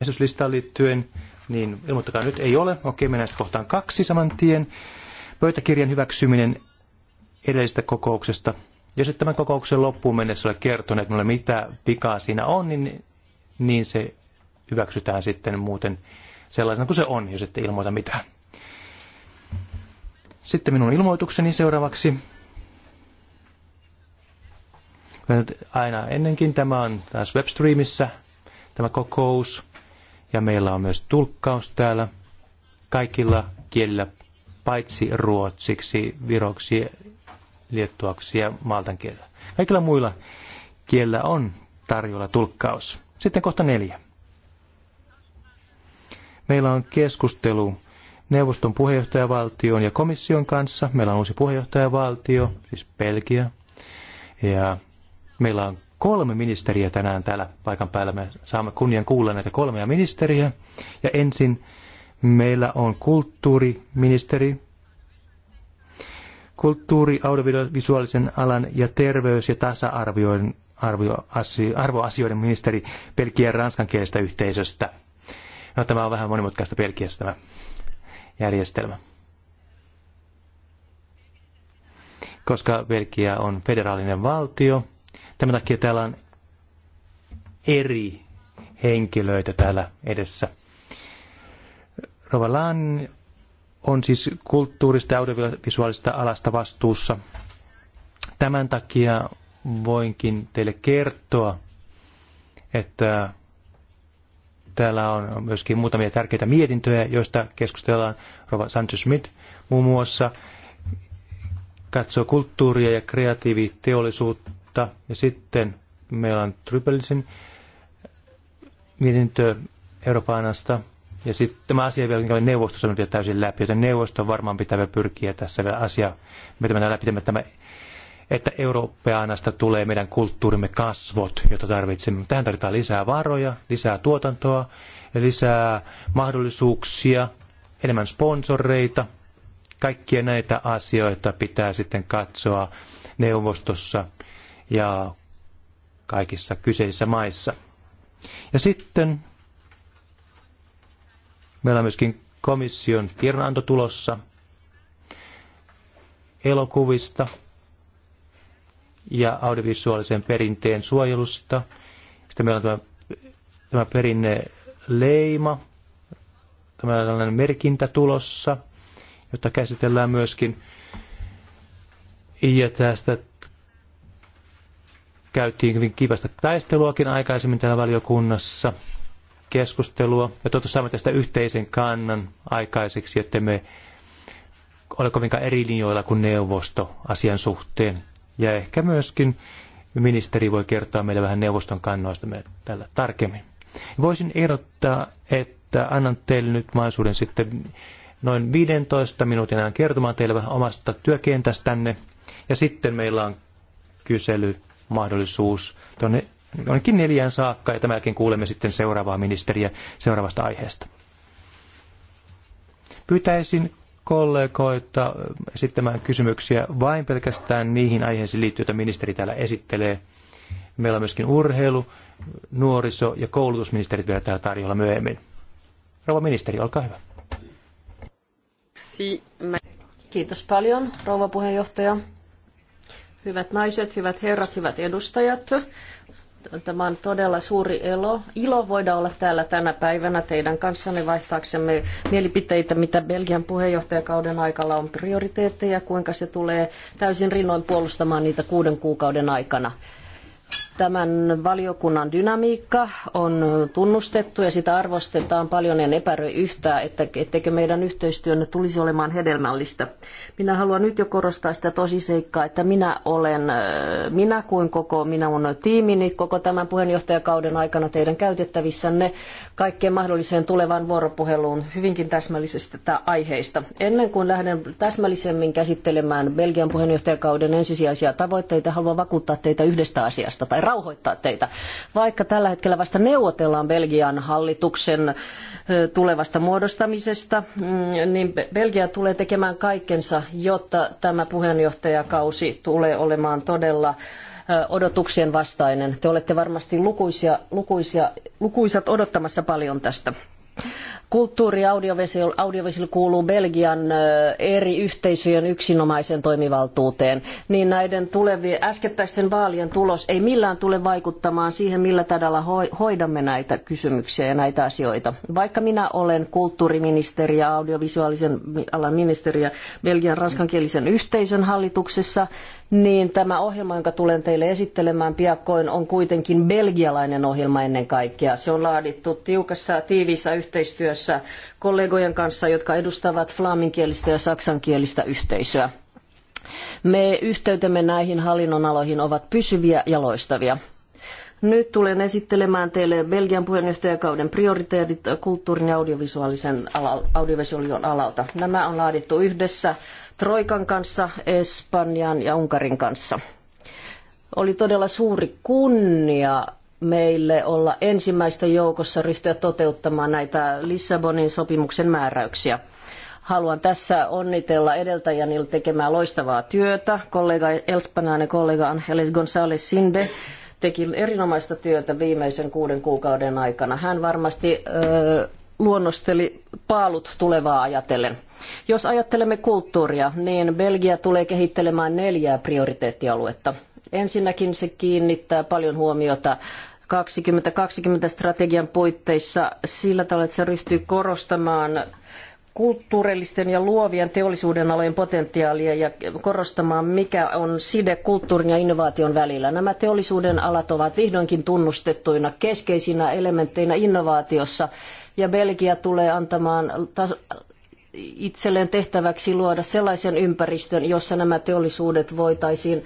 esityslistaan liittyen, niin ilmoittakaa nyt ei ole. Okei, mennään sitten kohtaan kaksi saman tien. Pöytäkirjan hyväksyminen edellisestä kokouksesta. Jos et tämän kokouksen loppuun mennessä ole kertoneet minulle, mitä vikaa siinä on, niin, niin se hyväksytään sitten muuten sellaisena kuin se on, jos ette ilmoita mitään. Sitten minun ilmoitukseni seuraavaksi. Aina ennenkin tämä on taas webstreamissä tämä kokous ja meillä on myös tulkkaus täällä kaikilla kielillä, paitsi ruotsiksi, viroksi, liettuaksi ja maltan kielellä. Kaikilla muilla kielillä on tarjolla tulkkaus. Sitten kohta neljä. Meillä on keskustelu neuvoston puheenjohtajavaltion ja komission kanssa. Meillä on uusi puheenjohtajavaltio, siis Belgia. Ja meillä on kolme ministeriä tänään täällä paikan päällä. Me saamme kunnian kuulla näitä kolmea ministeriä. Ja ensin meillä on kulttuuriministeri, kulttuuri, audiovisuaalisen alan ja terveys- ja tasa-arvoasioiden arvoasio, ministeri pelkien ranskankielistä yhteisöstä. No, tämä on vähän monimutkaista Pelkiästä tämä järjestelmä. Koska Belgia on federaalinen valtio, Tämän takia täällä on eri henkilöitä täällä edessä. Rovalan on siis kulttuurista ja audiovisuaalista alasta vastuussa. Tämän takia voinkin teille kertoa, että täällä on myöskin muutamia tärkeitä mietintöjä, joista keskustellaan. Rova Sanchez-Schmidt muun muassa katsoo kulttuuria ja kreatiiviteollisuutta kautta. Ja sitten meillä on Trypelisin mietintö Euroopanasta Ja sitten tämä asia vielä oli neuvostossa vielä täysin läpi, joten neuvosto varmaan pitää pyrkiä tässä vielä asia vetämään läpi tämä, että Euroopanasta tulee meidän kulttuurimme kasvot, jota tarvitsemme. Tähän tarvitaan lisää varoja, lisää tuotantoa, lisää mahdollisuuksia, enemmän sponsoreita. Kaikkia näitä asioita pitää sitten katsoa neuvostossa ja kaikissa kyseisissä maissa. Ja sitten meillä on myöskin komission tiedonanto tulossa elokuvista ja audiovisuaalisen perinteen suojelusta. Sitten meillä on tämä, tämä perinne leima, tämä tällainen merkintä tulossa, jota käsitellään myöskin. Ja tästä Käytiin hyvin kivasta taisteluakin aikaisemmin täällä valiokunnassa, keskustelua, ja totta saamme tästä yhteisen kannan aikaiseksi, että me ole kovinkaan eri linjoilla kuin neuvosto asian suhteen. Ja ehkä myöskin ministeri voi kertoa meille vähän neuvoston kannoista meille tällä tarkemmin. Voisin ehdottaa, että annan teille nyt mahdollisuuden sitten noin 15 minuutin ajan kertomaan teille vähän omasta työkentästänne. Ja sitten meillä on kysely mahdollisuus tuonne jonnekin neljään saakka, ja tämän kuulemme sitten seuraavaa ministeriä seuraavasta aiheesta. Pyytäisin kollegoita esittämään kysymyksiä vain pelkästään niihin aiheisiin liittyen, joita ministeri täällä esittelee. Meillä on myöskin urheilu, nuoriso- ja koulutusministerit vielä täällä tarjolla myöhemmin. Rouva ministeri, olkaa hyvä. Kiitos paljon, rouva puheenjohtaja. Hyvät naiset, hyvät herrat, hyvät edustajat. Tämä on todella suuri ilo. ilo voida olla täällä tänä päivänä teidän kanssanne vaihtaaksemme mielipiteitä, mitä Belgian puheenjohtajakauden aikana on prioriteetteja, kuinka se tulee täysin rinnoin puolustamaan niitä kuuden kuukauden aikana tämän valiokunnan dynamiikka on tunnustettu ja sitä arvostetaan paljon. En epäröi yhtään, että etteikö meidän yhteistyönne tulisi olemaan hedelmällistä. Minä haluan nyt jo korostaa sitä tosiseikkaa, että minä olen, äh, minä kuin koko minä mun tiimini, koko tämän puheenjohtajakauden aikana teidän käytettävissänne kaikkeen mahdolliseen tulevaan vuoropuheluun hyvinkin tätä aiheista. Ennen kuin lähden täsmällisemmin käsittelemään Belgian puheenjohtajakauden ensisijaisia tavoitteita, haluan vakuuttaa teitä yhdestä asiasta tai rauhoittaa teitä. Vaikka tällä hetkellä vasta neuvotellaan Belgian hallituksen tulevasta muodostamisesta, mm, niin Belgia tulee tekemään kaikkensa, jotta tämä puheenjohtajakausi tulee olemaan todella odotuksien vastainen. Te olette varmasti lukuisia, lukuisia, lukuisat odottamassa paljon tästä. Kulttuuri ja audiovisuaali kuuluu Belgian eri yhteisöjen yksinomaisen toimivaltuuteen, niin näiden tulevien äskettäisten vaalien tulos ei millään tule vaikuttamaan siihen, millä tavalla hoidamme näitä kysymyksiä ja näitä asioita. Vaikka minä olen kulttuuriministeri ja audiovisuaalisen alan ministeri ja Belgian ranskankielisen yhteisön hallituksessa, niin tämä ohjelma, jonka tulen teille esittelemään piakkoin, on kuitenkin belgialainen ohjelma ennen kaikkea. Se on laadittu tiukassa, tiiviissä yhteistyössä yhteistyössä kollegojen kanssa, jotka edustavat flaaminkielistä ja saksankielistä yhteisöä. Me yhteytemme näihin hallinnonaloihin ovat pysyviä ja loistavia. Nyt tulen esittelemään teille Belgian puheenjohtajakauden prioriteetit kulttuurin ja audiovisuaalisen audiovisuaalion alalta. Nämä on laadittu yhdessä Troikan kanssa, Espanjan ja Unkarin kanssa. Oli todella suuri kunnia meille olla ensimmäistä joukossa ryhtyä toteuttamaan näitä Lissabonin sopimuksen määräyksiä. Haluan tässä onnitella edeltäjäni tekemään loistavaa työtä. Kollega Elspanainen kollega Angeles González Sinde teki erinomaista työtä viimeisen kuuden kuukauden aikana. Hän varmasti öö, luonnosteli paalut tulevaa ajatellen. Jos ajattelemme kulttuuria, niin Belgia tulee kehittelemään neljää prioriteettialuetta. Ensinnäkin se kiinnittää paljon huomiota 2020 strategian puitteissa sillä tavalla, että se ryhtyy korostamaan kulttuurillisten ja luovien teollisuuden alojen potentiaalia ja korostamaan, mikä on side kulttuurin ja innovaation välillä. Nämä teollisuuden alat ovat vihdoinkin tunnustettuina keskeisinä elementteinä innovaatiossa ja Belgia tulee antamaan itselleen tehtäväksi luoda sellaisen ympäristön, jossa nämä teollisuudet voitaisiin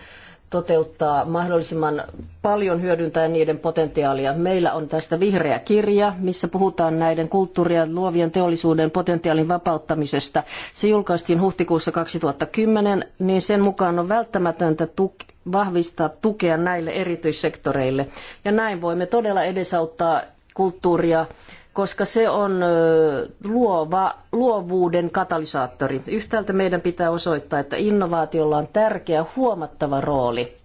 toteuttaa mahdollisimman paljon hyödyntäen niiden potentiaalia. Meillä on tästä vihreä kirja, missä puhutaan näiden kulttuurien luovien teollisuuden potentiaalin vapauttamisesta. Se julkaistiin huhtikuussa 2010, niin sen mukaan on välttämätöntä tuki, vahvistaa tukea näille erityissektoreille. Ja näin voimme todella edesauttaa kulttuuria koska se on luova, luovuuden katalysaattori. Yhtäältä meidän pitää osoittaa, että innovaatiolla on tärkeä huomattava rooli,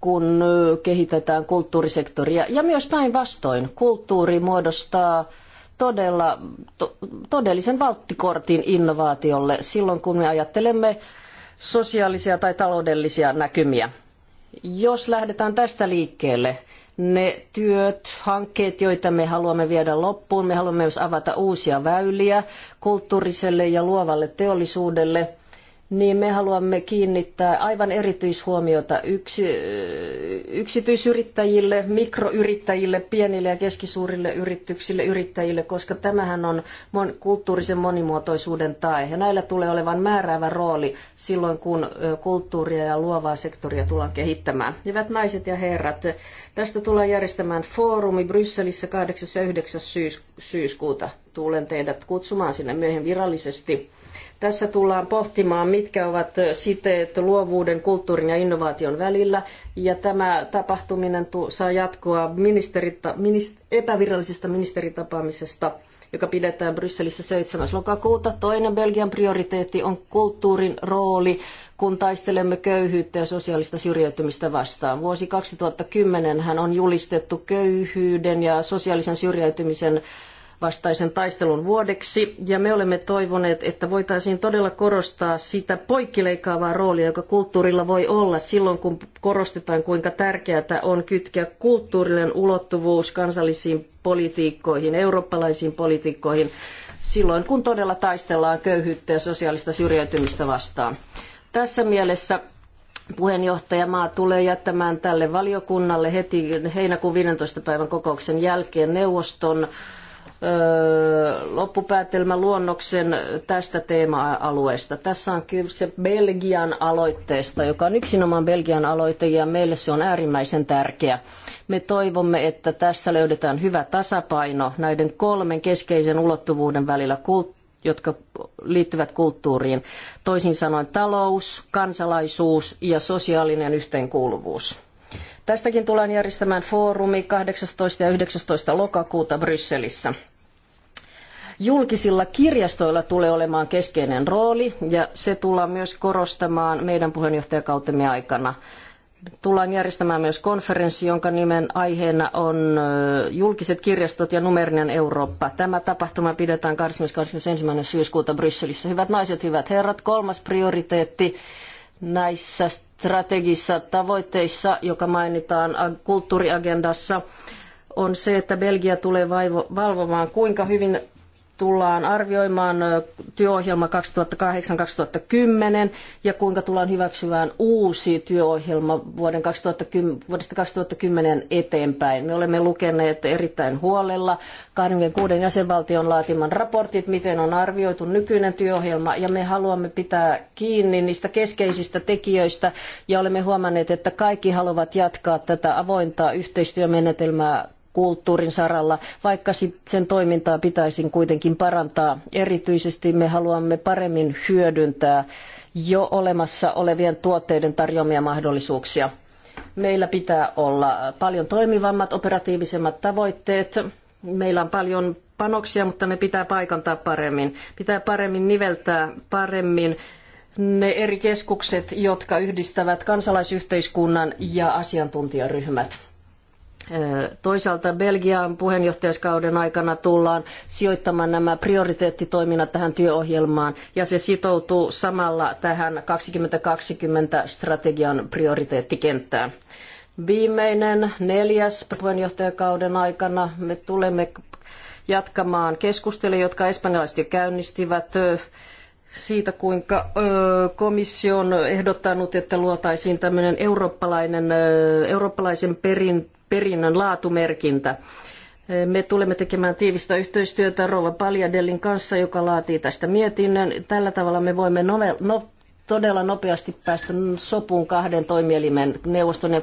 kun kehitetään kulttuurisektoria. Ja myös päinvastoin, kulttuuri muodostaa todella, to, todellisen valttikortin innovaatiolle silloin, kun me ajattelemme sosiaalisia tai taloudellisia näkymiä. Jos lähdetään tästä liikkeelle, ne työt, hankkeet, joita me haluamme viedä loppuun. Me haluamme myös avata uusia väyliä kulttuuriselle ja luovalle teollisuudelle – niin me haluamme kiinnittää aivan erityishuomiota yksi, yksityisyrittäjille, mikroyrittäjille, pienille ja keskisuurille yrityksille, yrittäjille, koska tämähän on mon, kulttuurisen monimuotoisuuden tae. Ja näillä tulee olevan määräävä rooli silloin, kun kulttuuria ja luovaa sektoria tullaan kehittämään. Hyvät naiset ja herrat, tästä tullaan järjestämään foorumi Brysselissä 8. ja 9. Syys, syyskuuta. Tulen teidät kutsumaan sinne myöhemmin virallisesti tässä tullaan pohtimaan, mitkä ovat siteet luovuuden, kulttuurin ja innovaation välillä. Ja tämä tapahtuminen saa jatkoa ministerita, minist, epävirallisesta ministeritapaamisesta joka pidetään Brysselissä 7. lokakuuta. Toinen Belgian prioriteetti on kulttuurin rooli, kun taistelemme köyhyyttä ja sosiaalista syrjäytymistä vastaan. Vuosi 2010 hän on julistettu köyhyyden ja sosiaalisen syrjäytymisen vastaisen taistelun vuodeksi. Ja me olemme toivoneet, että voitaisiin todella korostaa sitä poikkileikkaavaa roolia, joka kulttuurilla voi olla silloin, kun korostetaan, kuinka tärkeää on kytkeä kulttuurinen ulottuvuus kansallisiin politiikkoihin, eurooppalaisiin politiikkoihin, silloin kun todella taistellaan köyhyyttä ja sosiaalista syrjäytymistä vastaan. Tässä mielessä puheenjohtajamaa tulee jättämään tälle valiokunnalle heti heinäkuun 15. päivän kokouksen jälkeen neuvoston loppupäätelmä luonnoksen tästä teema-alueesta. Tässä on kyse Belgian aloitteesta, joka on yksinomaan Belgian aloite ja meille se on äärimmäisen tärkeä. Me toivomme, että tässä löydetään hyvä tasapaino näiden kolmen keskeisen ulottuvuuden välillä kulttuuri jotka liittyvät kulttuuriin. Toisin sanoen talous, kansalaisuus ja sosiaalinen yhteenkuuluvuus. Tästäkin tullaan järjestämään foorumi 18. ja 19. lokakuuta Brysselissä. Julkisilla kirjastoilla tulee olemaan keskeinen rooli ja se tullaan myös korostamaan meidän puheenjohtajakautemme aikana. Tullaan järjestämään myös konferenssi, jonka nimen aiheena on julkiset kirjastot ja numerinen Eurooppa. Tämä tapahtuma pidetään 21. syyskuuta Brysselissä. Hyvät naiset, hyvät herrat, kolmas prioriteetti näissä strategisissa tavoitteissa, joka mainitaan kulttuuriagendassa, on se, että Belgia tulee valvomaan, kuinka hyvin tullaan arvioimaan työohjelma 2008-2010 ja kuinka tullaan hyväksymään uusi työohjelma vuoden 2010, vuodesta 2010 eteenpäin. Me olemme lukeneet erittäin huolella 26 jäsenvaltion laatiman raportit, miten on arvioitu nykyinen työohjelma ja me haluamme pitää kiinni niistä keskeisistä tekijöistä ja olemme huomanneet, että kaikki haluavat jatkaa tätä avointa yhteistyömenetelmää kulttuurin saralla, vaikka sen toimintaa pitäisi kuitenkin parantaa. Erityisesti me haluamme paremmin hyödyntää jo olemassa olevien tuotteiden tarjoamia mahdollisuuksia. Meillä pitää olla paljon toimivammat, operatiivisemmat tavoitteet. Meillä on paljon panoksia, mutta ne pitää paikantaa paremmin. Pitää paremmin niveltää paremmin ne eri keskukset, jotka yhdistävät kansalaisyhteiskunnan ja asiantuntijaryhmät Toisaalta Belgian puheenjohtajakauden aikana tullaan sijoittamaan nämä prioriteettitoiminnat tähän työohjelmaan ja se sitoutuu samalla tähän 2020 strategian prioriteettikenttään. Viimeinen neljäs puheenjohtajakauden aikana me tulemme jatkamaan keskusteluja, jotka espanjalaiset jo käynnistivät siitä, kuinka komissio on ehdottanut, että luotaisiin tämmöinen eurooppalainen, eurooppalaisen perin, perinnön laatumerkintä. Me tulemme tekemään tiivistä yhteistyötä Rova Paljadellin kanssa, joka laatii tästä mietinnön. Tällä tavalla me voimme nove, no, todella nopeasti päästä sopuun kahden toimielimen neuvoston ja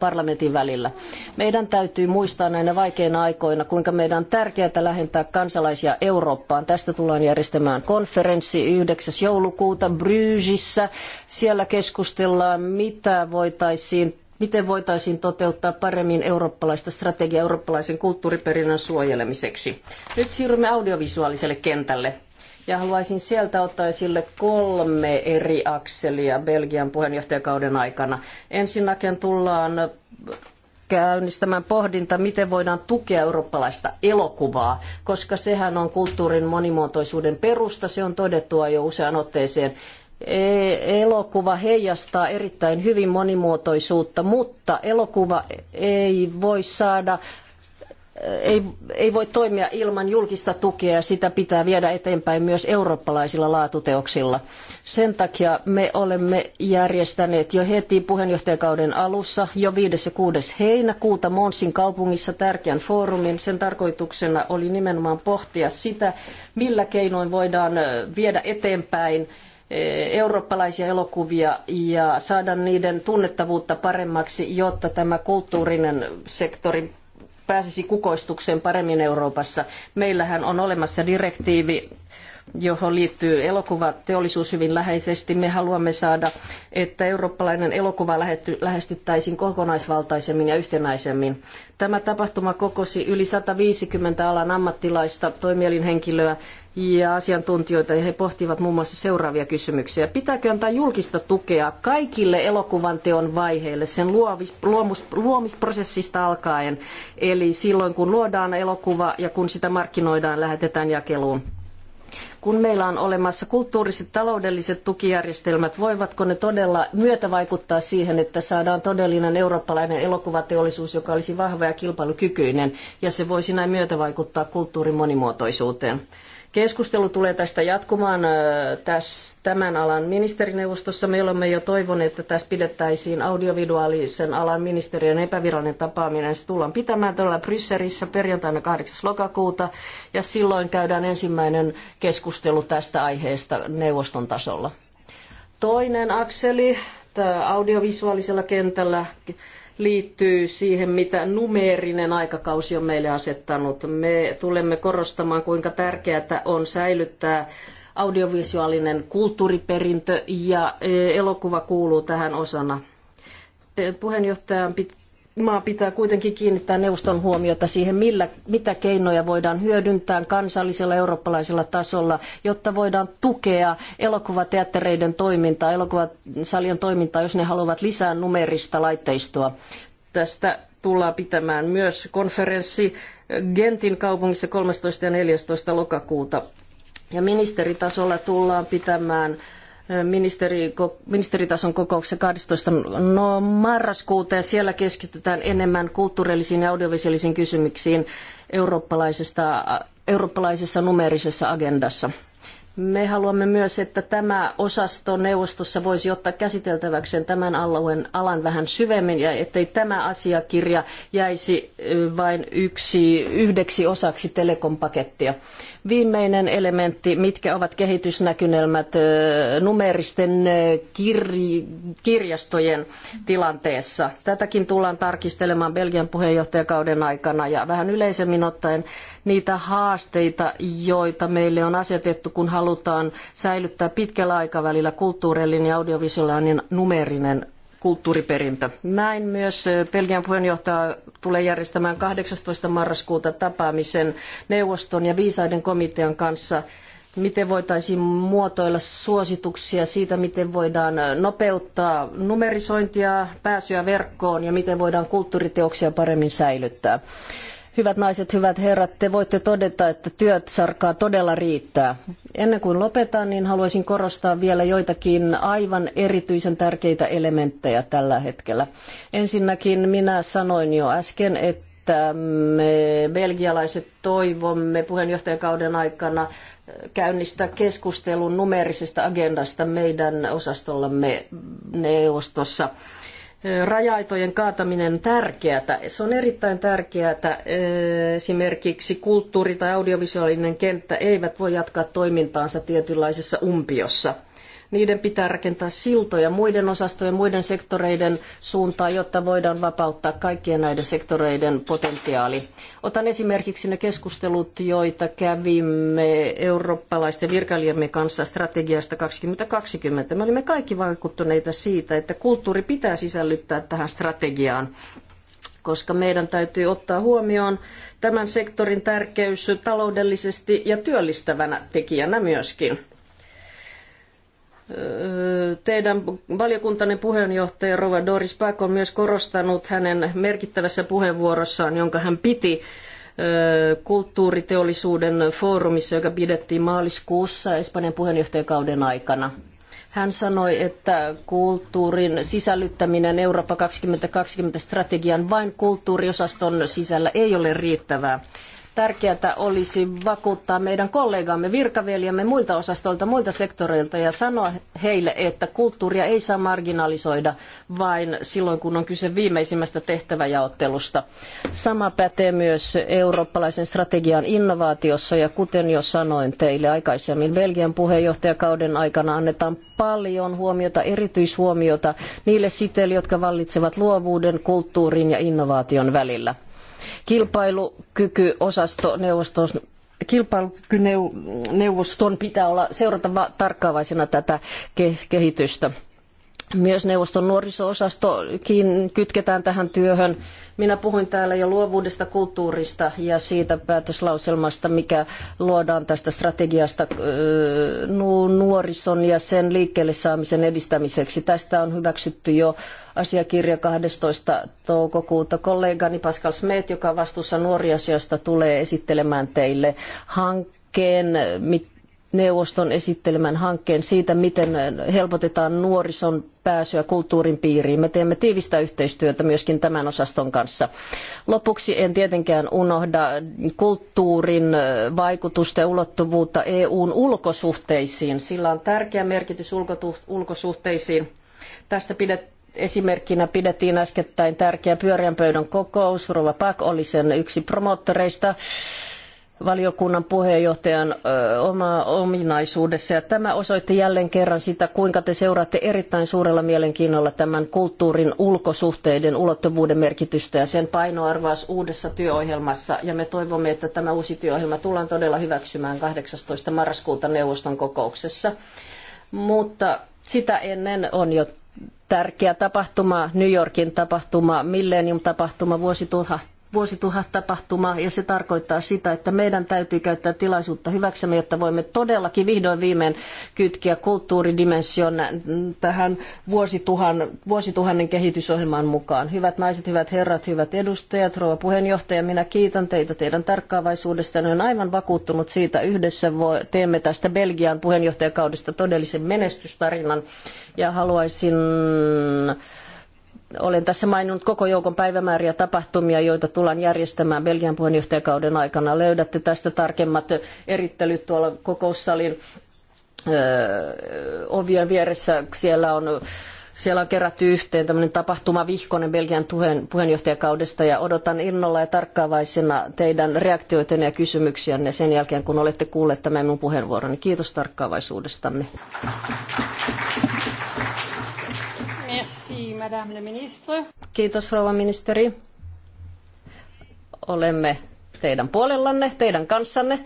parlamentin välillä. Meidän täytyy muistaa näinä vaikeina aikoina, kuinka meidän on tärkeää lähentää kansalaisia Eurooppaan. Tästä tullaan järjestämään konferenssi 9. joulukuuta Brygissä. Siellä keskustellaan, mitä voitaisiin miten voitaisiin toteuttaa paremmin eurooppalaista strategiaa eurooppalaisen kulttuuriperinnön suojelemiseksi. Nyt siirrymme audiovisuaaliselle kentälle. Ja haluaisin sieltä ottaa esille kolme eri akselia Belgian puheenjohtajakauden aikana. Ensinnäkin tullaan käynnistämään pohdinta, miten voidaan tukea eurooppalaista elokuvaa, koska sehän on kulttuurin monimuotoisuuden perusta, se on todettua jo useaan otteeseen. E- elokuva heijastaa erittäin hyvin monimuotoisuutta, mutta elokuva ei voi saada ei, ei voi toimia ilman julkista tukea ja sitä pitää viedä eteenpäin myös eurooppalaisilla laatuteoksilla. Sen takia me olemme järjestäneet jo heti puheenjohtajakauden alussa jo 5. ja 6. heinäkuuta Monsin kaupungissa tärkeän foorumin. Sen tarkoituksena oli nimenomaan pohtia sitä, millä keinoin voidaan viedä eteenpäin Eh, eurooppalaisia elokuvia ja saada niiden tunnettavuutta paremmaksi, jotta tämä kulttuurinen sektori pääsisi kukoistukseen paremmin Euroopassa. Meillähän on olemassa direktiivi johon liittyy elokuvateollisuus hyvin läheisesti. Me haluamme saada, että eurooppalainen elokuva lähestyttäisiin kokonaisvaltaisemmin ja yhtenäisemmin. Tämä tapahtuma kokosi yli 150 alan ammattilaista, toimielinhenkilöä, ja asiantuntijoita ja he pohtivat muun muassa seuraavia kysymyksiä. Pitääkö antaa julkista tukea kaikille elokuvan teon vaiheille sen luovis, luomus, luomisprosessista alkaen, eli silloin kun luodaan elokuva ja kun sitä markkinoidaan, lähetetään jakeluun? Kun meillä on olemassa kulttuuriset taloudelliset tukijärjestelmät, voivatko ne todella myötävaikuttaa siihen, että saadaan todellinen eurooppalainen elokuvateollisuus, joka olisi vahva ja kilpailukykyinen, ja se voisi näin myötävaikuttaa kulttuurin monimuotoisuuteen? Keskustelu tulee tästä jatkumaan tämän alan ministerineuvostossa. Me olemme jo toivoneet, että tässä pidettäisiin audiovisuaalisen alan ministeriön epävirallinen tapaaminen. Se tullaan pitämään tuolla Brysselissä perjantaina 8. lokakuuta ja silloin käydään ensimmäinen keskustelu tästä aiheesta neuvoston tasolla. Toinen akseli audiovisuaalisella kentällä liittyy siihen, mitä numeerinen aikakausi on meille asettanut. Me tulemme korostamaan, kuinka tärkeää on säilyttää audiovisuaalinen kulttuuriperintö ja e, elokuva kuuluu tähän osana. Puheenjohtajan maa pitää kuitenkin kiinnittää neuvoston huomiota siihen, millä, mitä keinoja voidaan hyödyntää kansallisella eurooppalaisella tasolla, jotta voidaan tukea elokuvateattereiden toimintaa, elokuvasalien toimintaa, jos ne haluavat lisää numerista laitteistoa. Tästä tullaan pitämään myös konferenssi Gentin kaupungissa 13. ja 14. lokakuuta. Ja ministeritasolla tullaan pitämään ministeri, ministeritason kokouksen 12. No, marraskuuta ja siellä keskitytään enemmän kulttuurillisiin ja audiovisuaalisiin kysymyksiin eurooppalaisesta, eurooppalaisessa numerisessa agendassa. Me haluamme myös, että tämä osasto neuvostossa voisi ottaa käsiteltäväkseen tämän alueen alan vähän syvemmin ja ettei tämä asiakirja jäisi vain yksi, yhdeksi osaksi telekompakettia. Viimeinen elementti, mitkä ovat kehitysnäkynelmät numeristen kirjastojen tilanteessa. Tätäkin tullaan tarkistelemaan Belgian puheenjohtajakauden aikana ja vähän yleisemmin ottaen niitä haasteita, joita meille on asetettu, kun halutaan säilyttää pitkällä aikavälillä kulttuurillinen ja audiovisuaalinen numerinen kulttuuriperintö. Näin myös Belgian puheenjohtaja tulee järjestämään 18. marraskuuta tapaamisen neuvoston ja viisaiden komitean kanssa miten voitaisiin muotoilla suosituksia siitä, miten voidaan nopeuttaa numerisointia, pääsyä verkkoon ja miten voidaan kulttuuriteoksia paremmin säilyttää. Hyvät naiset, hyvät herrat, te voitte todeta, että työt sarkaa todella riittää. Ennen kuin lopetan, niin haluaisin korostaa vielä joitakin aivan erityisen tärkeitä elementtejä tällä hetkellä. Ensinnäkin minä sanoin jo äsken, että että me belgialaiset toivomme puheenjohtajakauden aikana käynnistää keskustelun numeerisesta agendasta meidän osastollamme neuvostossa rajaitojen kaataminen on tärkeää. Se on erittäin tärkeää. Esimerkiksi kulttuuri- tai audiovisuaalinen kenttä eivät voi jatkaa toimintaansa tietynlaisessa umpiossa – niiden pitää rakentaa siltoja muiden osastojen, muiden sektoreiden suuntaan, jotta voidaan vapauttaa kaikkien näiden sektoreiden potentiaali. Otan esimerkiksi ne keskustelut, joita kävimme eurooppalaisten virkailijamme kanssa strategiasta 2020. Me olimme kaikki vaikuttuneita siitä, että kulttuuri pitää sisällyttää tähän strategiaan koska meidän täytyy ottaa huomioon tämän sektorin tärkeys taloudellisesti ja työllistävänä tekijänä myöskin. Teidän valiokuntanne puheenjohtaja Rova Doris Pack on myös korostanut hänen merkittävässä puheenvuorossaan, jonka hän piti kulttuuriteollisuuden foorumissa, joka pidettiin maaliskuussa Espanjan puheenjohtajakauden aikana. Hän sanoi, että kulttuurin sisällyttäminen Eurooppa 2020 strategian vain kulttuuriosaston sisällä ei ole riittävää tärkeää olisi vakuuttaa meidän kollegamme, virkaveljemme muilta osastoilta, muilta sektoreilta ja sanoa heille, että kulttuuria ei saa marginalisoida vain silloin, kun on kyse viimeisimmästä tehtäväjaottelusta. Sama pätee myös eurooppalaisen strategian innovaatiossa ja kuten jo sanoin teille aikaisemmin, Belgian puheenjohtajakauden aikana annetaan paljon huomiota, erityishuomiota niille siteille, jotka vallitsevat luovuuden, kulttuurin ja innovaation välillä kilpailukykyosasto kilpailukykyneuvoston pitää olla seurata tarkkaavaisena tätä kehitystä. Myös neuvoston nuorisoosasto kytketään tähän työhön. Minä puhuin täällä jo luovuudesta, kulttuurista ja siitä päätöslauselmasta, mikä luodaan tästä strategiasta nuorison ja sen liikkeelle saamisen edistämiseksi. Tästä on hyväksytty jo asiakirja 12. toukokuuta. Kollegani Pascal Smet, joka on vastuussa nuoriasioista, tulee esittelemään teille hankkeen hankkeen neuvoston esittelemän hankkeen siitä, miten helpotetaan nuorison pääsyä kulttuurin piiriin. Me teemme tiivistä yhteistyötä myöskin tämän osaston kanssa. Lopuksi en tietenkään unohda kulttuurin vaikutusta ja ulottuvuutta EUn ulkosuhteisiin. Sillä on tärkeä merkitys ulkosuhteisiin. Tästä esimerkkinä pidettiin äskettäin tärkeä pyöreän pöydän kokous. Rova Pak oli sen yksi promoottoreista valiokunnan puheenjohtajan oma ominaisuudessa. Ja tämä osoitti jälleen kerran sitä, kuinka te seuraatte erittäin suurella mielenkiinnolla tämän kulttuurin ulkosuhteiden ulottuvuuden merkitystä ja sen painoarvoa uudessa työohjelmassa. Ja me toivomme, että tämä uusi työohjelma tullaan todella hyväksymään 18. marraskuuta neuvoston kokouksessa. Mutta sitä ennen on jo tärkeä tapahtuma, New Yorkin tapahtuma, Millennium-tapahtuma, vuosituhat vuosituhat tapahtuma ja se tarkoittaa sitä, että meidän täytyy käyttää tilaisuutta hyväksemme, jotta voimme todellakin vihdoin viimein kytkeä kulttuuridimension tähän vuosituhan, vuosituhannen kehitysohjelmaan mukaan. Hyvät naiset, hyvät herrat, hyvät edustajat, rouva puheenjohtaja, minä kiitän teitä teidän tarkkaavaisuudesta. Olen aivan vakuuttunut siitä yhdessä. Teemme tästä Belgian puheenjohtajakaudesta todellisen menestystarinan ja haluaisin olen tässä maininnut koko joukon päivämääriä tapahtumia, joita tullaan järjestämään Belgian puheenjohtajakauden aikana. Löydätte tästä tarkemmat erittelyt tuolla kokoussalin ovien vieressä. Siellä on siellä on kerätty yhteen tämmöinen tapahtuma vihkonen Belgian puheen, puheenjohtajakaudesta ja odotan innolla ja tarkkaavaisena teidän reaktioitenne ja kysymyksiänne sen jälkeen, kun olette kuulleet tämän minun puheenvuoroni. Kiitos tarkkaavaisuudestanne. Kiitos, rouva ministeri. Olemme teidän puolellanne, teidän kanssanne,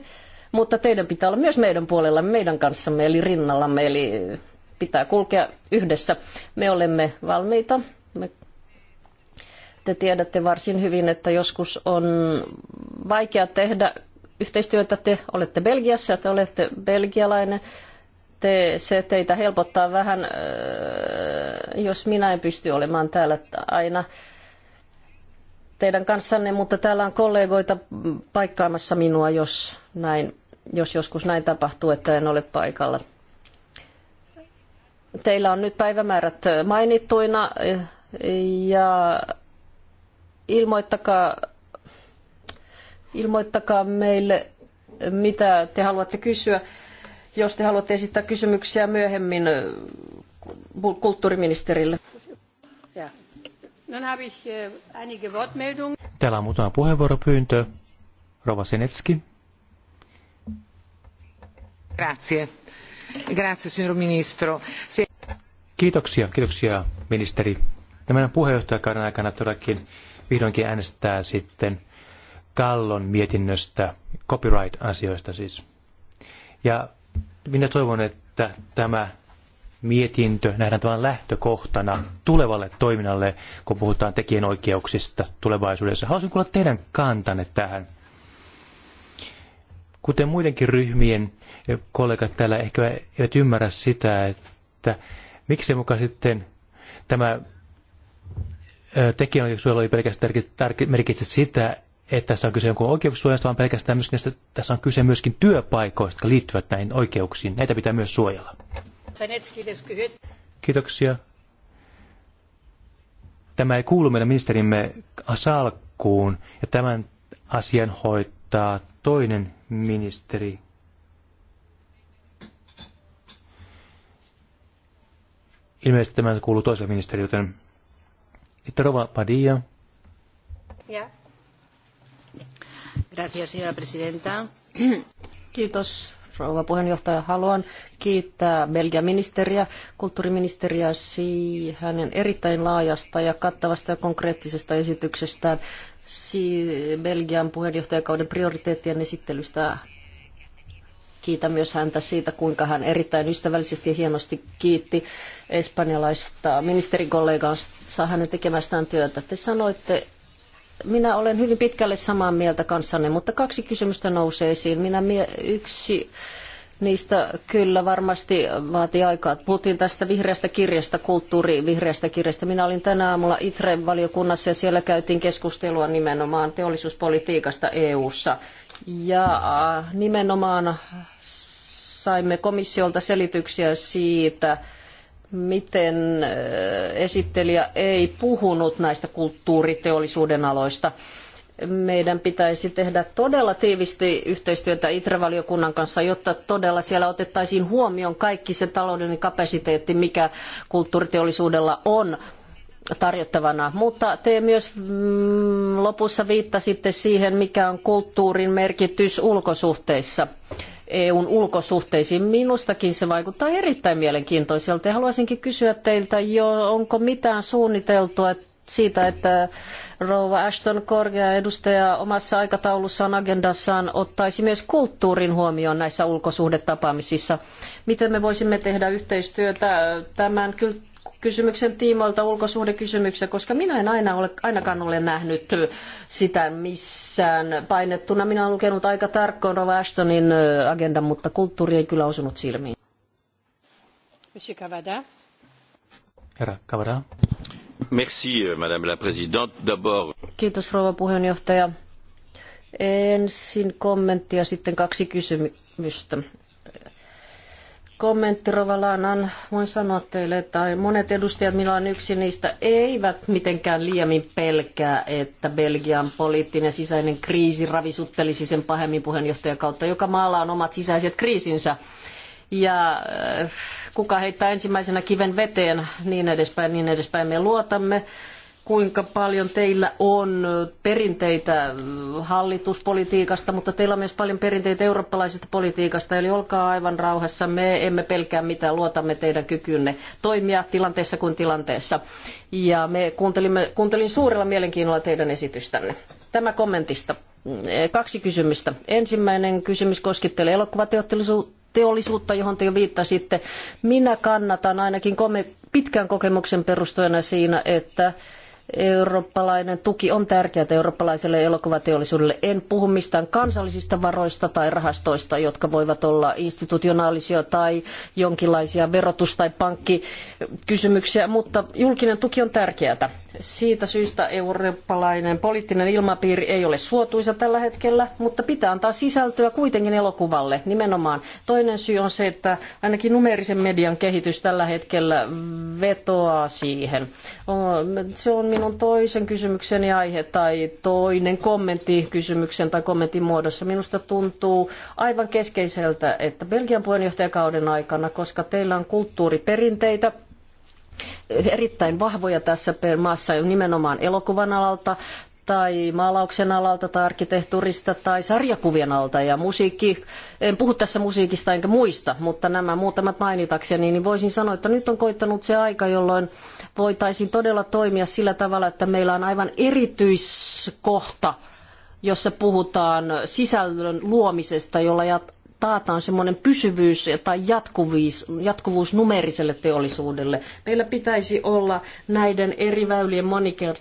mutta teidän pitää olla myös meidän puolellamme, meidän kanssamme, eli rinnallamme, eli pitää kulkea yhdessä. Me olemme valmiita. Me te tiedätte varsin hyvin, että joskus on vaikea tehdä yhteistyötä. Te olette Belgiassa, te olette belgialainen se teitä helpottaa vähän, äh, jos minä en pysty olemaan täällä aina teidän kanssanne, mutta täällä on kollegoita paikkaamassa minua, jos, näin, jos joskus näin tapahtuu, että en ole paikalla. Teillä on nyt päivämäärät mainittuina äh, ja ilmoittakaa, ilmoittakaa meille, mitä te haluatte kysyä jos te haluatte esittää kysymyksiä myöhemmin kulttuuriministerille. Äh, Täällä on muutama puheenvuoropyyntö. Rova Senetski. Grazie. Grazie, signor ministro. Kiitoksia, kiitoksia ministeri. Tämän puheenjohtajakauden aikana todellakin vihdoinkin äänestää sitten Kallon mietinnöstä, copyright-asioista siis. Ja minä toivon, että tämä mietintö nähdään tämän lähtökohtana tulevalle toiminnalle, kun puhutaan tekijänoikeuksista tulevaisuudessa. Haluaisin kuulla teidän kantanne tähän. Kuten muidenkin ryhmien kollegat täällä ehkä eivät ymmärrä sitä, että miksi mukaan sitten tämä tekijänoikeussuojelu ei pelkästään merkitse sitä, että tässä on kyse jonkun oikeussuojasta, vaan pelkästään myöskin, että tässä on kyse myöskin työpaikoista, jotka liittyvät näihin oikeuksiin. Näitä pitää myös suojella. Kiitoksia. Tämä ei kuulu meidän ministerimme salkkuun, ja tämän asian hoitaa toinen ministeri. Ilmeisesti tämä kuuluu toiselle ministerille, joten... Sitten Rova Padilla. Yeah señora presidenta. Kiitos, rouva puheenjohtaja. Haluan kiittää Belgian ministeriä, kulttuuriministeriä hänen erittäin laajasta ja kattavasta ja konkreettisesta esityksestään Belgian puheenjohtajakauden prioriteettien esittelystä. Kiitän myös häntä siitä, kuinka hän erittäin ystävällisesti ja hienosti kiitti espanjalaista ministerikollegaansa hänen tekemästään työtä. Te sanoitte, minä olen hyvin pitkälle samaa mieltä kanssanne, mutta kaksi kysymystä nousee esiin. Minä mie, yksi niistä kyllä varmasti vaatii aikaa. Puhuttiin tästä vihreästä kirjasta, kulttuurivihreästä kirjasta. Minä olin tänä aamulla itre valiokunnassa ja siellä käytiin keskustelua nimenomaan teollisuuspolitiikasta EU-ssa. Ja äh, nimenomaan saimme komissiolta selityksiä siitä, miten esittelijä ei puhunut näistä kulttuuriteollisuuden aloista. Meidän pitäisi tehdä todella tiivisti yhteistyötä ITRE-valiokunnan kanssa, jotta todella siellä otettaisiin huomioon kaikki se taloudellinen kapasiteetti, mikä kulttuuriteollisuudella on tarjottavana. Mutta te myös mm, lopussa viittasitte siihen, mikä on kulttuurin merkitys ulkosuhteissa. EUn ulkosuhteisiin. Minustakin se vaikuttaa erittäin mielenkiintoiselta ja haluaisinkin kysyä teiltä jo, onko mitään suunniteltua, siitä, että rouva Ashton korkea edustaja omassa aikataulussaan agendassaan ottaisi myös kulttuurin huomioon näissä ulkosuhdetapaamisissa. Miten me voisimme tehdä yhteistyötä tämän kysymyksen tiimoilta ulkosuhdekysymyksiä, koska minä en aina ole, ainakaan ole nähnyt sitä missään painettuna. Minä olen lukenut aika tarkkoon Rova Ashtonin agendan, mutta kulttuuri ei kyllä osunut silmiin. Monsieur Cavada. Herra Cavada. Merci, euh, Madame la Présidente. D'abord... Kiitos, rouva puheenjohtaja. Ensin kommentti ja sitten kaksi kysymystä kommentti Rovalanaan. Voin sanoa teille, että monet edustajat, minä olen yksi niistä, eivät mitenkään liiemmin pelkää, että Belgian poliittinen sisäinen kriisi ravisuttelisi sen pahemmin puheenjohtajan kautta. Joka maalla on omat sisäiset kriisinsä ja äh, kuka heittää ensimmäisenä kiven veteen, niin edespäin, niin edespäin me luotamme kuinka paljon teillä on perinteitä hallituspolitiikasta, mutta teillä on myös paljon perinteitä eurooppalaisesta politiikasta, eli olkaa aivan rauhassa. Me emme pelkää mitään, luotamme teidän kykynne toimia tilanteessa kuin tilanteessa. Ja me kuuntelimme, kuuntelin suurella mielenkiinnolla teidän esitystänne. Tämä kommentista. Kaksi kysymystä. Ensimmäinen kysymys koskittelee elokuvateollisuutta teollisuutta, johon te jo viittasitte. Minä kannatan ainakin pitkän kokemuksen perustujana siinä, että Eurooppalainen tuki on tärkeää eurooppalaiselle elokuvateollisuudelle. En puhu mistään kansallisista varoista tai rahastoista, jotka voivat olla institutionaalisia tai jonkinlaisia verotus- tai pankkikysymyksiä, mutta julkinen tuki on tärkeää siitä syystä eurooppalainen poliittinen ilmapiiri ei ole suotuisa tällä hetkellä, mutta pitää antaa sisältöä kuitenkin elokuvalle nimenomaan. Toinen syy on se, että ainakin numeerisen median kehitys tällä hetkellä vetoaa siihen. Se on minun toisen kysymykseni aihe tai toinen kommentti kysymyksen tai kommentin muodossa. Minusta tuntuu aivan keskeiseltä, että Belgian puheenjohtajakauden aikana, koska teillä on kulttuuriperinteitä, erittäin vahvoja tässä maassa nimenomaan elokuvan alalta tai maalauksen alalta tai arkkitehtuurista tai sarjakuvien alta ja musiikki, en puhu tässä musiikista enkä muista, mutta nämä muutamat mainitakseni, niin voisin sanoa, että nyt on koittanut se aika, jolloin voitaisiin todella toimia sillä tavalla, että meillä on aivan erityiskohta, jossa puhutaan sisällön luomisesta, jolla taataan semmoinen pysyvyys tai jatkuvuus, jatkuvuus numeriselle teollisuudelle. Meillä pitäisi olla näiden eri väylien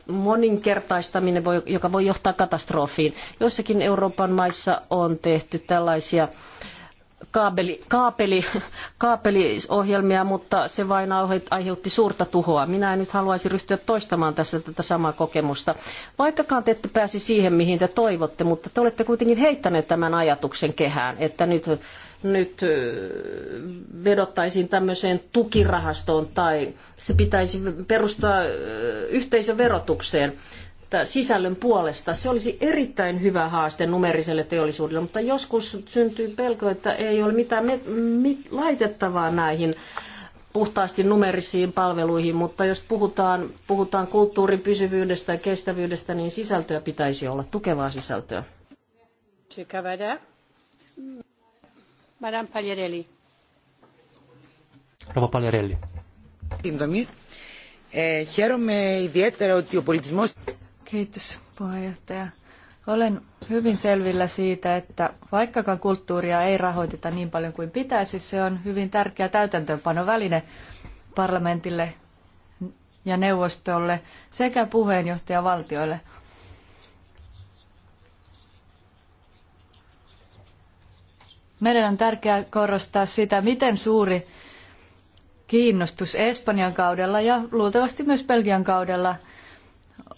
moninkertaistaminen, joka voi johtaa katastrofiin. Joissakin Euroopan maissa on tehty tällaisia kaapeli, kaapeli, kaapeliohjelmia, mutta se vain aiheutti suurta tuhoa. Minä en nyt haluaisi ryhtyä toistamaan tässä tätä samaa kokemusta. Vaikkakaan te ette pääsi siihen, mihin te toivotte, mutta te olette kuitenkin heittäneet tämän ajatuksen kehään, että nyt, nyt vedottaisiin tämmöiseen tukirahastoon tai se pitäisi perustaa yhteisöverotukseen sisällön puolesta. Se olisi erittäin hyvä haaste numeriselle teollisuudelle, mutta joskus syntyy pelko, että ei ole mitään laitettavaa näihin puhtaasti numerisiin palveluihin, mutta jos puhutaan, puhutaan kulttuurin pysyvyydestä ja kestävyydestä, niin sisältöä pitäisi olla, tukevaa sisältöä. Madame Pagliarelli. Rova Pagliarelli. Σύντομη. Ε, χαίρομαι ιδιαίτερα ότι ο πολιτισμός... Kiitos puheenjohtaja. Olen hyvin selvillä siitä, että vaikkakaan kulttuuria ei rahoiteta niin paljon kuin pitäisi, se on hyvin tärkeä täytäntöönpanoväline parlamentille ja neuvostolle sekä puheenjohtajavaltioille. Meidän on tärkeää korostaa sitä, miten suuri kiinnostus Espanjan kaudella ja luultavasti myös Belgian kaudella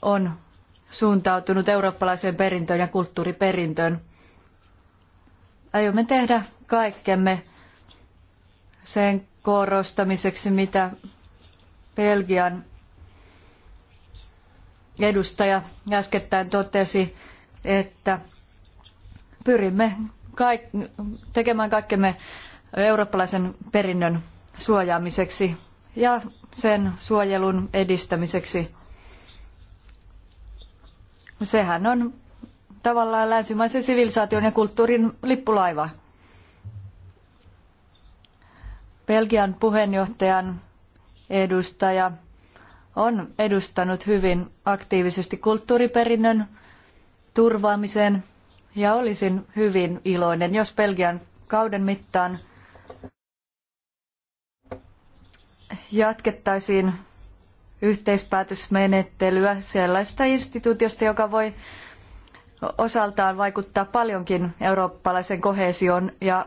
on suuntautunut eurooppalaiseen perintöön ja kulttuuriperintöön. Aiomme tehdä kaikkemme sen korostamiseksi, mitä Belgian edustaja äskettäin totesi, että pyrimme kaik- tekemään kaikkemme eurooppalaisen perinnön suojaamiseksi ja sen suojelun edistämiseksi. Sehän on tavallaan länsimaisen sivilisaation ja kulttuurin lippulaiva. Belgian puheenjohtajan edustaja on edustanut hyvin aktiivisesti kulttuuriperinnön turvaamiseen ja olisin hyvin iloinen, jos Belgian kauden mittaan jatkettaisiin yhteispäätösmenettelyä sellaisesta instituutiosta, joka voi osaltaan vaikuttaa paljonkin eurooppalaisen koheesion ja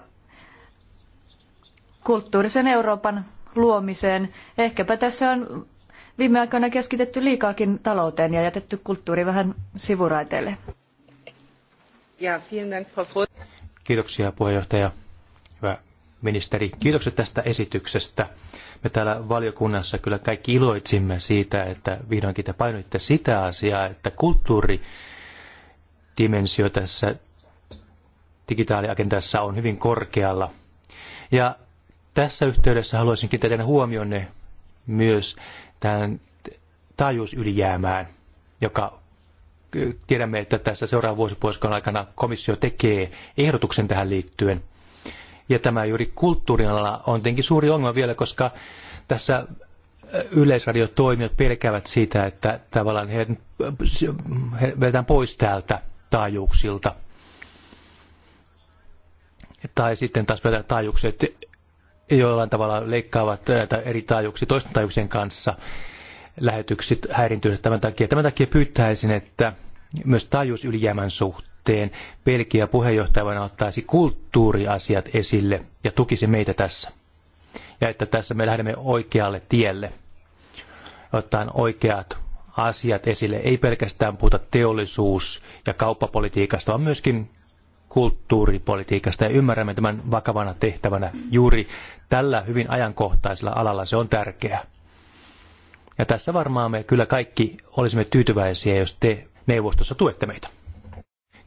kulttuurisen Euroopan luomiseen. Ehkäpä tässä on viime aikoina keskitetty liikaakin talouteen ja jätetty kulttuuri vähän sivuraiteille. Kiitoksia puheenjohtaja ministeri. Kiitokset tästä esityksestä. Me täällä valiokunnassa kyllä kaikki iloitsimme siitä, että vihdoinkin te painoitte sitä asiaa, että kulttuuridimensio tässä digitaaliagendassa on hyvin korkealla. Ja tässä yhteydessä haluaisin kiinnittää teidän huomionne myös tähän taajuusylijäämään, joka tiedämme, että tässä seuraavan vuosipuoliskon aikana komissio tekee ehdotuksen tähän liittyen. Ja tämä juuri kulttuurialalla on tietenkin suuri ongelma vielä, koska tässä äh, yleisradiotoimijat pelkäävät sitä, että tavallaan heidät äh, vedetään pois täältä taajuuksilta. Tai sitten taas vedetään taajuukset jollain tavalla leikkaavat näitä äh, eri taajuuksia toisten taajuuksien kanssa lähetykset häirintyvät tämän takia. Tämän takia pyytäisin, että myös taajuusylijäämän suhteen suhteen Belgia puheenjohtajana ottaisi kulttuuriasiat esille ja tukisi meitä tässä. Ja että tässä me lähdemme oikealle tielle, ottaen oikeat asiat esille. Ei pelkästään puhuta teollisuus- ja kauppapolitiikasta, vaan myöskin kulttuuripolitiikasta ja ymmärrämme tämän vakavana tehtävänä juuri tällä hyvin ajankohtaisella alalla. Se on tärkeää. Ja tässä varmaan me kyllä kaikki olisimme tyytyväisiä, jos te neuvostossa tuette meitä.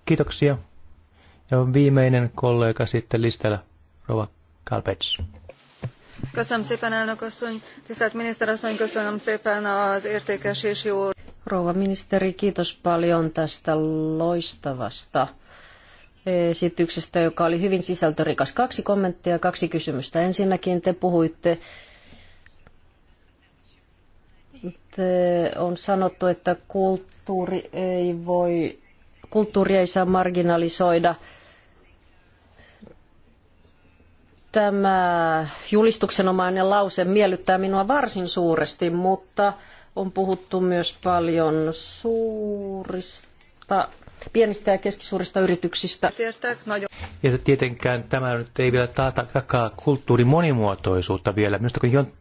Kiitoksia. Ja on viimeinen kollega sitten listalla, Rova Kalpets. Köszönöm szépen, elnök asszony. Tisztelt miniszterasszony, köszönöm szépen az értékes és jó... Rouva ministeri, kiitos paljon tästä loistavasta esityksestä, joka oli hyvin sisältörikas. Kaksi kommenttia ja kaksi kysymystä. Ensinnäkin te puhuitte on sanottu, että kulttuuri ei voi kulttuuria ei saa marginalisoida. Tämä julistuksenomainen lause miellyttää minua varsin suuresti, mutta on puhuttu myös paljon suurista pienistä ja keskisuurista yrityksistä. Ja tietenkään tämä nyt ei vielä taata takaa kulttuurin monimuotoisuutta vielä. Minusta on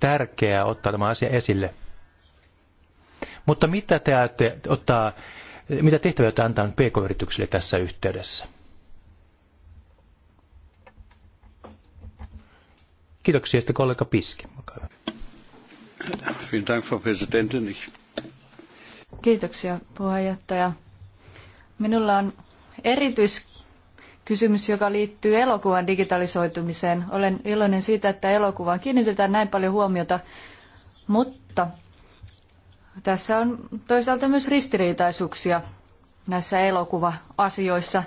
tärkeää ottaa tämä asia esille. Mutta mitä te ajatte ottaa mitä tehtäviä antaa pk-yrityksille tässä yhteydessä? Kiitoksia sitten kollega Piski. Kiitoksia puheenjohtaja. Minulla on erityiskysymys, joka liittyy elokuvan digitalisoitumiseen. Olen iloinen siitä, että elokuvaan kiinnitetään näin paljon huomiota, mutta tässä on toisaalta myös ristiriitaisuuksia näissä elokuva-asioissa.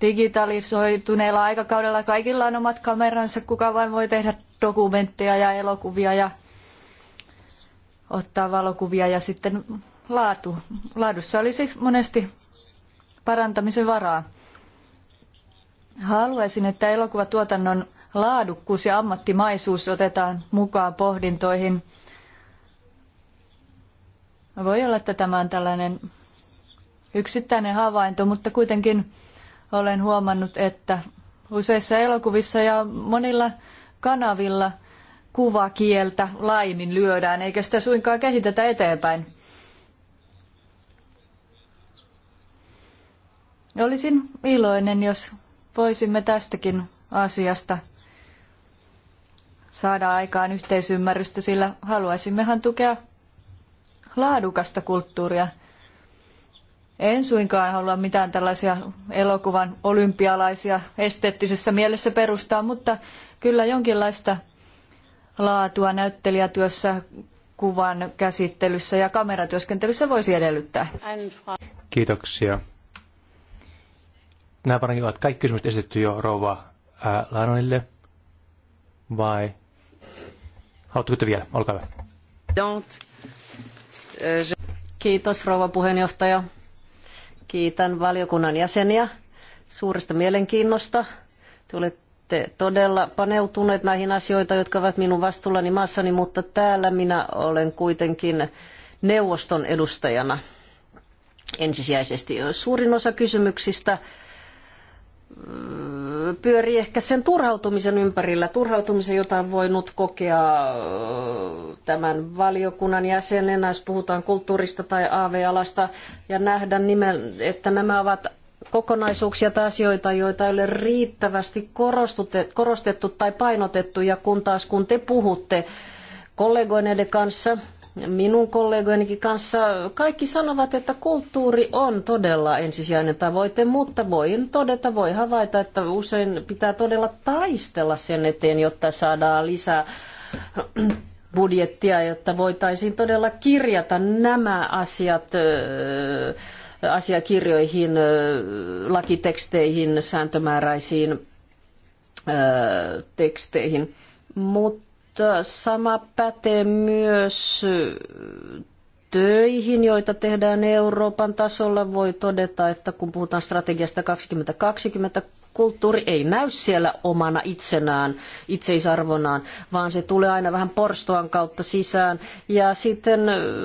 Digitalisoituneella aikakaudella kaikilla on omat kameransa, kuka vain voi tehdä dokumentteja ja elokuvia ja ottaa valokuvia ja sitten laatu. Laadussa olisi monesti parantamisen varaa. Haluaisin, että elokuvatuotannon laadukkuus ja ammattimaisuus otetaan mukaan pohdintoihin – voi olla, että tämä on tällainen yksittäinen havainto, mutta kuitenkin olen huomannut, että useissa elokuvissa ja monilla kanavilla kuvakieltä laiminlyödään, eikä sitä suinkaan kehitetä eteenpäin. Olisin iloinen, jos voisimme tästäkin asiasta saada aikaan yhteisymmärrystä, sillä haluaisimmehan tukea laadukasta kulttuuria. En suinkaan halua mitään tällaisia elokuvan olympialaisia esteettisessä mielessä perustaa, mutta kyllä jonkinlaista laatua näyttelijätyössä, kuvan käsittelyssä ja kameratyöskentelyssä voisi edellyttää. Kiitoksia. Nämä varmaan ovat kaikki kysymykset esitetty jo rouva Lanonille, vai haluatteko te vielä? Olkaa hyvä. Don't. Eh, Kiitos rouva puheenjohtaja. Kiitän valiokunnan jäseniä suuresta mielenkiinnosta. Te olette todella paneutuneet näihin asioihin, jotka ovat minun vastuullani maassani, mutta täällä minä olen kuitenkin neuvoston edustajana ensisijaisesti. Suurin osa kysymyksistä pyörii ehkä sen turhautumisen ympärillä, turhautumisen, jota on voinut kokea tämän valiokunnan jäsenenä, jos puhutaan kulttuurista tai AV-alasta, ja nähdä nimen, että nämä ovat kokonaisuuksia tai asioita, joita ei ole riittävästi korostettu tai painotettu, ja kun taas kun te puhutte kollegoineiden kanssa, minun kollegojenikin kanssa kaikki sanovat, että kulttuuri on todella ensisijainen tavoite, mutta voin todeta, voi havaita, että usein pitää todella taistella sen eteen, jotta saadaan lisää budjettia, jotta voitaisiin todella kirjata nämä asiat asiakirjoihin, lakiteksteihin, sääntömääräisiin teksteihin. Mutta Sama pätee myös töihin, joita tehdään Euroopan tasolla, voi todeta, että kun puhutaan strategiasta 2020, kulttuuri ei näy siellä omana itsenään, itseisarvonaan, vaan se tulee aina vähän porstuan kautta sisään. Ja sitten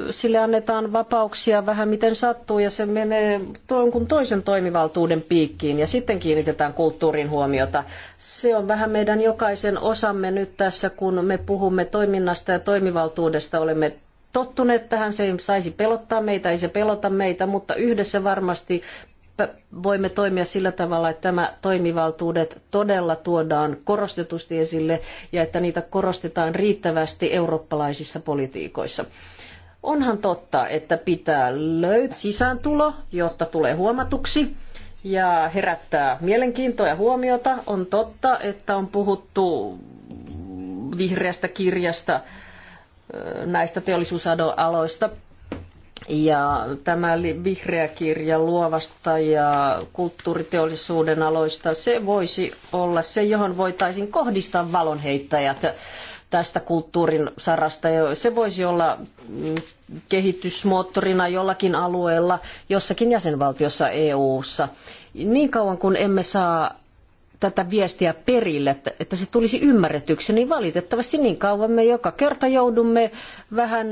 sille annetaan vapauksia vähän miten sattuu ja se menee jonkun toisen toimivaltuuden piikkiin ja sitten kiinnitetään kulttuurin huomiota. Se on vähän meidän jokaisen osamme nyt tässä, kun me puhumme toiminnasta ja toimivaltuudesta, olemme tottuneet tähän, se ei saisi pelottaa meitä, ei se pelota meitä, mutta yhdessä varmasti voimme toimia sillä tavalla, että tämä toimivaltuudet todella tuodaan korostetusti esille ja että niitä korostetaan riittävästi eurooppalaisissa politiikoissa. Onhan totta, että pitää löytää sisääntulo, jotta tulee huomatuksi ja herättää mielenkiintoa ja huomiota. On totta, että on puhuttu vihreästä kirjasta, näistä teollisuusaloista. Ja tämä vihreä kirja luovasta ja kulttuuriteollisuuden aloista, se voisi olla se, johon voitaisiin kohdistaa valonheittäjät tästä kulttuurin sarasta. Se voisi olla mm, kehitysmoottorina jollakin alueella, jossakin jäsenvaltiossa EU-ssa. Niin kauan kun emme saa tätä viestiä perille, että se tulisi ymmärretyksi, niin valitettavasti niin kauan me joka kerta joudumme vähän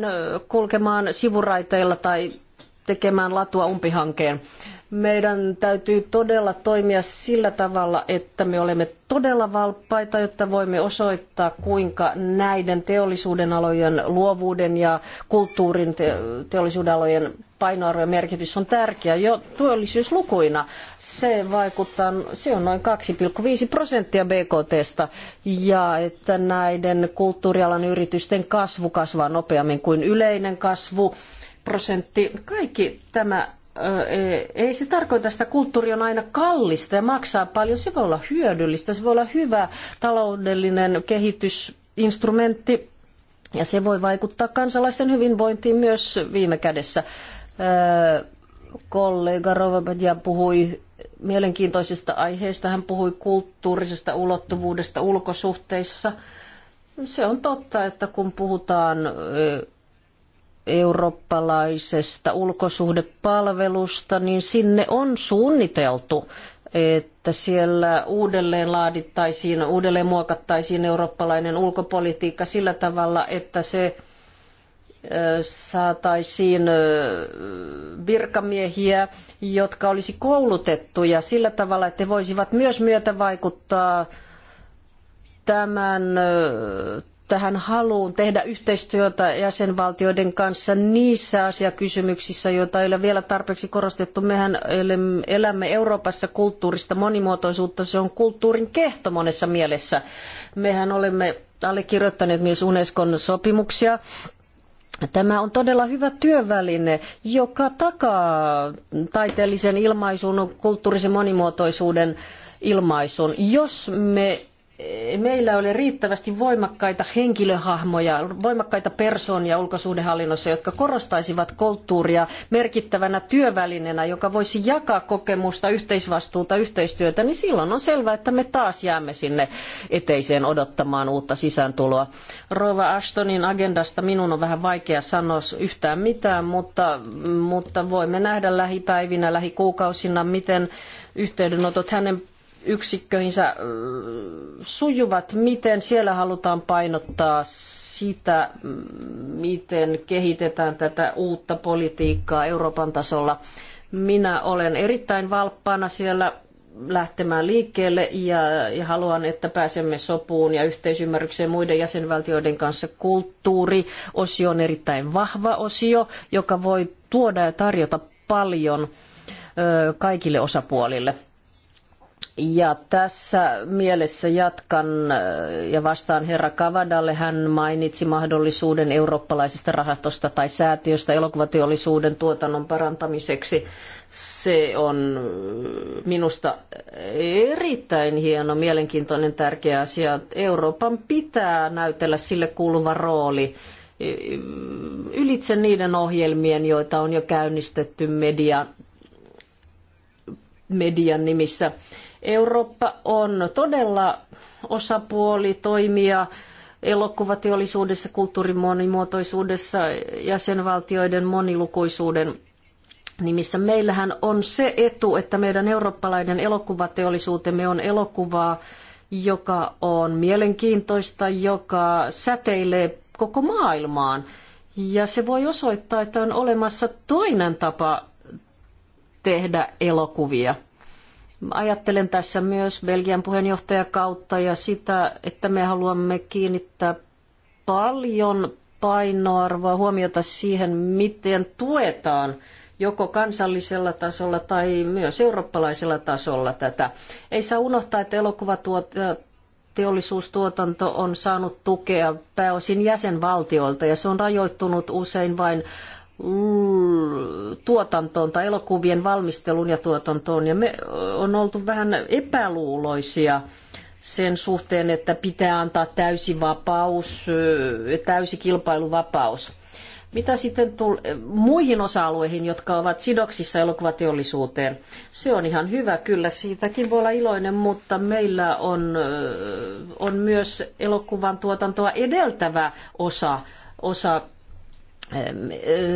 kulkemaan sivuraiteilla tai tekemään latua umpihankeen. Meidän täytyy todella toimia sillä tavalla, että me olemme todella valppaita, jotta voimme osoittaa, kuinka näiden teollisuuden alojen luovuuden ja kulttuurin te- teollisuuden alojen merkitys on tärkeä jo työllisyyslukuina. Se vaikuttaa, se on noin 2,5 prosenttia BKTstä ja että näiden kulttuurialan yritysten kasvu kasvaa nopeammin kuin yleinen kasvu prosentti. Kaikki tämä e, ei se tarkoita, että kulttuuri on aina kallista ja maksaa paljon. Se voi olla hyödyllistä, se voi olla hyvä taloudellinen kehitysinstrumentti ja se voi vaikuttaa kansalaisten hyvinvointiin myös viime kädessä. Kollega Rovabedia puhui mielenkiintoisista aiheista. Hän puhui kulttuurisesta ulottuvuudesta ulkosuhteissa. Se on totta, että kun puhutaan eurooppalaisesta ulkosuhdepalvelusta, niin sinne on suunniteltu, että siellä uudelleen laadittaisiin, uudelleen muokattaisiin eurooppalainen ulkopolitiikka sillä tavalla, että se saataisiin virkamiehiä, jotka olisi koulutettuja sillä tavalla, että he voisivat myös myötävaikuttaa tämän tähän haluun tehdä yhteistyötä jäsenvaltioiden kanssa niissä asiakysymyksissä, joita ei ole vielä tarpeeksi korostettu. Mehän elämme Euroopassa kulttuurista monimuotoisuutta, se on kulttuurin kehto monessa mielessä. Mehän olemme allekirjoittaneet myös Unescon sopimuksia, Tämä on todella hyvä työväline, joka takaa taiteellisen ilmaisun, kulttuurisen monimuotoisuuden ilmaisun. Jos me meillä oli riittävästi voimakkaita henkilöhahmoja, voimakkaita persoonia ulkosuhdehallinnossa, jotka korostaisivat kulttuuria merkittävänä työvälineenä, joka voisi jakaa kokemusta, yhteisvastuuta, yhteistyötä, niin silloin on selvää, että me taas jäämme sinne eteiseen odottamaan uutta sisääntuloa. Rova Ashtonin agendasta minun on vähän vaikea sanoa yhtään mitään, mutta, mutta voimme nähdä lähipäivinä, lähikuukausina, miten yhteydenotot hänen yksikköihinsä sujuvat, miten siellä halutaan painottaa sitä, miten kehitetään tätä uutta politiikkaa Euroopan tasolla. Minä olen erittäin valppaana siellä lähtemään liikkeelle ja, ja haluan, että pääsemme sopuun ja yhteisymmärrykseen muiden jäsenvaltioiden kanssa. Kulttuuriosio on erittäin vahva osio, joka voi tuoda ja tarjota paljon ö, kaikille osapuolille ja tässä mielessä jatkan äh, ja vastaan herra Kavadalle. Hän mainitsi mahdollisuuden eurooppalaisesta rahastosta tai säätiöstä elokuvateollisuuden tuotannon parantamiseksi. Se on äh, minusta erittäin hieno, mielenkiintoinen, tärkeä asia. Euroopan pitää näytellä sille kuuluva rooli ylitse niiden ohjelmien, joita on jo käynnistetty median, median nimissä. Eurooppa on todella osapuoli toimia elokuvateollisuudessa, kulttuurin monimuotoisuudessa, jäsenvaltioiden monilukuisuuden nimissä. Meillähän on se etu, että meidän eurooppalainen elokuvateollisuutemme on elokuvaa, joka on mielenkiintoista, joka säteilee koko maailmaan. Ja se voi osoittaa, että on olemassa toinen tapa tehdä elokuvia – Ajattelen tässä myös Belgian puheenjohtajakautta ja sitä, että me haluamme kiinnittää paljon painoarvoa huomiota siihen, miten tuetaan joko kansallisella tasolla tai myös eurooppalaisella tasolla tätä. Ei saa unohtaa, että elokuvateollisuustuotanto on saanut tukea pääosin jäsenvaltioilta ja se on rajoittunut usein vain Mm, tuotantoon tai elokuvien valmisteluun ja tuotantoon. Ja me on oltu vähän epäluuloisia sen suhteen, että pitää antaa täysi vapaus, täysi kilpailuvapaus. Mitä sitten tuli muihin osa-alueihin, jotka ovat sidoksissa elokuvateollisuuteen? Se on ihan hyvä, kyllä siitäkin voi olla iloinen, mutta meillä on, on myös elokuvan tuotantoa edeltävä osa, osa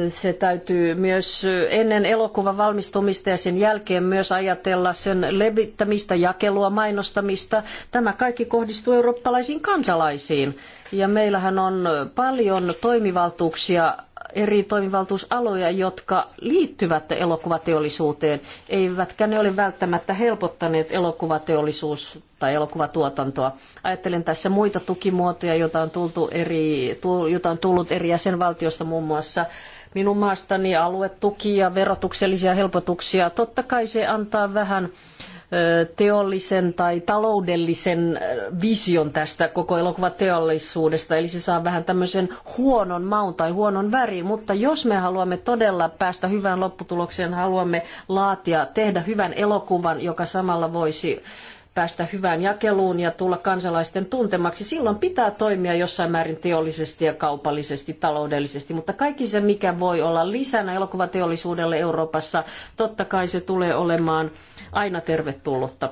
se täytyy myös ennen elokuvan valmistumista ja sen jälkeen myös ajatella sen levittämistä, jakelua, mainostamista. Tämä kaikki kohdistuu eurooppalaisiin kansalaisiin. Ja meillähän on paljon toimivaltuuksia eri toimivaltuusaloja, jotka liittyvät elokuvateollisuuteen, eivätkä ne ole välttämättä helpottaneet elokuvateollisuus tai elokuvatuotantoa. Ajattelen tässä muita tukimuotoja, joita on, tultu eri, joita on tullut eri jäsenvaltioista, muun muassa minun maastani aluetukia, verotuksellisia helpotuksia. Totta kai se antaa vähän äh, teollisen tai taloudellisen vision tästä koko elokuvateollisuudesta, eli se saa vähän tämmöisen huonon maun tai huonon värin, mutta jos me haluamme todella päästä hyvään lopputulokseen, haluamme laatia, tehdä hyvän elokuvan, joka samalla voisi päästä hyvään jakeluun ja tulla kansalaisten tuntemaksi. Silloin pitää toimia jossain määrin teollisesti ja kaupallisesti, taloudellisesti, mutta kaikki se, mikä voi olla lisänä elokuvateollisuudelle Euroopassa, totta kai se tulee olemaan aina tervetullutta.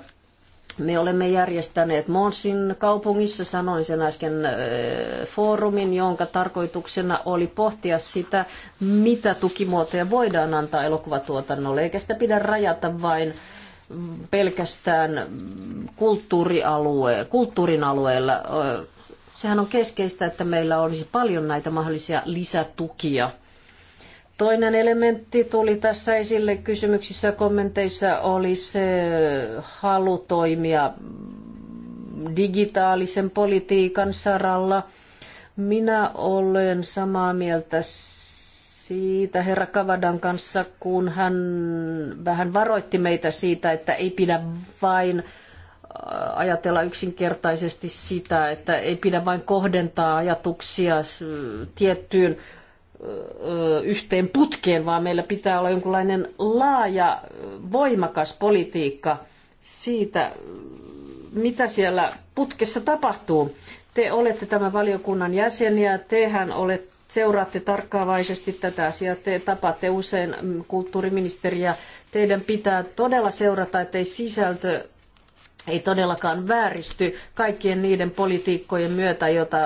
Me olemme järjestäneet Monsin kaupungissa, sanoin sen äsken, äh, foorumin, jonka tarkoituksena oli pohtia sitä, mitä tukimuotoja voidaan antaa elokuvatuotannolle, eikä sitä pidä rajata vain pelkästään kulttuurialue, kulttuurin alueella. Sehän on keskeistä, että meillä olisi paljon näitä mahdollisia lisätukia. Toinen elementti tuli tässä esille kysymyksissä ja kommenteissa, oli se halu toimia digitaalisen politiikan saralla. Minä olen samaa mieltä siitä herra Kavadan kanssa, kun hän vähän varoitti meitä siitä, että ei pidä vain äh, ajatella yksinkertaisesti sitä, että ei pidä vain kohdentaa ajatuksia tiettyyn äh, yhteen putkeen, vaan meillä pitää olla jonkinlainen laaja, voimakas politiikka siitä, mitä siellä putkessa tapahtuu. Te olette tämän valiokunnan jäseniä, tehän olet, seuraatte tarkkaavaisesti tätä asiaa. Te tapaatte usein mm, kulttuuriministeriä. Teidän pitää todella seurata, ettei sisältö ei todellakaan vääristy kaikkien niiden politiikkojen myötä, jota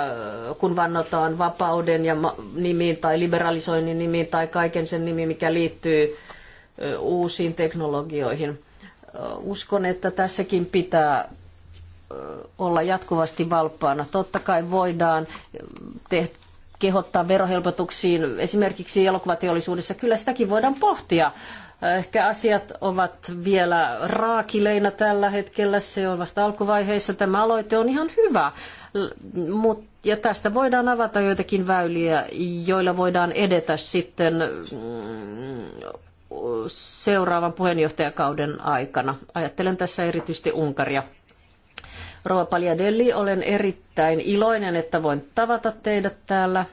kun vannotaan vapauden ja nimiin tai liberalisoinnin nimiin tai kaiken sen nimi, mikä liittyy uusiin teknologioihin. Uskon, että tässäkin pitää olla jatkuvasti valppaana. Totta kai voidaan kehottaa verohelpotuksiin esimerkiksi elokuvateollisuudessa. Kyllä sitäkin voidaan pohtia. Ehkä asiat ovat vielä raakileina tällä hetkellä, se on vasta alkuvaiheessa. Tämä aloite on ihan hyvä, Mut, ja tästä voidaan avata joitakin väyliä, joilla voidaan edetä sitten mm, seuraavan puheenjohtajakauden aikana. Ajattelen tässä erityisesti Unkaria. Rova Paljadelli, olen erittäin iloinen, että voin tavata teidät täällä.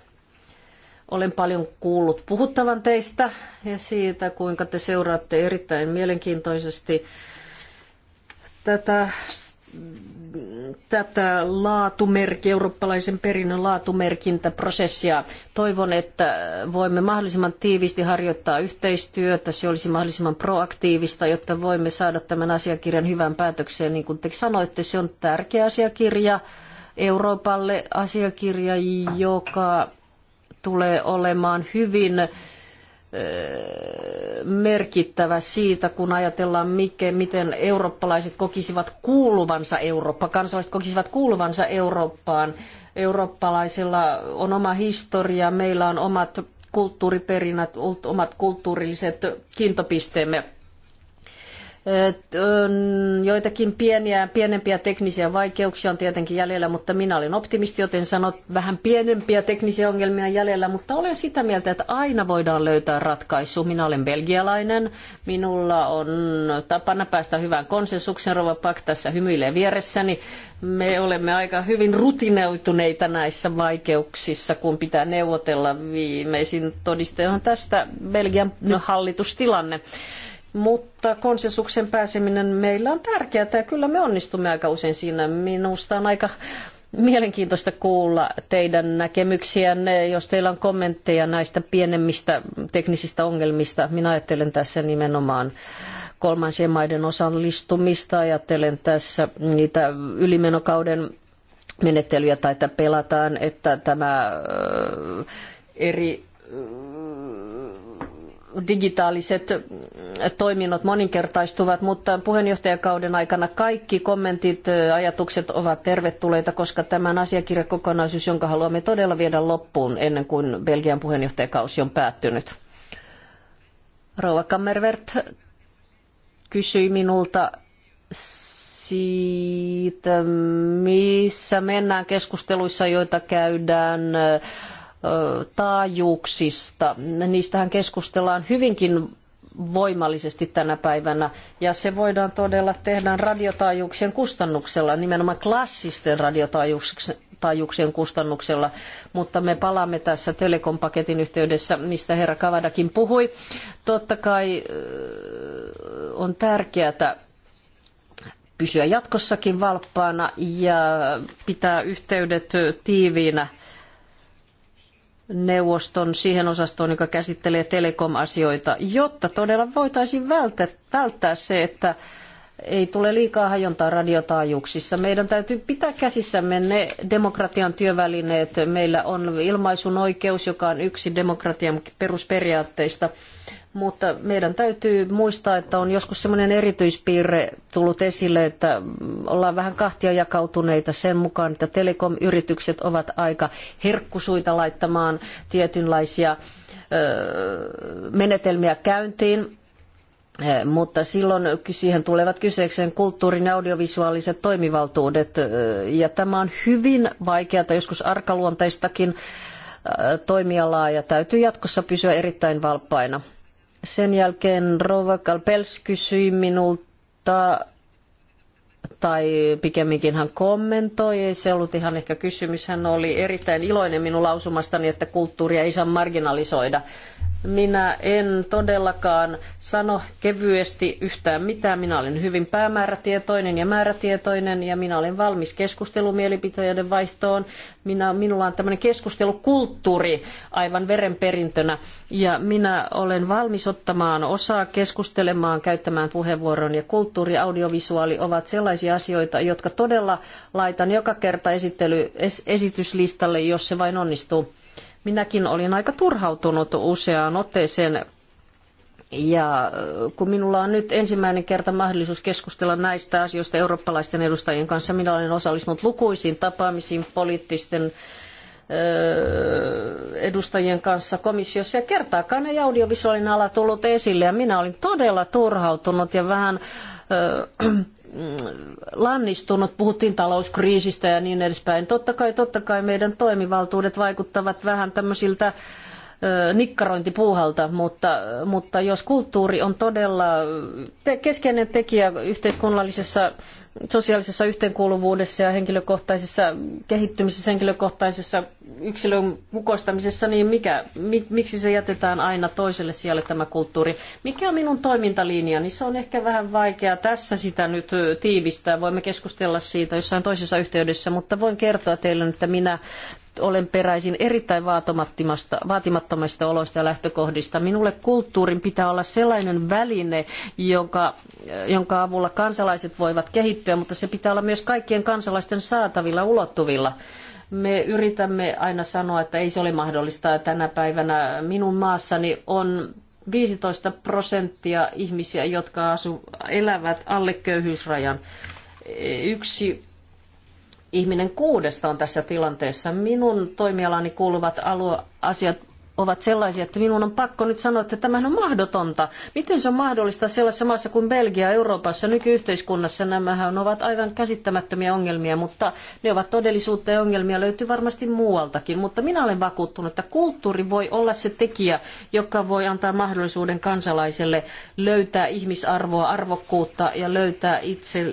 Olen paljon kuullut puhuttavan teistä ja siitä, kuinka te seuraatte erittäin mielenkiintoisesti tätä tätä laatumerkki, eurooppalaisen perinnön laatumerkintäprosessia. Toivon, että voimme mahdollisimman tiiviisti harjoittaa yhteistyötä, se olisi mahdollisimman proaktiivista, jotta voimme saada tämän asiakirjan hyvään päätökseen. Niin kuin te sanoitte, se on tärkeä asiakirja Euroopalle, asiakirja, joka tulee olemaan hyvin merkittävä siitä, kun ajatellaan, miten eurooppalaiset kokisivat kuuluvansa Eurooppaan, kansalaiset kokisivat kuuluvansa Eurooppaan. Eurooppalaisilla on oma historia, meillä on omat kulttuuriperinnät, omat kulttuurilliset kiintopisteemme. Joitakin pieniä, pienempiä teknisiä vaikeuksia on tietenkin jäljellä, mutta minä olen optimisti, joten sanon vähän pienempiä teknisiä ongelmia jäljellä, mutta olen sitä mieltä, että aina voidaan löytää ratkaisu. Minä olen belgialainen, minulla on tapana päästä hyvään konsensuksen, Rova Pak tässä hymyilee vieressäni. Me olemme aika hyvin rutineutuneita näissä vaikeuksissa, kun pitää neuvotella viimeisin todisteehan tästä Belgian hallitustilanne mutta konsensuksen pääseminen meillä on tärkeää ja kyllä me onnistumme aika usein siinä. Minusta on aika mielenkiintoista kuulla teidän näkemyksiänne, jos teillä on kommentteja näistä pienemmistä teknisistä ongelmista. Minä ajattelen tässä nimenomaan kolmansien maiden osallistumista, ajattelen tässä niitä ylimenokauden menettelyjä tai että pelataan, että tämä eri digitaaliset toiminnot moninkertaistuvat, mutta puheenjohtajakauden aikana kaikki kommentit, ajatukset ovat tervetulleita, koska tämän asiakirjakokonaisuus, jonka haluamme todella viedä loppuun ennen kuin Belgian puheenjohtajakausi on päättynyt. Rouva Kammervert kysyi minulta siitä, missä mennään keskusteluissa, joita käydään taajuuksista. Niistähän keskustellaan hyvinkin voimallisesti tänä päivänä, ja se voidaan todella tehdä radiotaajuuksien kustannuksella, nimenomaan klassisten radiotaajuuksien kustannuksella, mutta me palaamme tässä Telekom-paketin yhteydessä, mistä herra Kavadakin puhui. Totta kai on tärkeää pysyä jatkossakin valppaana ja pitää yhteydet tiiviinä neuvoston siihen osastoon, joka käsittelee telekom-asioita, jotta todella voitaisiin välttää, välttää se, että ei tule liikaa hajontaa radiotaajuuksissa. Meidän täytyy pitää käsissämme ne demokratian työvälineet. Meillä on ilmaisun oikeus, joka on yksi demokratian perusperiaatteista mutta meidän täytyy muistaa, että on joskus semmoinen erityispiirre tullut esille, että ollaan vähän kahtia jakautuneita sen mukaan, että telekom-yritykset ovat aika herkkusuita laittamaan tietynlaisia menetelmiä käyntiin mutta silloin siihen tulevat kyseeseen kulttuurin ja audiovisuaaliset toimivaltuudet, ja tämä on hyvin vaikeaa, joskus arkaluonteistakin toimialaa, ja täytyy jatkossa pysyä erittäin valppaina. Sen jälkeen Rova Kalpels kysyi minulta, tai pikemminkin hän kommentoi, ei se ollut ihan ehkä kysymys, hän oli erittäin iloinen minun lausumastani, että kulttuuria ei saa marginalisoida. Minä en todellakaan sano kevyesti yhtään mitään. Minä olen hyvin päämäärätietoinen ja määrätietoinen ja minä olen valmis keskustelumielipiteiden vaihtoon. Minä, minulla on tämmöinen keskustelukulttuuri aivan verenperintönä ja minä olen valmis ottamaan osaa keskustelemaan, käyttämään puheenvuoron ja kulttuuri, audiovisuaali ovat sellaisia asioita, jotka todella laitan joka kerta esittely, es, esityslistalle, jos se vain onnistuu. Minäkin olin aika turhautunut useaan otteeseen ja kun minulla on nyt ensimmäinen kerta mahdollisuus keskustella näistä asioista eurooppalaisten edustajien kanssa, minä olen osallistunut lukuisiin tapaamisiin poliittisten edustajien kanssa komissiossa ja kertaakaan ei audiovisuaalinen ala tullut esille ja minä olin todella turhautunut ja vähän lannistunut, puhuttiin talouskriisistä ja niin edespäin. Totta kai, totta kai meidän toimivaltuudet vaikuttavat vähän tämmöisiltä äh, nikkarointipuuhalta, mutta, mutta jos kulttuuri on todella keskeinen tekijä yhteiskunnallisessa sosiaalisessa yhteenkuuluvuudessa ja henkilökohtaisessa kehittymisessä, henkilökohtaisessa yksilön kukoistamisessa, niin mikä, mi, miksi se jätetään aina toiselle sijalle tämä kulttuuri? Mikä on minun toimintalinja? Niin se on ehkä vähän vaikea tässä sitä nyt tiivistää. Voimme keskustella siitä jossain toisessa yhteydessä, mutta voin kertoa teille, että minä olen peräisin erittäin vaatimattomista oloista ja lähtökohdista. Minulle kulttuurin pitää olla sellainen väline, jonka, jonka avulla kansalaiset voivat kehittyä, mutta se pitää olla myös kaikkien kansalaisten saatavilla, ulottuvilla me yritämme aina sanoa, että ei se ole mahdollista. Tänä päivänä minun maassani on 15 prosenttia ihmisiä, jotka asu, elävät alle köyhyysrajan. Yksi ihminen kuudesta on tässä tilanteessa. Minun toimialani kuuluvat alueasiat ovat sellaisia, että minun on pakko nyt sanoa, että tämähän on mahdotonta. Miten se on mahdollista sellaisessa maassa kuin Belgia Euroopassa, nykyyhteiskunnassa? Nämähän ovat aivan käsittämättömiä ongelmia, mutta ne ovat todellisuutta ja ongelmia löytyy varmasti muualtakin. Mutta minä olen vakuuttunut, että kulttuuri voi olla se tekijä, joka voi antaa mahdollisuuden kansalaiselle löytää ihmisarvoa, arvokkuutta ja löytää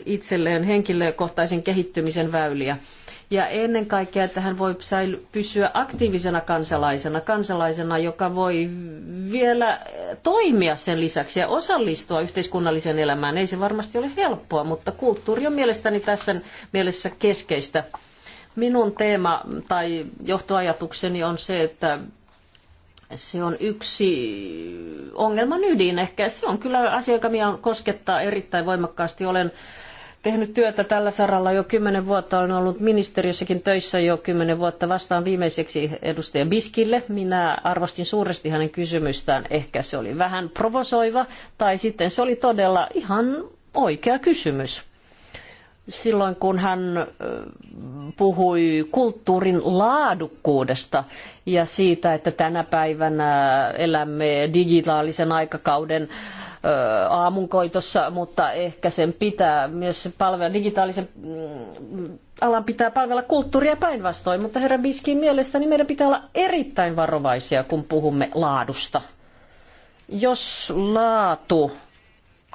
itselleen henkilökohtaisen kehittymisen väyliä ja ennen kaikkea, että hän voi säily, pysyä aktiivisena kansalaisena, kansalaisena, joka voi vielä toimia sen lisäksi ja osallistua yhteiskunnalliseen elämään. Ei se varmasti ole helppoa, mutta kulttuuri on mielestäni tässä mielessä keskeistä. Minun teema tai johtoajatukseni on se, että se on yksi ongelman ydin ehkä. Se on kyllä asia, joka minä koskettaa erittäin voimakkaasti. Olen tehnyt työtä tällä saralla jo kymmenen vuotta, olen ollut ministeriössäkin töissä jo kymmenen vuotta. Vastaan viimeiseksi edustaja Biskille. Minä arvostin suuresti hänen kysymystään. Ehkä se oli vähän provosoiva tai sitten se oli todella ihan oikea kysymys. Silloin kun hän puhui kulttuurin laadukkuudesta ja siitä, että tänä päivänä elämme digitaalisen aikakauden aamunkoitossa, mutta ehkä sen pitää myös palvella, digitaalisen mm, alan pitää palvella kulttuuria päinvastoin, mutta herra Biskin mielestäni niin meidän pitää olla erittäin varovaisia, kun puhumme laadusta. Jos laatu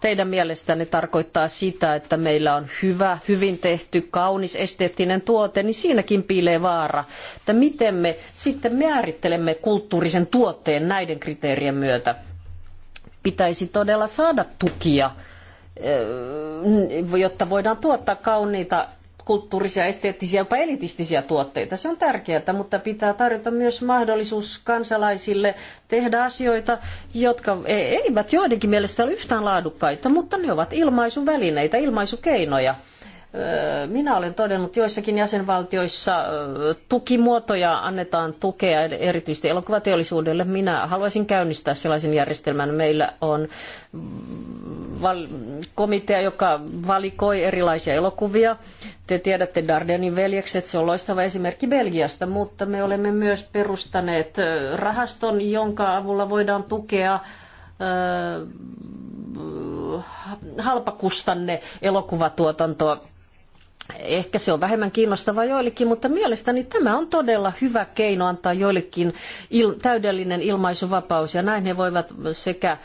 teidän mielestänne tarkoittaa sitä, että meillä on hyvä, hyvin tehty, kaunis, esteettinen tuote, niin siinäkin piilee vaara, että miten me sitten määrittelemme kulttuurisen tuotteen näiden kriteerien myötä pitäisi todella saada tukia, eh, jotta voidaan tuottaa kauniita kulttuurisia, esteettisiä, jopa elitistisiä tuotteita. Se on tärkeää, mutta pitää tarjota myös mahdollisuus kansalaisille tehdä asioita, jotka e- eivät joidenkin mielestä ole yhtään laadukkaita, mutta ne ovat ilmaisuvälineitä, ilmaisukeinoja minä olen todennut, joissakin jäsenvaltioissa tukimuotoja annetaan tukea erityisesti elokuvateollisuudelle. Minä haluaisin käynnistää sellaisen järjestelmän. Meillä on komitea, joka valikoi erilaisia elokuvia. Te tiedätte Dardenin veljekset, se on loistava esimerkki Belgiasta, mutta me olemme myös perustaneet rahaston, jonka avulla voidaan tukea halpakustanne elokuvatuotantoa Ehkä se on vähemmän kiinnostavaa joillekin, mutta mielestäni tämä on todella hyvä keino antaa joillekin il- täydellinen ilmaisuvapaus ja näin he voivat sekä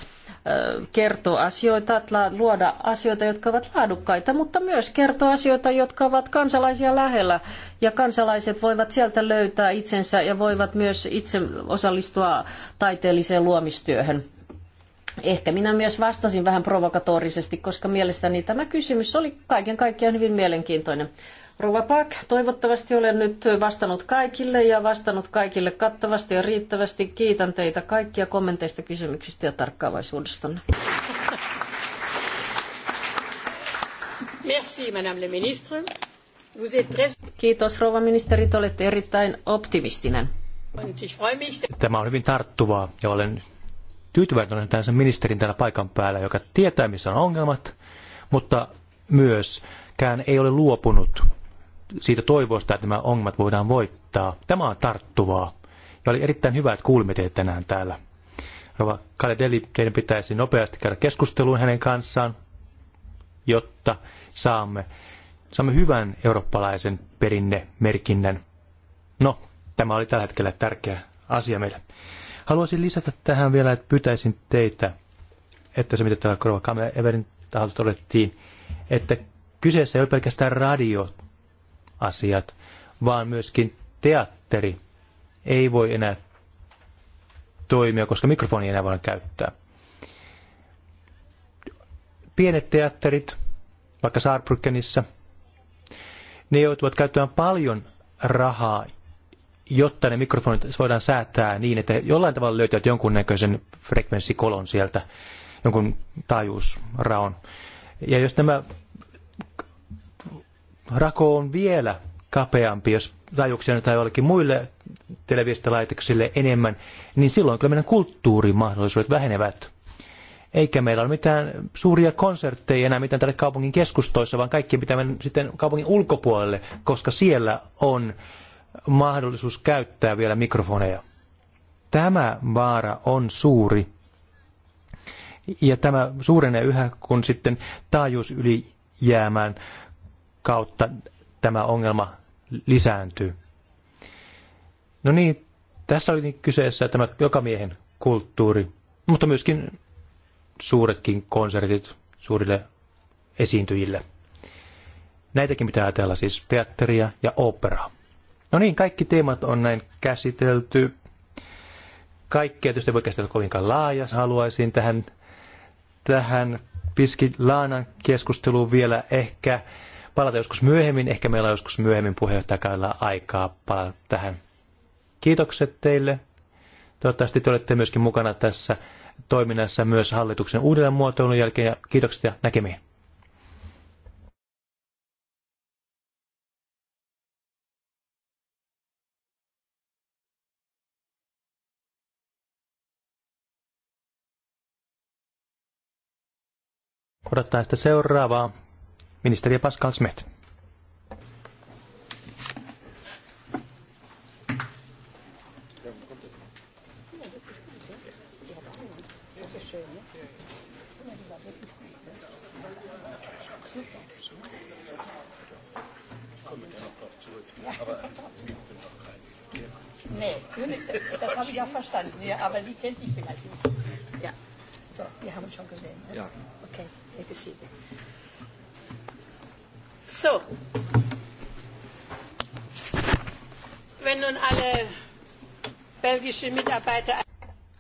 kertoa asioita, luoda asioita, jotka ovat laadukkaita, mutta myös kertoa asioita, jotka ovat kansalaisia lähellä. Ja kansalaiset voivat sieltä löytää itsensä ja voivat myös itse osallistua taiteelliseen luomistyöhön. Ehkä minä myös vastasin vähän provokatorisesti, koska mielestäni tämä kysymys oli kaiken kaikkiaan hyvin mielenkiintoinen. Rova Park, toivottavasti olen nyt vastannut kaikille ja vastannut kaikille kattavasti ja riittävästi. Kiitän teitä kaikkia kommenteista, kysymyksistä ja tarkkaavaisuudestanne. Merci, madame le ministre. Vous êtes très... Kiitos, rouva ministeri, te olette erittäin optimistinen. Tämä on hyvin tarttuvaa ja olen tyytyväinen tähän sen ministerin täällä paikan päällä, joka tietää, missä on ongelmat, mutta myöskään ei ole luopunut siitä toivosta, että nämä ongelmat voidaan voittaa. Tämä on tarttuvaa. Ja oli erittäin hyvä, että kuulimme teitä tänään täällä. Rova Kaledeli, teidän pitäisi nopeasti käydä keskusteluun hänen kanssaan, jotta saamme, saamme hyvän eurooppalaisen perinnemerkinnän. No, tämä oli tällä hetkellä tärkeä asia meille. Haluaisin lisätä tähän vielä, että pyytäisin teitä, että se mitä täällä Korva Everin taholta todettiin, että kyseessä ei ole pelkästään radioasiat, vaan myöskin teatteri ei voi enää toimia, koska mikrofoni ei enää voida käyttää. Pienet teatterit, vaikka Saarbrückenissä, ne joutuvat käyttämään paljon rahaa jotta ne mikrofonit voidaan säätää niin, että jollain tavalla löytävät jonkunnäköisen frekvenssikolon sieltä, jonkun taajuusraon. Ja jos tämä rako on vielä kapeampi, jos taajuuksia tai jollekin muille televisiolaitoksille enemmän, niin silloin kyllä meidän kulttuurimahdollisuudet vähenevät. Eikä meillä ole mitään suuria konsertteja enää mitään täällä kaupungin keskustoissa, vaan kaikki pitää mennä sitten kaupungin ulkopuolelle, koska siellä on mahdollisuus käyttää vielä mikrofoneja. Tämä vaara on suuri. Ja tämä suurenee yhä, kun sitten ylijäämään kautta tämä ongelma lisääntyy. No niin, tässä oli niin kyseessä tämä jokamiehen kulttuuri, mutta myöskin suuretkin konsertit suurille esiintyjille. Näitäkin pitää ajatella siis teatteria ja operaa. No niin, kaikki teemat on näin käsitelty. Kaikkea tietysti voi käsitellä kovinkaan laajas. Haluaisin tähän, tähän Piskilaanan Laanan keskusteluun vielä ehkä palata joskus myöhemmin. Ehkä meillä on joskus myöhemmin puheenjohtajakaudella aikaa palata tähän. Kiitokset teille. Toivottavasti te olette myöskin mukana tässä toiminnassa myös hallituksen uudelleenmuotoilun jälkeen. Ja kiitokset ja näkemiin. odottaa sitä seuraavaa. Ministeri Pascal Smet. Nee, das habe ich ja verstanden, aber Sie kennt die vielleicht nicht. Ja. So, wir haven't schon gesehen. Ne? Yeah. Okay, take a seat. So. Wenn nun alle belgische Mitarbeiter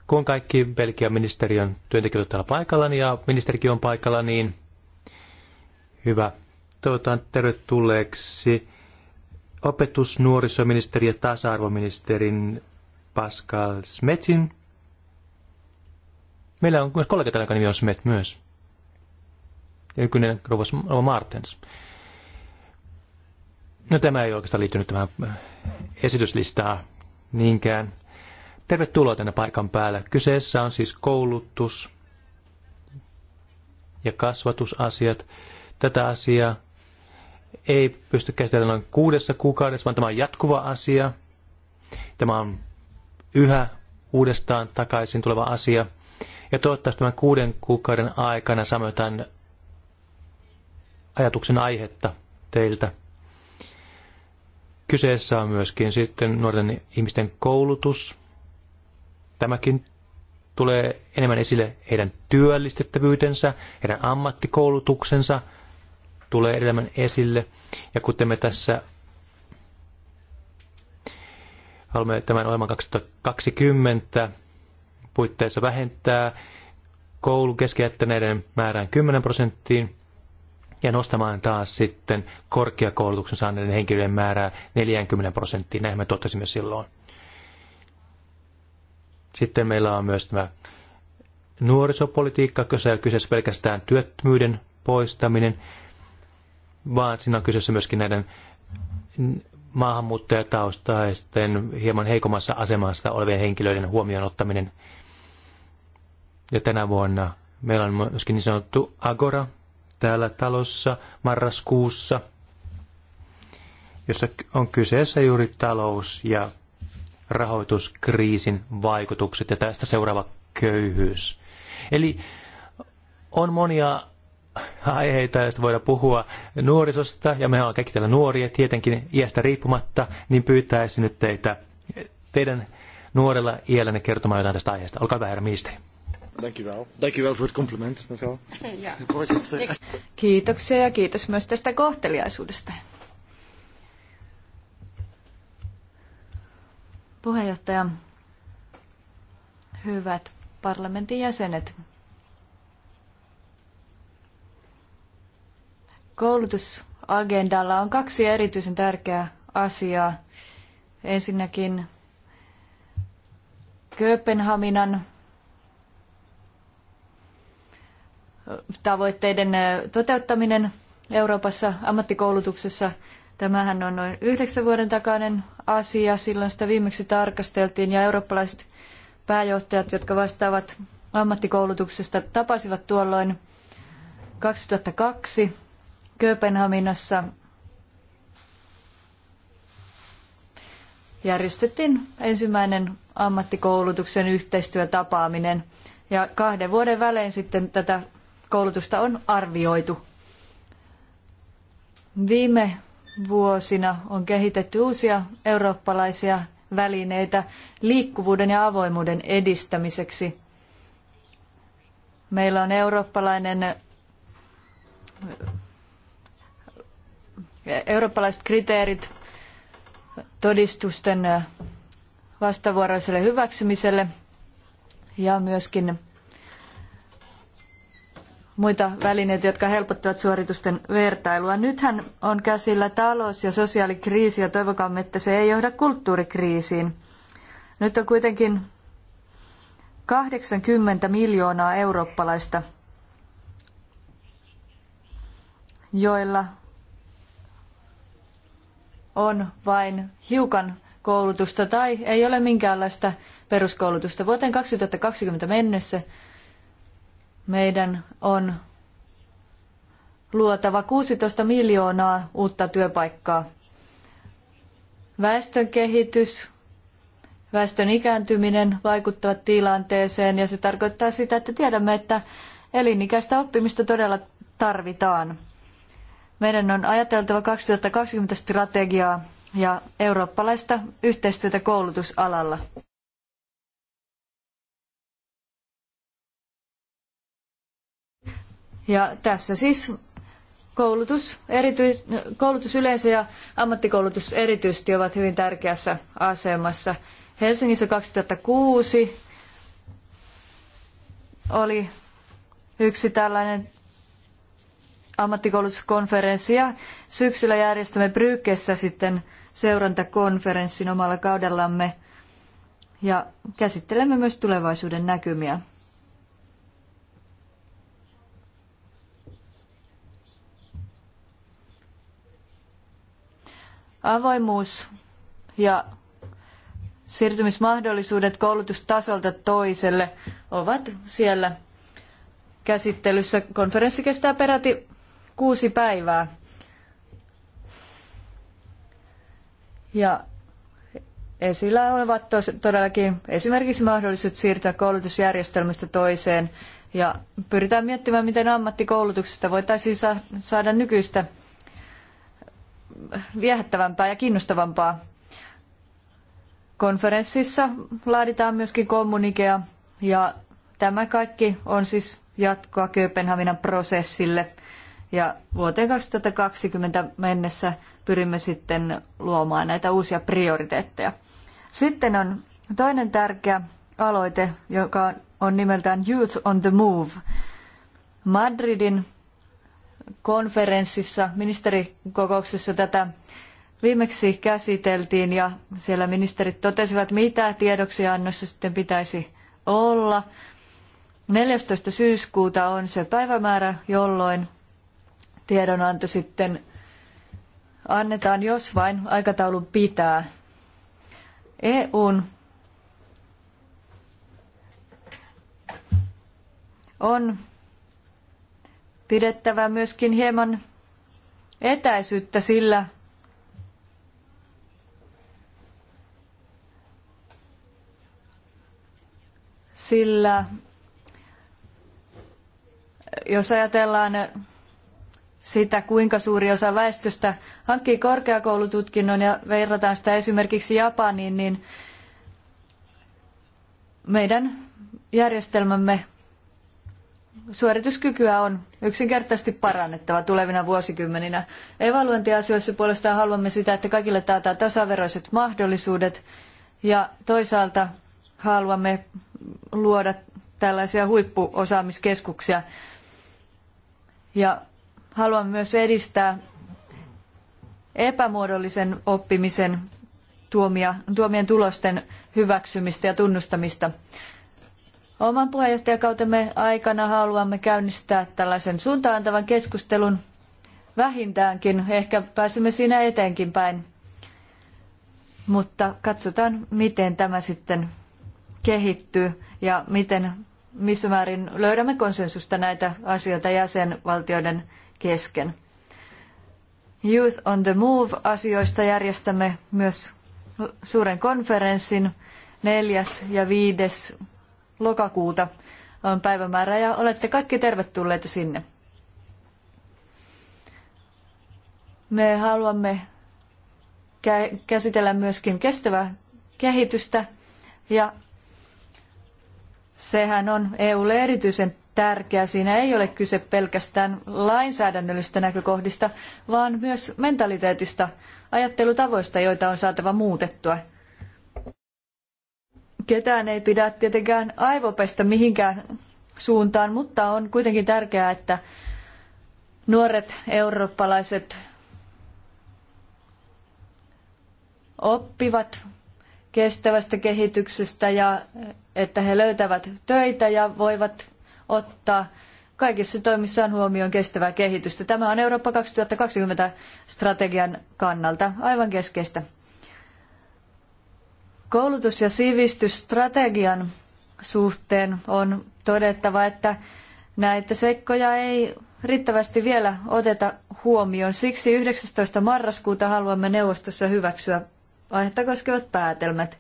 kun kaikki Belgian ministeriön työntekijät täällä paikalla niin ja ministerikin on paikalla, niin hyvä. Toivotan tervetulleeksi opetus-, nuorisoministeri ja tasa-arvoministerin Pascal Smetin Meillä on myös kollega täällä, nimi on Smet myös. Ja nykyinen Rovas Martens. No tämä ei oikeastaan liittynyt tähän äh, esityslistaa niinkään. Tervetuloa tänne paikan päällä. Kyseessä on siis koulutus ja kasvatusasiat. Tätä asiaa ei pysty käsitellä noin kuudessa kuukaudessa, vaan tämä on jatkuva asia. Tämä on yhä uudestaan takaisin tuleva asia. Ja toivottavasti tämän kuuden kuukauden aikana saamme ajatuksen aihetta teiltä. Kyseessä on myöskin sitten nuorten ihmisten koulutus. Tämäkin tulee enemmän esille heidän työllistettävyytensä, heidän ammattikoulutuksensa tulee enemmän esille. Ja kuten me tässä haluamme tämän ohjelman 2020 puitteissa vähentää koulun keskeyttäneiden määrään 10 prosenttiin ja nostamaan taas sitten korkeakoulutuksen saaneiden henkilöiden määrää 40 prosenttiin. Näin me totesimme silloin. Sitten meillä on myös tämä nuorisopolitiikka, jossa ei ole kyseessä pelkästään työttömyyden poistaminen, vaan siinä on kyseessä myöskin näiden maahanmuuttajataustaisten hieman heikommassa asemassa olevien henkilöiden huomioon ottaminen ja tänä vuonna. Meillä on myöskin niin sanottu Agora täällä talossa marraskuussa, jossa on kyseessä juuri talous ja rahoituskriisin vaikutukset ja tästä seuraava köyhyys. Eli on monia aiheita, joista voidaan puhua nuorisosta, ja me ollaan kaikki täällä nuoria, tietenkin iästä riippumatta, niin pyytäisin nyt teitä, teidän nuorella iällänne kertomaan jotain tästä aiheesta. Olkaa hyvä, herra ministeri. Dank u wel. Dank u wel voor het compliment, mevrouw. Ja. Kiitoksia ja kiitos myös tästä kohteliaisuudesta. Puheenjohtaja, hyvät parlamentin jäsenet. Koulutusagendalla on kaksi erityisen tärkeää asiaa. Ensinnäkin Kööpenhaminan tavoitteiden toteuttaminen Euroopassa ammattikoulutuksessa. Tämähän on noin yhdeksän vuoden takainen asia. Silloin sitä viimeksi tarkasteltiin ja eurooppalaiset pääjohtajat, jotka vastaavat ammattikoulutuksesta, tapasivat tuolloin 2002 Kööpenhaminassa. Järjestettiin ensimmäinen ammattikoulutuksen yhteistyötapaaminen ja kahden vuoden välein sitten tätä koulutusta on arvioitu. Viime vuosina on kehitetty uusia eurooppalaisia välineitä liikkuvuuden ja avoimuuden edistämiseksi. Meillä on eurooppalainen eurooppalaiset kriteerit todistusten vastavuoroiselle hyväksymiselle ja myöskin muita välineitä, jotka helpottavat suoritusten vertailua. Nythän on käsillä talous- ja sosiaalikriisi ja toivokaamme, että se ei johda kulttuurikriisiin. Nyt on kuitenkin 80 miljoonaa eurooppalaista, joilla on vain hiukan koulutusta tai ei ole minkäänlaista peruskoulutusta. Vuoteen 2020 mennessä meidän on luotava 16 miljoonaa uutta työpaikkaa. Väestön kehitys, väestön ikääntyminen vaikuttavat tilanteeseen ja se tarkoittaa sitä, että tiedämme, että elinikäistä oppimista todella tarvitaan. Meidän on ajateltava 2020 strategiaa ja eurooppalaista yhteistyötä koulutusalalla. Ja tässä siis koulutus, erityis, koulutus yleensä ja ammattikoulutus erityisesti ovat hyvin tärkeässä asemassa. Helsingissä 2006 oli yksi tällainen ammattikoulutuskonferenssi ja syksyllä järjestämme Brykessä sitten seurantakonferenssin omalla kaudellamme ja käsittelemme myös tulevaisuuden näkymiä. Avoimuus ja siirtymismahdollisuudet koulutustasolta toiselle ovat siellä käsittelyssä. Konferenssi kestää peräti kuusi päivää. Ja esillä ovat todellakin esimerkiksi mahdollisuudet siirtyä koulutusjärjestelmästä toiseen ja pyritään miettimään, miten ammattikoulutuksesta voitaisiin saada nykyistä viehättävämpää ja kiinnostavampaa. Konferenssissa laaditaan myöskin kommunikea ja tämä kaikki on siis jatkoa Kööpenhaminan prosessille. Ja vuoteen 2020 mennessä pyrimme sitten luomaan näitä uusia prioriteetteja. Sitten on toinen tärkeä aloite, joka on nimeltään Youth on the Move. Madridin konferenssissa, ministerikokouksessa tätä viimeksi käsiteltiin ja siellä ministerit totesivat, mitä tiedoksiannossa sitten pitäisi olla. 14. syyskuuta on se päivämäärä, jolloin tiedonanto sitten annetaan, jos vain aikataulu pitää. EUn on pidettävä myöskin hieman etäisyyttä sillä, sillä jos ajatellaan sitä, kuinka suuri osa väestöstä hankkii korkeakoulututkinnon ja verrataan sitä esimerkiksi Japaniin, niin meidän järjestelmämme suorituskykyä on yksinkertaisesti parannettava tulevina vuosikymmeninä. Evaluointiasioissa puolestaan haluamme sitä, että kaikille taataan tasaveroiset mahdollisuudet ja toisaalta haluamme luoda tällaisia huippuosaamiskeskuksia ja haluamme myös edistää epämuodollisen oppimisen tuomia, tuomien tulosten hyväksymistä ja tunnustamista. Oman puheenjohtajakautemme aikana haluamme käynnistää tällaisen suuntaantavan keskustelun vähintäänkin. Ehkä pääsemme siinä eteenkin päin. Mutta katsotaan, miten tämä sitten kehittyy ja miten, missä määrin löydämme konsensusta näitä asioita jäsenvaltioiden kesken. Youth on the Move-asioista järjestämme myös suuren konferenssin 4. ja 5 lokakuuta on päivämäärä ja olette kaikki tervetulleita sinne. Me haluamme käsitellä myöskin kestävää kehitystä ja sehän on EUlle erityisen tärkeä. Siinä ei ole kyse pelkästään lainsäädännöllistä näkökohdista, vaan myös mentaliteetista, ajattelutavoista, joita on saatava muutettua – ketään ei pidä tietenkään aivopestä mihinkään suuntaan, mutta on kuitenkin tärkeää, että nuoret eurooppalaiset oppivat kestävästä kehityksestä ja että he löytävät töitä ja voivat ottaa kaikissa toimissaan huomioon kestävää kehitystä. Tämä on Eurooppa 2020 strategian kannalta aivan keskeistä. Koulutus- ja sivistysstrategian suhteen on todettava, että näitä seikkoja ei riittävästi vielä oteta huomioon. Siksi 19. marraskuuta haluamme neuvostossa hyväksyä aihetta koskevat päätelmät,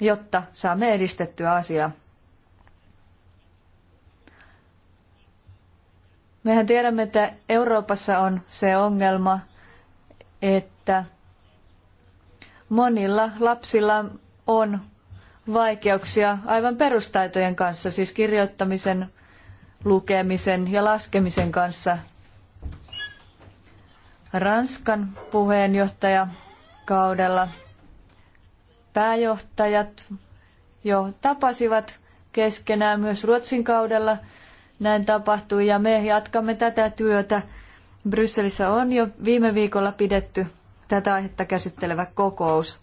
jotta saamme edistettyä asiaa. Mehän tiedämme, että Euroopassa on se ongelma, että monilla lapsilla on vaikeuksia aivan perustaitojen kanssa, siis kirjoittamisen, lukemisen ja laskemisen kanssa. Ranskan puheenjohtajakaudella pääjohtajat jo tapasivat keskenään myös Ruotsin kaudella. Näin tapahtui ja me jatkamme tätä työtä. Brysselissä on jo viime viikolla pidetty tätä aihetta käsittelevä kokous.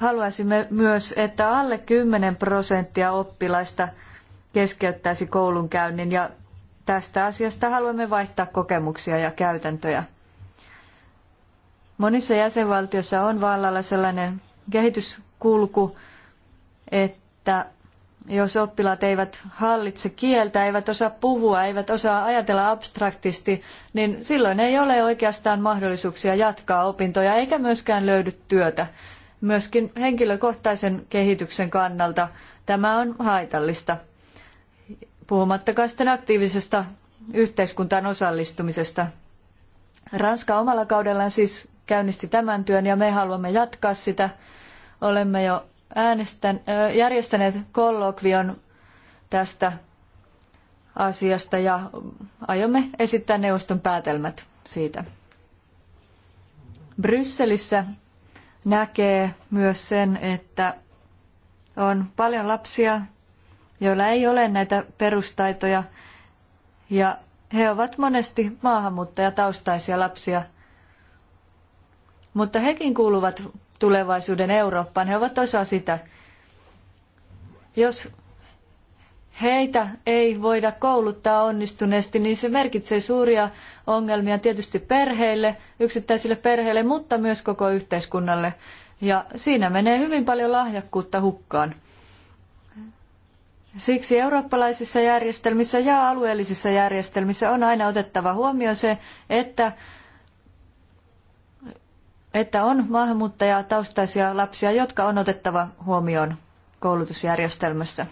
Haluaisimme myös, että alle kymmenen prosenttia oppilaista keskeyttäisi koulunkäynnin ja tästä asiasta haluamme vaihtaa kokemuksia ja käytäntöjä. Monissa jäsenvaltioissa on vallalla sellainen kehityskulku, että jos oppilaat eivät hallitse kieltä, eivät osaa puhua, eivät osaa ajatella abstraktisti, niin silloin ei ole oikeastaan mahdollisuuksia jatkaa opintoja eikä myöskään löydy työtä myöskin henkilökohtaisen kehityksen kannalta tämä on haitallista, puhumattakaan sitten aktiivisesta yhteiskuntaan osallistumisesta. Ranska omalla kaudellaan siis käynnisti tämän työn ja me haluamme jatkaa sitä. Olemme jo äänestän, järjestäneet kollokvion tästä asiasta ja aiomme esittää neuvoston päätelmät siitä. Brysselissä näkee myös sen, että on paljon lapsia, joilla ei ole näitä perustaitoja ja he ovat monesti maahanmuuttajataustaisia lapsia. Mutta hekin kuuluvat tulevaisuuden Eurooppaan, he ovat osa sitä. Jos heitä ei voida kouluttaa onnistuneesti, niin se merkitsee suuria ongelmia tietysti perheille, yksittäisille perheille, mutta myös koko yhteiskunnalle. Ja siinä menee hyvin paljon lahjakkuutta hukkaan. Siksi eurooppalaisissa järjestelmissä ja alueellisissa järjestelmissä on aina otettava huomioon se, että, että on maahanmuuttajataustaisia lapsia, jotka on otettava huomioon koulutusjärjestelmässä.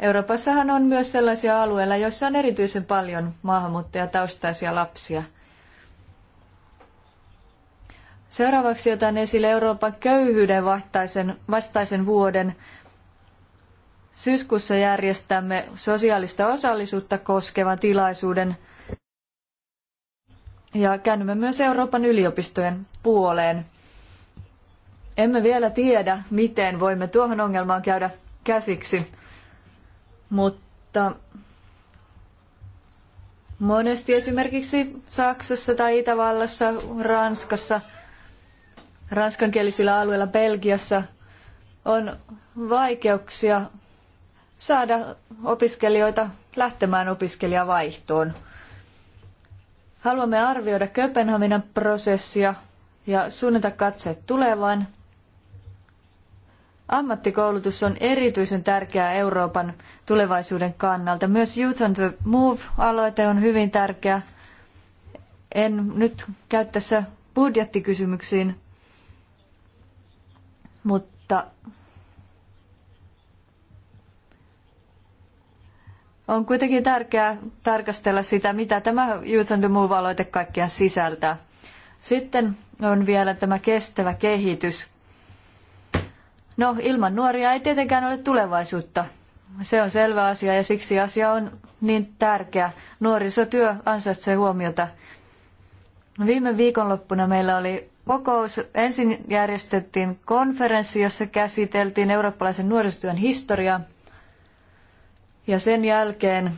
Euroopassahan on myös sellaisia alueilla, joissa on erityisen paljon maahanmuuttajataustaisia lapsia. Seuraavaksi otan esille Euroopan köyhyyden vastaisen, vastaisen vuoden. Syyskuussa järjestämme sosiaalista osallisuutta koskevan tilaisuuden ja käännymme myös Euroopan yliopistojen puoleen. Emme vielä tiedä, miten voimme tuohon ongelmaan käydä käsiksi mutta monesti esimerkiksi Saksassa tai Itävallassa, Ranskassa, ranskankielisillä alueilla Belgiassa on vaikeuksia saada opiskelijoita lähtemään opiskelijavaihtoon. Haluamme arvioida Köpenhaminan prosessia ja suunnata katseet tulevaan Ammattikoulutus on erityisen tärkeää Euroopan tulevaisuuden kannalta. Myös Youth on the Move-aloite on hyvin tärkeä. En nyt käy tässä budjettikysymyksiin, mutta on kuitenkin tärkeää tarkastella sitä, mitä tämä Youth on the Move-aloite kaikkiaan sisältää. Sitten on vielä tämä kestävä kehitys – No, ilman nuoria ei tietenkään ole tulevaisuutta. Se on selvä asia ja siksi asia on niin tärkeä. Nuorisotyö ansaitsee huomiota. Viime viikonloppuna meillä oli kokous. Ensin järjestettiin konferenssi, jossa käsiteltiin eurooppalaisen nuorisotyön historiaa. Ja sen jälkeen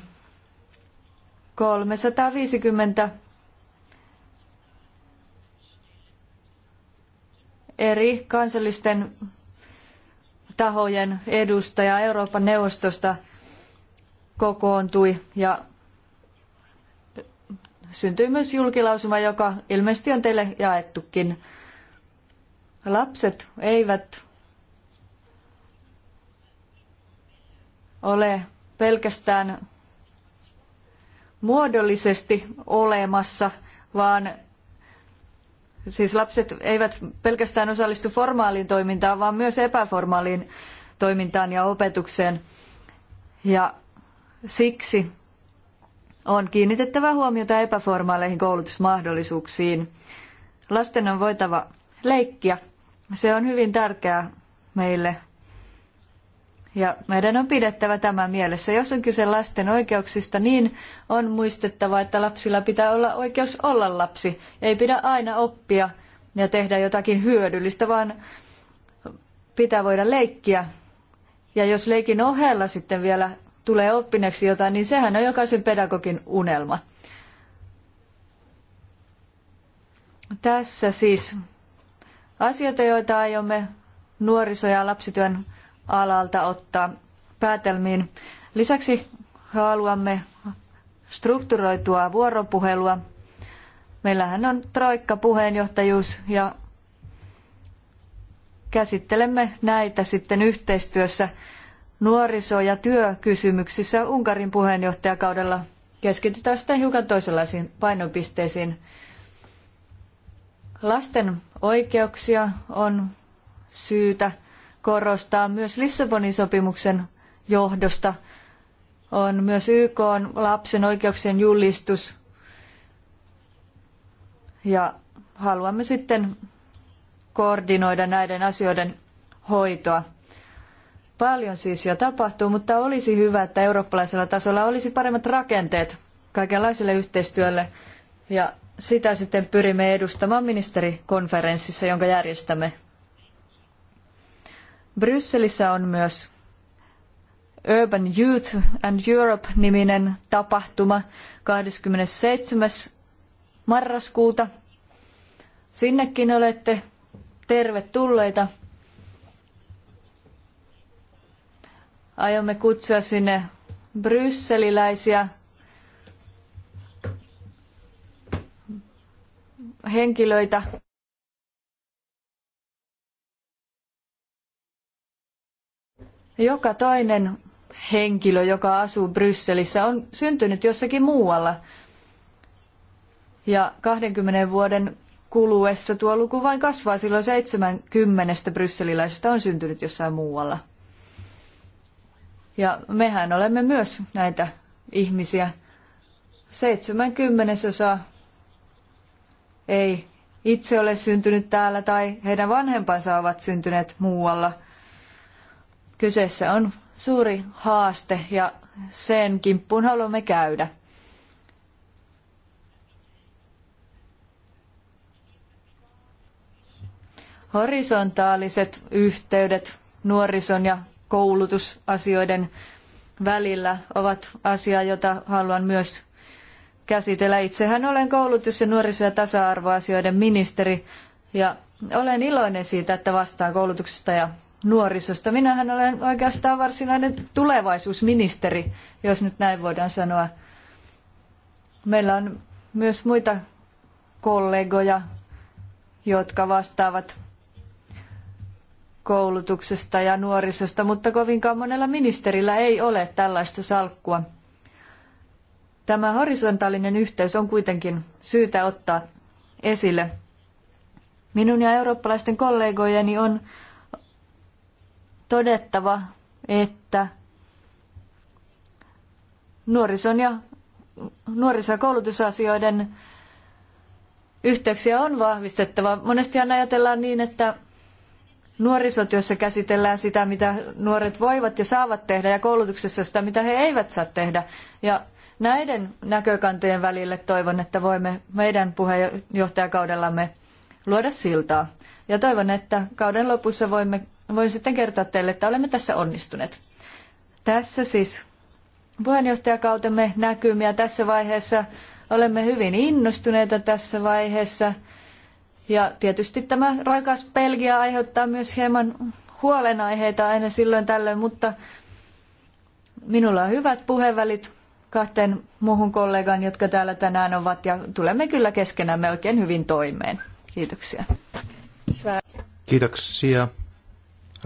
350 eri kansallisten tahojen edustaja Euroopan neuvostosta kokoontui ja syntyi myös julkilausuma, joka ilmeisesti on teille jaettukin. Lapset eivät ole pelkästään muodollisesti olemassa, vaan Siis lapset eivät pelkästään osallistu formaaliin toimintaan, vaan myös epäformaaliin toimintaan ja opetukseen. Ja siksi on kiinnitettävä huomiota epäformaaleihin koulutusmahdollisuuksiin. Lasten on voitava leikkiä. Se on hyvin tärkeää meille ja meidän on pidettävä tämä mielessä. Jos on kyse lasten oikeuksista, niin on muistettava, että lapsilla pitää olla oikeus olla lapsi. Ei pidä aina oppia ja tehdä jotakin hyödyllistä, vaan pitää voida leikkiä. Ja jos leikin ohella sitten vielä tulee oppineeksi jotain, niin sehän on jokaisen pedagogin unelma. Tässä siis asioita, joita aiomme nuoriso- ja lapsityön alalta ottaa päätelmiin. Lisäksi haluamme strukturoitua vuoropuhelua. Meillähän on troikka puheenjohtajuus ja käsittelemme näitä sitten yhteistyössä nuoriso- ja työkysymyksissä Unkarin puheenjohtajakaudella. Keskitytään sitten hiukan toisenlaisiin painopisteisiin. Lasten oikeuksia on syytä korostaa myös Lissabonin sopimuksen johdosta. On myös YK on lapsen oikeuksien julistus. Ja haluamme sitten koordinoida näiden asioiden hoitoa. Paljon siis jo tapahtuu, mutta olisi hyvä, että eurooppalaisella tasolla olisi paremmat rakenteet kaikenlaiselle yhteistyölle ja sitä sitten pyrimme edustamaan ministerikonferenssissa, jonka järjestämme Brysselissä on myös Urban Youth and Europe-niminen tapahtuma 27. marraskuuta. Sinnekin olette tervetulleita. Aiomme kutsua sinne brysseliläisiä henkilöitä. Joka toinen henkilö, joka asuu Brysselissä, on syntynyt jossakin muualla. Ja 20 vuoden kuluessa tuo luku vain kasvaa, silloin 70 brysseliläisestä on syntynyt jossain muualla. Ja mehän olemme myös näitä ihmisiä. 70 osa ei itse ole syntynyt täällä tai heidän vanhempansa ovat syntyneet muualla – Kyseessä on suuri haaste ja sen kimppuun haluamme käydä. Horisontaaliset yhteydet nuorison ja koulutusasioiden välillä ovat asia, jota haluan myös käsitellä. Itsehän olen koulutus- ja nuoriso- ja tasa-arvoasioiden ministeri ja olen iloinen siitä, että vastaan koulutuksesta ja nuorisosta. Minähän olen oikeastaan varsinainen tulevaisuusministeri, jos nyt näin voidaan sanoa. Meillä on myös muita kollegoja, jotka vastaavat koulutuksesta ja nuorisosta, mutta kovinkaan monella ministerillä ei ole tällaista salkkua. Tämä horisontaalinen yhteys on kuitenkin syytä ottaa esille. Minun ja eurooppalaisten kollegojeni on todettava, että nuorison ja nuoriso- ja koulutusasioiden yhteyksiä on vahvistettava. Monesti ajatellaan niin, että nuorisotyössä käsitellään sitä, mitä nuoret voivat ja saavat tehdä, ja koulutuksessa sitä, mitä he eivät saa tehdä. Ja näiden näkökantojen välille toivon, että voimme meidän puheenjohtajakaudellamme luoda siltaa. Ja toivon, että kauden lopussa voimme voin sitten kertoa teille, että olemme tässä onnistuneet. Tässä siis puheenjohtajakautemme näkymiä tässä vaiheessa. Olemme hyvin innostuneita tässä vaiheessa. Ja tietysti tämä raikas Belgia aiheuttaa myös hieman huolenaiheita aina silloin tällöin, mutta minulla on hyvät puhevälit kahteen muuhun kollegaan, jotka täällä tänään ovat ja tulemme kyllä keskenämme oikein hyvin toimeen. Kiitoksia. Kiitoksia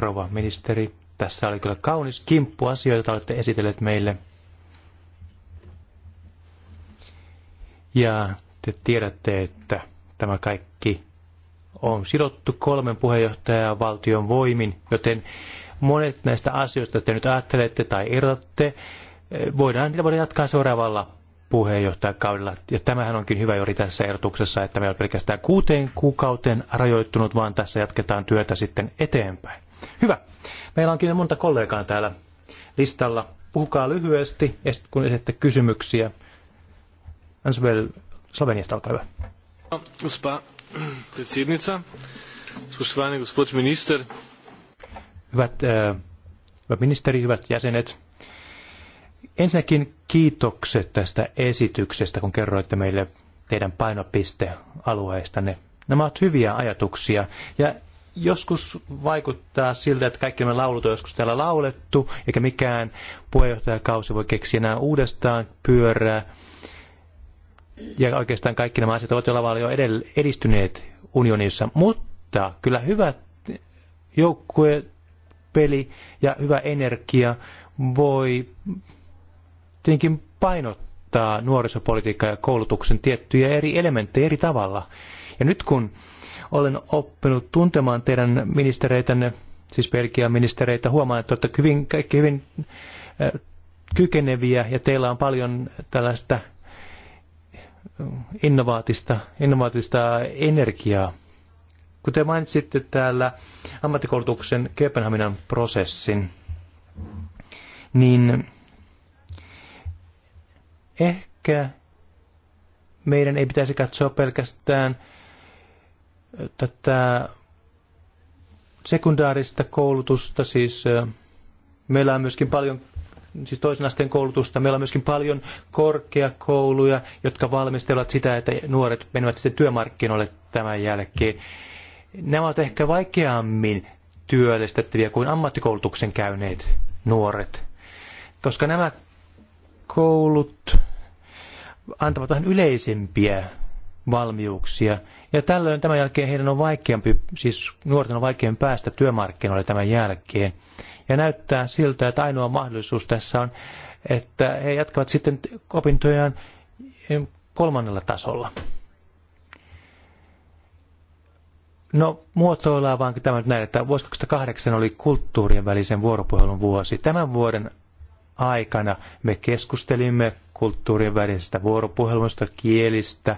rouva ministeri. Tässä oli kyllä kaunis kimppu asioita, joita olette esitelleet meille. Ja te tiedätte, että tämä kaikki on sidottu kolmen puheenjohtajan valtion voimin, joten monet näistä asioista, joita te nyt ajattelette tai irrotatte, voidaan, niitä voidaan jatkaa seuraavalla puheenjohtajakaudella. Ja tämähän onkin hyvä juuri tässä ehdotuksessa, että meillä on pelkästään kuuteen kuukauteen rajoittunut, vaan tässä jatketaan työtä sitten eteenpäin. Hyvä. Meillä onkin monta kollegaa täällä listalla. Puhukaa lyhyesti, kun esitte kysymyksiä. Ansvel Sloveniasta, olkaa hyvä. Gospa predsjednica, spoštovani gospod minister. Hyvät, äh, hyvät ministeri, hyvät jäsenet. Ensinnäkin kiitokset tästä esityksestä, kun kerroitte meille teidän painopistealueistanne. Nämä ovat hyviä ajatuksia ja joskus vaikuttaa siltä, että kaikki nämä laulut on joskus täällä laulettu, eikä mikään puheenjohtajakausi voi keksiä enää uudestaan pyörää. Ja oikeastaan kaikki nämä asiat ovat jo lavalla jo edistyneet unionissa, mutta kyllä hyvä joukkuepeli ja hyvä energia voi tietenkin painottaa nuorisopolitiikkaa ja koulutuksen tiettyjä eri elementtejä eri tavalla. Ja nyt kun olen oppinut tuntemaan teidän ministereitänne, siis Belgian ministereitä, huomaan, että olette hyvin, kaikki hyvin kykeneviä ja teillä on paljon tällaista innovaatista, innovaatista energiaa. Kuten mainitsitte täällä ammattikoulutuksen Kööpenhaminan prosessin, niin ehkä meidän ei pitäisi katsoa pelkästään tätä sekundaarista koulutusta, siis meillä on myöskin paljon siis toisen asteen koulutusta. Meillä on myöskin paljon korkeakouluja, jotka valmistelevat sitä, että nuoret menevät sitten työmarkkinoille tämän jälkeen. Nämä ovat ehkä vaikeammin työllistettäviä kuin ammattikoulutuksen käyneet nuoret, koska nämä koulut antavat vähän yleisempiä valmiuksia ja tällöin tämän jälkeen heidän on vaikeampi, siis nuorten on vaikeampi päästä työmarkkinoille tämän jälkeen. Ja näyttää siltä, että ainoa mahdollisuus tässä on, että he jatkavat sitten opintojaan kolmannella tasolla. No, muotoillaan vaan tämä nyt näin, että vuosi 2008 oli kulttuurien välisen vuoropuhelun vuosi. Tämän vuoden aikana me keskustelimme kulttuurien välisestä vuoropuhelusta, kielistä,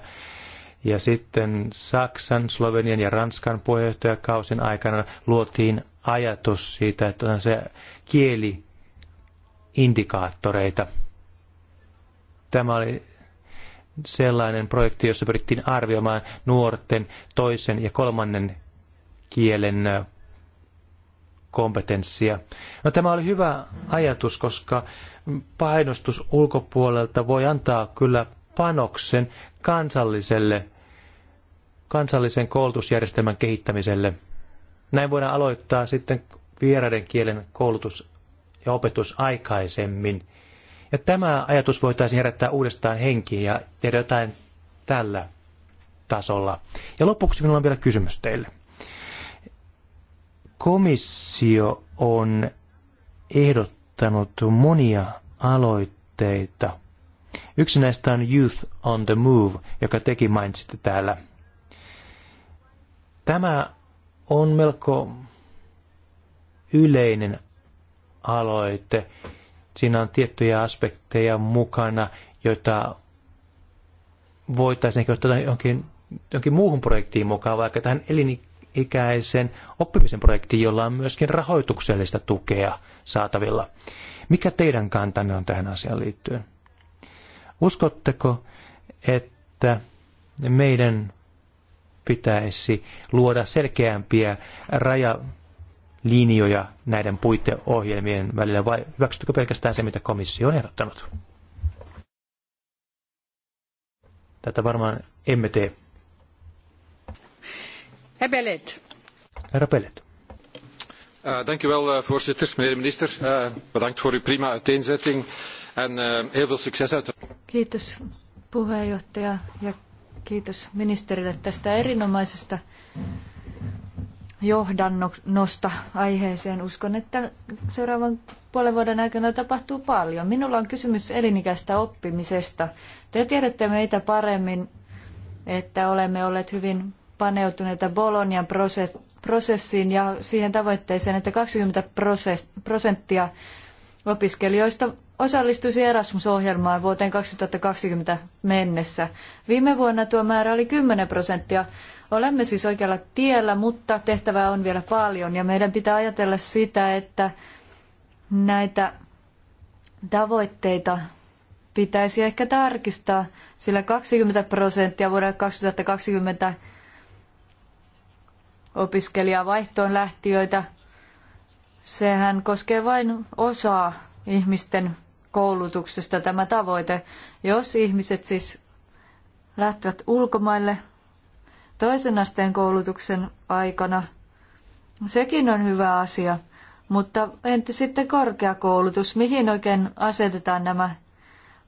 ja sitten Saksan, Slovenian ja Ranskan puheenjohtajakausin aikana luotiin ajatus siitä, että on se kieliindikaattoreita. Tämä oli sellainen projekti, jossa pyrittiin arvioimaan nuorten toisen ja kolmannen kielen kompetenssia. No, tämä oli hyvä ajatus, koska painostus ulkopuolelta voi antaa kyllä panoksen kansalliselle kansallisen koulutusjärjestelmän kehittämiselle. Näin voidaan aloittaa sitten vieraiden kielen koulutus ja opetus aikaisemmin. Ja tämä ajatus voitaisiin herättää uudestaan henkiin ja tehdä jotain tällä tasolla. Ja lopuksi minulla on vielä kysymys teille. Komissio on ehdottanut monia aloitteita. Yksi näistä on Youth on the Move, joka teki mainitsitte täällä – Tämä on melko yleinen aloite. Siinä on tiettyjä aspekteja mukana, joita voitaisiin ehkä ottaa johonkin, johonkin muuhun projektiin mukaan, vaikka tähän elinikäisen oppimisen projektiin, jolla on myöskin rahoituksellista tukea saatavilla. Mikä teidän kantanne on tähän asiaan liittyen? Uskotteko, että meidän pitäisi luoda selkeämpiä rajalinjoja näiden puiteohjelmien välillä, vai hyväksyttekö pelkästään se, mitä komissio on ehdottanut? Tätä varmaan emme tee. Hebelet. Herra Pellet. Eh, dank u wel, eh, voorzitter. Meneer de minister, eh, bedankt voor uw prima uiteenzetting en heel veel succes uit. Kiitos puheenjohtaja ja Kiitos ministerille tästä erinomaisesta johdannosta aiheeseen. Uskon, että seuraavan puolen vuoden aikana tapahtuu paljon. Minulla on kysymys elinikäistä oppimisesta. Te tiedätte meitä paremmin, että olemme olleet hyvin paneutuneita Bolonian prosessiin ja siihen tavoitteeseen, että 20 prosenttia opiskelijoista osallistuisi Erasmus-ohjelmaan vuoteen 2020 mennessä. Viime vuonna tuo määrä oli 10 prosenttia. Olemme siis oikealla tiellä, mutta tehtävää on vielä paljon ja meidän pitää ajatella sitä, että näitä tavoitteita pitäisi ehkä tarkistaa, sillä 20 prosenttia vuodelle 2020 opiskelijavaihtoon lähtiöitä, sehän koskee vain osaa ihmisten koulutuksesta tämä tavoite. Jos ihmiset siis lähtevät ulkomaille toisen asteen koulutuksen aikana, sekin on hyvä asia. Mutta entä sitten korkeakoulutus? Mihin oikein asetetaan nämä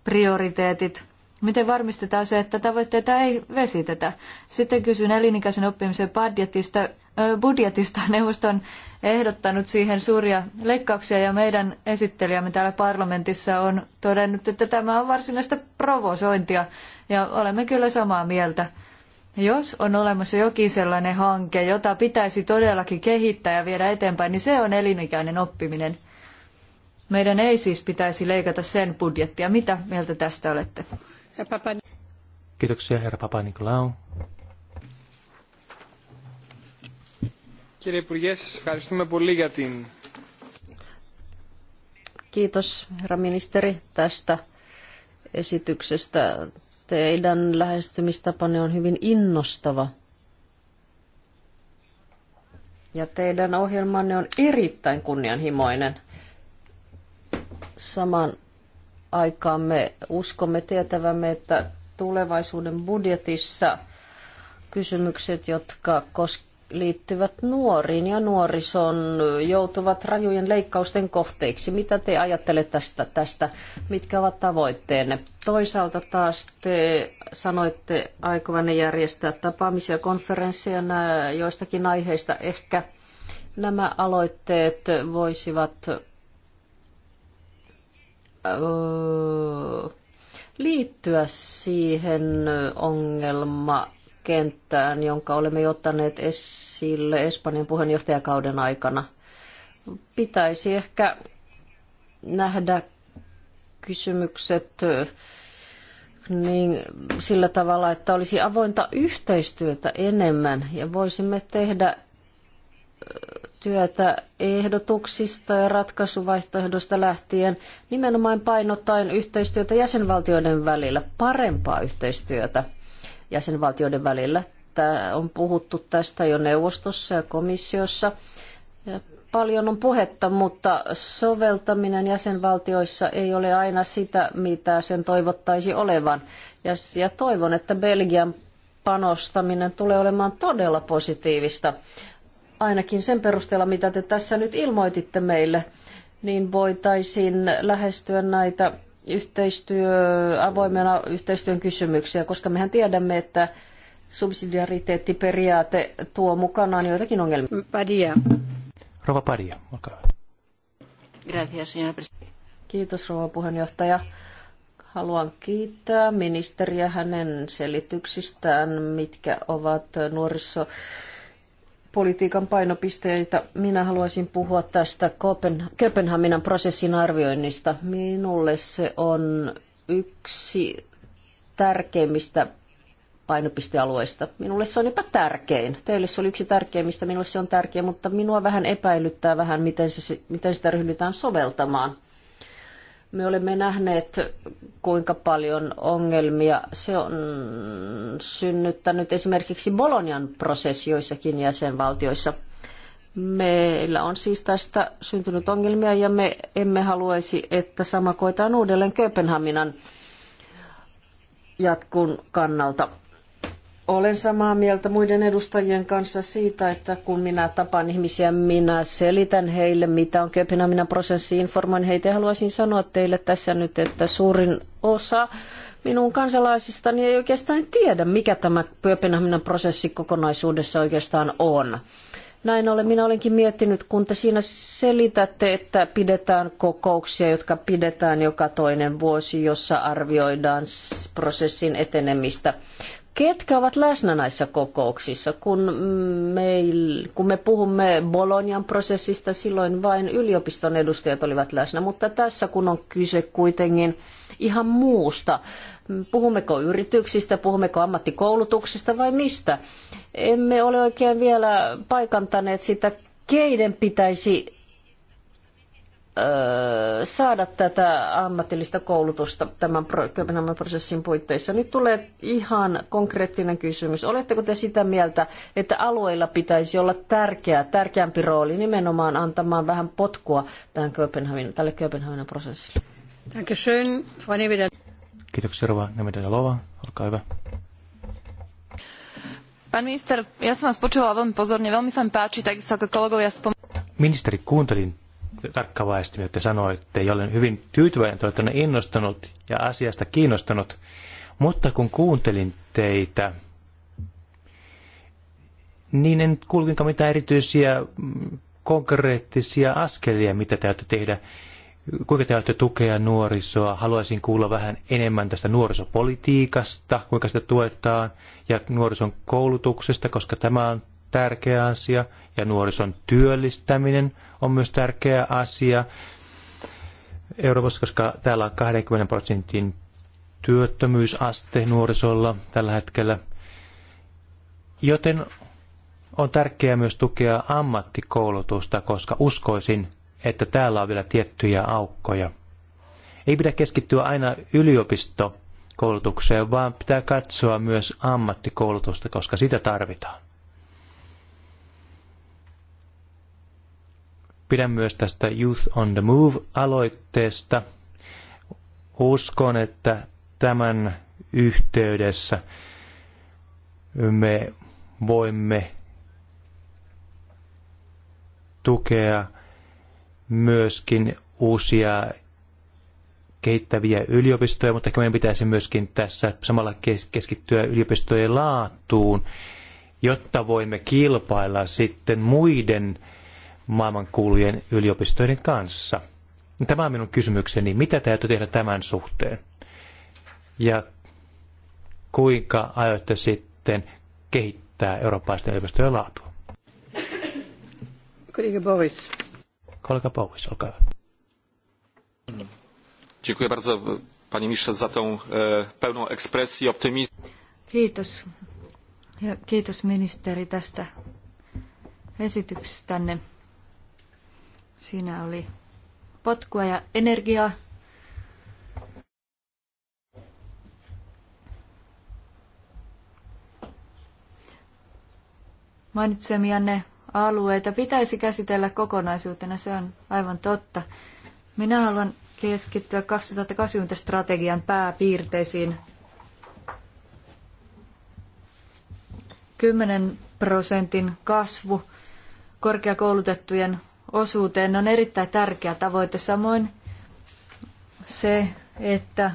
prioriteetit? Miten varmistetaan se, että tavoitteita ei vesitetä? Sitten kysyn elinikäisen oppimisen budjetista budjetista. Neuvosto on ehdottanut siihen suuria leikkauksia ja meidän esittelijämme täällä parlamentissa on todennut, että tämä on varsinaista provosointia ja olemme kyllä samaa mieltä. Jos on olemassa jokin sellainen hanke, jota pitäisi todellakin kehittää ja viedä eteenpäin, niin se on elinikäinen oppiminen. Meidän ei siis pitäisi leikata sen budjettia. Mitä mieltä tästä olette? Kiitoksia, herra Papa Nikolaou. Κύριε Υπουργέ, σας ευχαριστούμε πολύ για την... Kiitos, herra ministeri, tästä esityksestä. Teidän lähestymistapanne on hyvin innostava. Ja teidän ohjelmanne on erittäin kunnianhimoinen. Saman aikaan me uskomme tietävämme, että tulevaisuuden budjetissa kysymykset, jotka koskevat liittyvät nuoriin ja nuorison joutuvat rajujen leikkausten kohteiksi. Mitä te ajattelette tästä, tästä? Mitkä ovat tavoitteenne? Toisaalta taas te sanoitte aikovanne järjestää tapaamisia, konferensseja joistakin aiheista. Ehkä nämä aloitteet voisivat öö, liittyä siihen ongelma kenttään, jonka olemme ottaneet esille Espanjan puheenjohtajakauden aikana. Pitäisi ehkä nähdä kysymykset niin sillä tavalla, että olisi avointa yhteistyötä enemmän ja voisimme tehdä työtä ehdotuksista ja ratkaisuvaihtoehdosta lähtien nimenomaan painottaen yhteistyötä jäsenvaltioiden välillä, parempaa yhteistyötä jäsenvaltioiden välillä. Tää on puhuttu tästä jo neuvostossa ja komissiossa. Ja paljon on puhetta, mutta soveltaminen jäsenvaltioissa ei ole aina sitä, mitä sen toivottaisi olevan. Ja, ja toivon, että Belgian panostaminen tulee olemaan todella positiivista. Ainakin sen perusteella, mitä te tässä nyt ilmoititte meille, niin voitaisiin lähestyä näitä yhteistyö, avoimena yhteistyön kysymyksiä, koska mehän tiedämme, että subsidiariteettiperiaate tuo mukanaan joitakin ongelmia. Padia. Rova Padia, olkaa Gracias, Kiitos, rouva puheenjohtaja. Haluan kiittää ministeriä hänen selityksistään, mitkä ovat nuoriso- politiikan painopisteitä. Minä haluaisin puhua tästä Kööpenhaminan prosessin arvioinnista. Minulle se on yksi tärkeimmistä painopistealueista. Minulle se on tärkein. Teille se oli yksi tärkeimmistä, minulle se on tärkeä, mutta minua vähän epäilyttää vähän, miten, se, miten sitä ryhdytään soveltamaan. Me olemme nähneet, kuinka paljon ongelmia se on synnyttänyt esimerkiksi Bolonian prosessi joissakin jäsenvaltioissa. Meillä on siis tästä syntynyt ongelmia ja me emme haluaisi, että sama koetaan uudelleen Kööpenhaminan jatkun kannalta. Olen samaa mieltä muiden edustajien kanssa siitä, että kun minä tapaan ihmisiä, minä selitän heille, mitä on Kööpenhaminan prosessi, informoin heitä. haluaisin sanoa teille tässä nyt, että suurin osa minun kansalaisistani ei oikeastaan tiedä, mikä tämä Kööpenhaminan prosessi kokonaisuudessa oikeastaan on. Näin ollen minä olenkin miettinyt, kun te siinä selitätte, että pidetään kokouksia, jotka pidetään joka toinen vuosi, jossa arvioidaan prosessin etenemistä. Ketkä ovat läsnä näissä kokouksissa? Kun, meil, kun me puhumme Bolonian prosessista, silloin vain yliopiston edustajat olivat läsnä, mutta tässä kun on kyse kuitenkin ihan muusta, puhummeko yrityksistä, puhummeko ammattikoulutuksesta vai mistä? Emme ole oikein vielä paikantaneet sitä, keiden pitäisi Äh, saada tätä ammatillista koulutusta tämän Kööpenhaminan prosessin puitteissa. Nyt tulee ihan konkreettinen kysymys. Oletteko te sitä mieltä, että alueilla pitäisi olla tärkeä, tärkeämpi rooli nimenomaan antamaan vähän potkua tämän Kööpenhamin, tälle Kööpenhaminan prosessille? Kiitoksia, Rova Lova. Olkaa hyvä. Pan minister, ja som vás počula veľmi pozorne, veľmi sa mi páči, takisto ako kolegovia spomínali. Ministeri, kuuntelin tarkkavaisesti, mitä sanoitte, ja olen hyvin tyytyväinen, että olette innostunut ja asiasta kiinnostunut. Mutta kun kuuntelin teitä, niin en kuulkinko mitään erityisiä mm, konkreettisia askelia, mitä te olette tehdä. Kuinka te olette tukea nuorisoa? Haluaisin kuulla vähän enemmän tästä nuorisopolitiikasta, kuinka sitä tuetaan, ja nuorison koulutuksesta, koska tämä on tärkeä asia, ja nuorison työllistäminen on myös tärkeä asia Euroopassa, koska täällä on 20 prosentin työttömyysaste nuorisolla tällä hetkellä. Joten on tärkeää myös tukea ammattikoulutusta, koska uskoisin, että täällä on vielä tiettyjä aukkoja. Ei pidä keskittyä aina yliopistokoulutukseen, vaan pitää katsoa myös ammattikoulutusta, koska sitä tarvitaan. pidän myös tästä Youth on the Move-aloitteesta. Uskon, että tämän yhteydessä me voimme tukea myöskin uusia kehittäviä yliopistoja, mutta ehkä meidän pitäisi myöskin tässä samalla keskittyä yliopistojen laatuun, jotta voimme kilpailla sitten muiden maailmankuulujen yliopistojen kanssa. Tämä on minun kysymykseni. Mitä täytyy tehdä tämän suhteen? Ja kuinka aiotte sitten kehittää eurooppalaisten yliopistojen laatua? Kollega Boris. Kollega Boris, olkaa hyvä. Dziękuję bardzo, panie ministrze, za tą e, pełną ekspresję i optymizm. Kiitos. Ja kiitos ministeri tästä esityksestänne. Siinä oli potkua ja energiaa. Mainitsemianne alueita pitäisi käsitellä kokonaisuutena, se on aivan totta. Minä haluan keskittyä 2020 strategian pääpiirteisiin. 10 prosentin kasvu korkeakoulutettujen osuuteen on erittäin tärkeä tavoite. Samoin se, että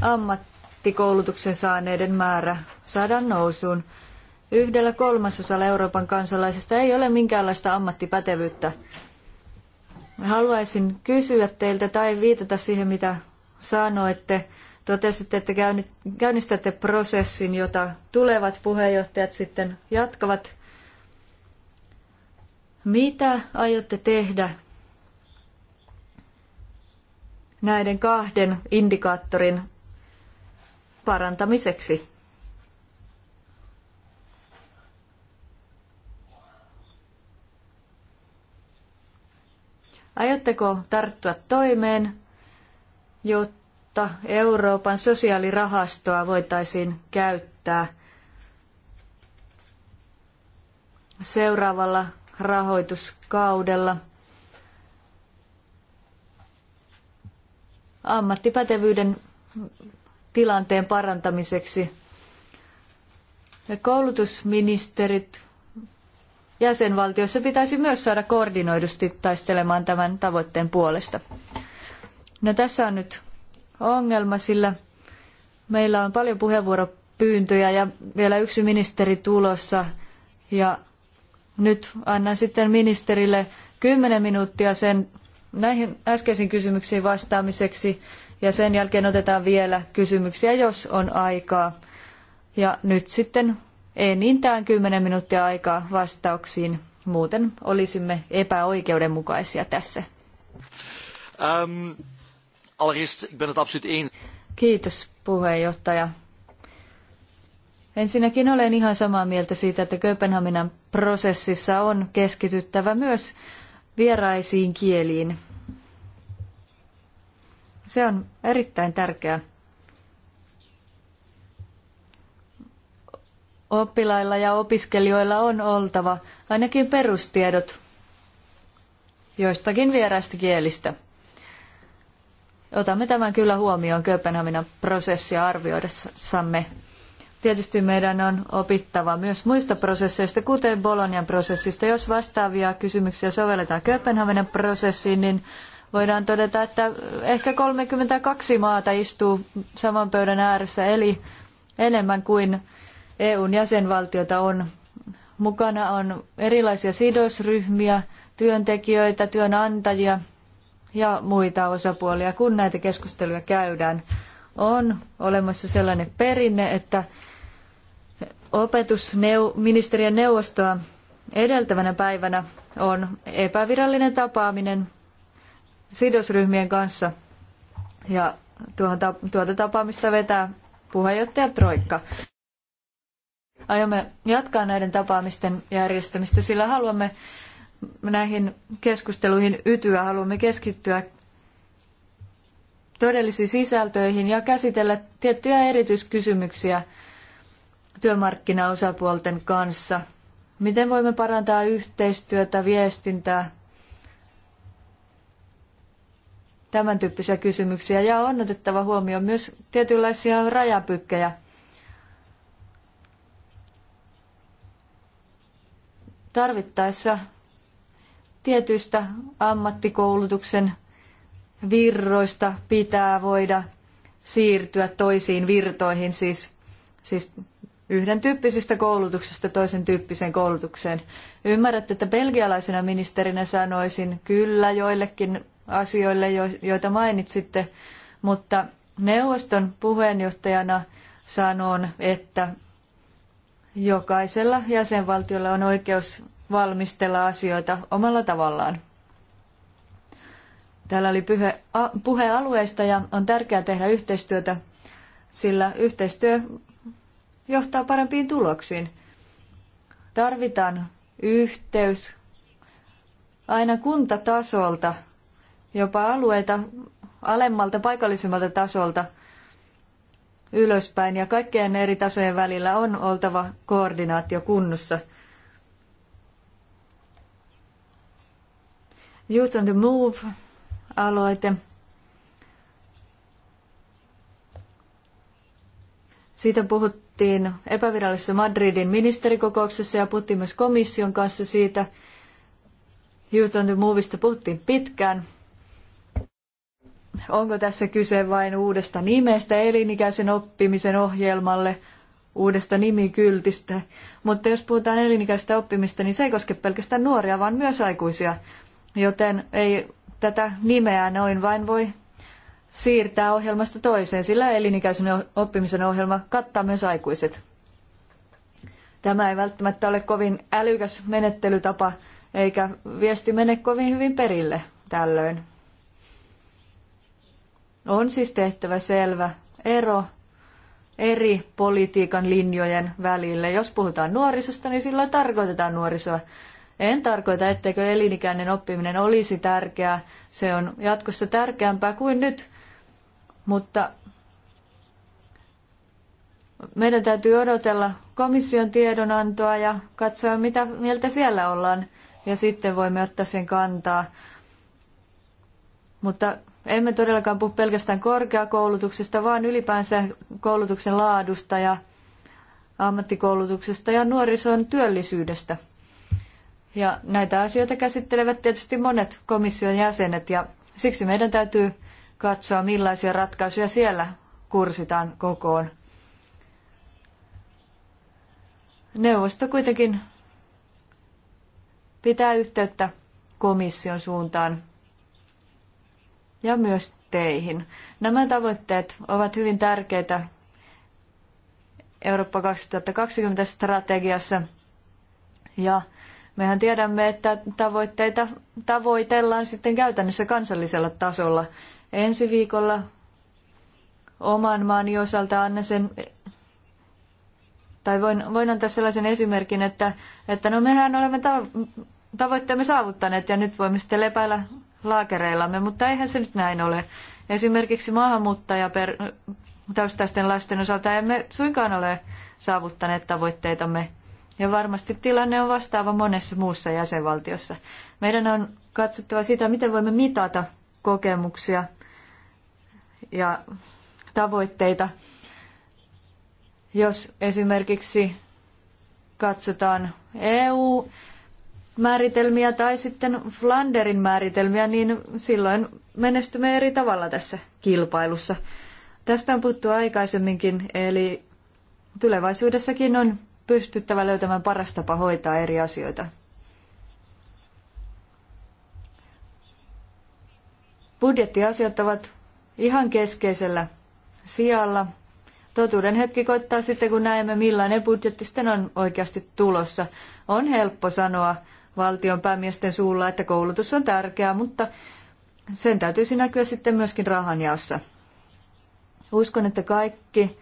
ammattikoulutuksen saaneiden määrä saadaan nousuun. Yhdellä kolmasosalla Euroopan kansalaisista ei ole minkäänlaista ammattipätevyyttä. Haluaisin kysyä teiltä tai viitata siihen, mitä sanoitte. Totesitte, että käynnistätte prosessin, jota tulevat puheenjohtajat sitten jatkavat mitä aiotte tehdä näiden kahden indikaattorin parantamiseksi? Aiotteko tarttua toimeen, jotta Euroopan sosiaalirahastoa voitaisiin käyttää seuraavalla rahoituskaudella. Ammattipätevyyden tilanteen parantamiseksi. Koulutusministerit jäsenvaltioissa pitäisi myös saada koordinoidusti taistelemaan tämän tavoitteen puolesta. No tässä on nyt ongelma, sillä meillä on paljon puheenvuoropyyntöjä ja vielä yksi ministeri tulossa ja nyt annan sitten ministerille kymmenen minuuttia sen näihin äskeisiin kysymyksiin vastaamiseksi ja sen jälkeen otetaan vielä kysymyksiä, jos on aikaa. Ja nyt sitten enintään kymmenen minuuttia aikaa vastauksiin. Muuten olisimme epäoikeudenmukaisia tässä. Um, allereerst, ben het absoluut eens. Kiitos puheenjohtaja. Ensinnäkin olen ihan samaa mieltä siitä, että Kööpenhaminan prosessissa on keskityttävä myös vieraisiin kieliin. Se on erittäin tärkeää. Oppilailla ja opiskelijoilla on oltava ainakin perustiedot joistakin vieraista kielistä. Otamme tämän kyllä huomioon Kööpenhaminan prosessia arvioidessamme Tietysti meidän on opittava myös muista prosesseista, kuten Bolonian prosessista. Jos vastaavia kysymyksiä sovelletaan Kööpenhaminan prosessiin, niin voidaan todeta, että ehkä 32 maata istuu saman pöydän ääressä, eli enemmän kuin EUn jäsenvaltiota on. Mukana on erilaisia sidosryhmiä, työntekijöitä, työnantajia ja muita osapuolia, kun näitä keskusteluja käydään. On olemassa sellainen perinne, että opetusministerien neuvostoa edeltävänä päivänä on epävirallinen tapaaminen sidosryhmien kanssa. Ja tuota tapaamista vetää puheenjohtaja Troikka. Aiomme jatkaa näiden tapaamisten järjestämistä, sillä haluamme näihin keskusteluihin ytyä, haluamme keskittyä todellisiin sisältöihin ja käsitellä tiettyjä erityiskysymyksiä – työmarkkinaosapuolten kanssa. Miten voimme parantaa yhteistyötä, viestintää, tämän tyyppisiä kysymyksiä. Ja on otettava huomioon myös tietynlaisia rajapykkejä. Tarvittaessa tietyistä ammattikoulutuksen virroista pitää voida siirtyä toisiin virtoihin, siis, siis yhden tyyppisestä koulutuksesta toisen tyyppiseen koulutukseen. Ymmärrätte, että belgialaisena ministerinä sanoisin kyllä joillekin asioille, joita mainitsitte, mutta neuvoston puheenjohtajana sanon, että jokaisella jäsenvaltiolla on oikeus valmistella asioita omalla tavallaan. Täällä oli puhe, a, puhe alueista ja on tärkeää tehdä yhteistyötä, sillä yhteistyö johtaa parempiin tuloksiin. Tarvitaan yhteys aina kuntatasolta, jopa alueita alemmalta paikallisemmalta tasolta ylöspäin ja kaikkien eri tasojen välillä on oltava koordinaatio kunnossa. Youth on the Move-aloite. Siitä puhut, puhuttiin epävirallisessa Madridin ministerikokouksessa ja puhuttiin myös komission kanssa siitä. Youth on the Movista puhuttiin pitkään. Onko tässä kyse vain uudesta nimestä elinikäisen oppimisen ohjelmalle, uudesta nimikyltistä? Mutta jos puhutaan elinikäisestä oppimista, niin se ei koske pelkästään nuoria, vaan myös aikuisia. Joten ei tätä nimeä noin vain voi siirtää ohjelmasta toiseen, sillä elinikäisen oppimisen ohjelma kattaa myös aikuiset. Tämä ei välttämättä ole kovin älykäs menettelytapa, eikä viesti mene kovin hyvin perille tällöin. On siis tehtävä selvä ero eri politiikan linjojen välille. Jos puhutaan nuorisosta, niin silloin tarkoitetaan nuorisoa. En tarkoita, etteikö elinikäinen oppiminen olisi tärkeää. Se on jatkossa tärkeämpää kuin nyt, mutta meidän täytyy odotella komission tiedonantoa ja katsoa, mitä mieltä siellä ollaan. Ja sitten voimme ottaa sen kantaa. Mutta emme todellakaan puhu pelkästään korkeakoulutuksesta, vaan ylipäänsä koulutuksen laadusta ja ammattikoulutuksesta ja nuorison työllisyydestä. Ja näitä asioita käsittelevät tietysti monet komission jäsenet ja siksi meidän täytyy katsoa, millaisia ratkaisuja siellä kursitaan kokoon. Neuvosto kuitenkin pitää yhteyttä komission suuntaan ja myös teihin. Nämä tavoitteet ovat hyvin tärkeitä Eurooppa 2020 strategiassa ja mehän tiedämme, että tavoitteita tavoitellaan sitten käytännössä kansallisella tasolla ensi viikolla oman maani osalta anna sen, tai voin, voin antaa sellaisen esimerkin, että, että no mehän olemme ta- tavoitteemme saavuttaneet ja nyt voimme sitten lepäillä laakereillamme, mutta eihän se nyt näin ole. Esimerkiksi taustaisten lasten osalta emme suinkaan ole saavuttaneet tavoitteitamme. Ja varmasti tilanne on vastaava monessa muussa jäsenvaltiossa. Meidän on katsottava sitä, miten voimme mitata kokemuksia ja tavoitteita. Jos esimerkiksi katsotaan EU-määritelmiä tai sitten Flanderin määritelmiä, niin silloin menestymme eri tavalla tässä kilpailussa. Tästä on puhuttu aikaisemminkin, eli tulevaisuudessakin on pystyttävä löytämään paras tapa hoitaa eri asioita Budjettiasiat ovat ihan keskeisellä sijalla. Totuuden hetki koittaa sitten, kun näemme millainen budjetti sitten on oikeasti tulossa. On helppo sanoa valtion päämiesten suulla, että koulutus on tärkeää, mutta sen täytyisi näkyä sitten myöskin rahanjaossa. Uskon, että kaikki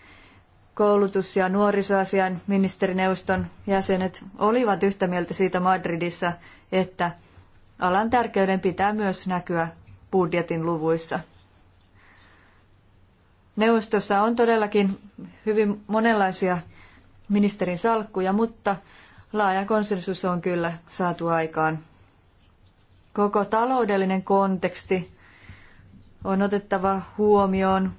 koulutus- ja nuorisoasian ministerineuvoston jäsenet olivat yhtä mieltä siitä Madridissa, että alan tärkeyden pitää myös näkyä budjetin luvuissa. Neuvostossa on todellakin hyvin monenlaisia ministerin salkkuja, mutta laaja konsensus on kyllä saatu aikaan. Koko taloudellinen konteksti on otettava huomioon.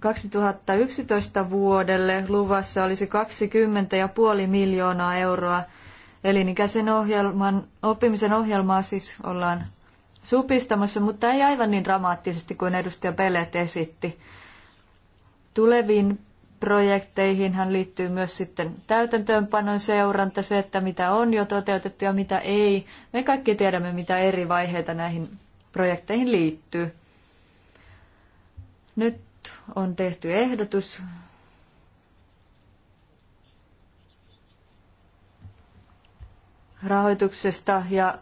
2011 vuodelle luvassa olisi 20,5 miljoonaa euroa elinikäisen ohjelman, oppimisen ohjelmaa siis ollaan supistamassa, mutta ei aivan niin dramaattisesti kuin edustaja Pelet esitti. Tuleviin projekteihinhan liittyy myös sitten täytäntöönpanon seuranta, se, että mitä on jo toteutettu ja mitä ei. Me kaikki tiedämme, mitä eri vaiheita näihin projekteihin liittyy. Nyt on tehty ehdotus rahoituksesta ja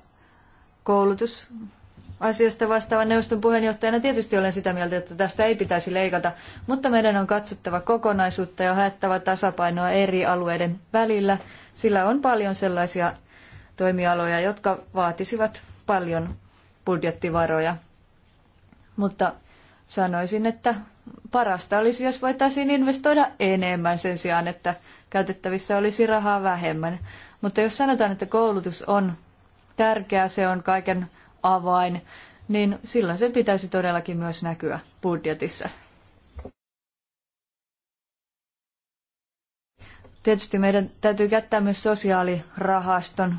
koulutusasioista vastaavan neuvoston puheenjohtajana tietysti olen sitä mieltä, että tästä ei pitäisi leikata, mutta meidän on katsottava kokonaisuutta ja haettava tasapainoa eri alueiden välillä, sillä on paljon sellaisia toimialoja, jotka vaatisivat paljon budjettivaroja. Mutta sanoisin, että parasta olisi, jos voitaisiin investoida enemmän sen sijaan, että käytettävissä olisi rahaa vähemmän. Mutta jos sanotaan, että koulutus on tärkeää, se on kaiken avain, niin silloin sen pitäisi todellakin myös näkyä budjetissa. Tietysti meidän täytyy käyttää myös sosiaalirahaston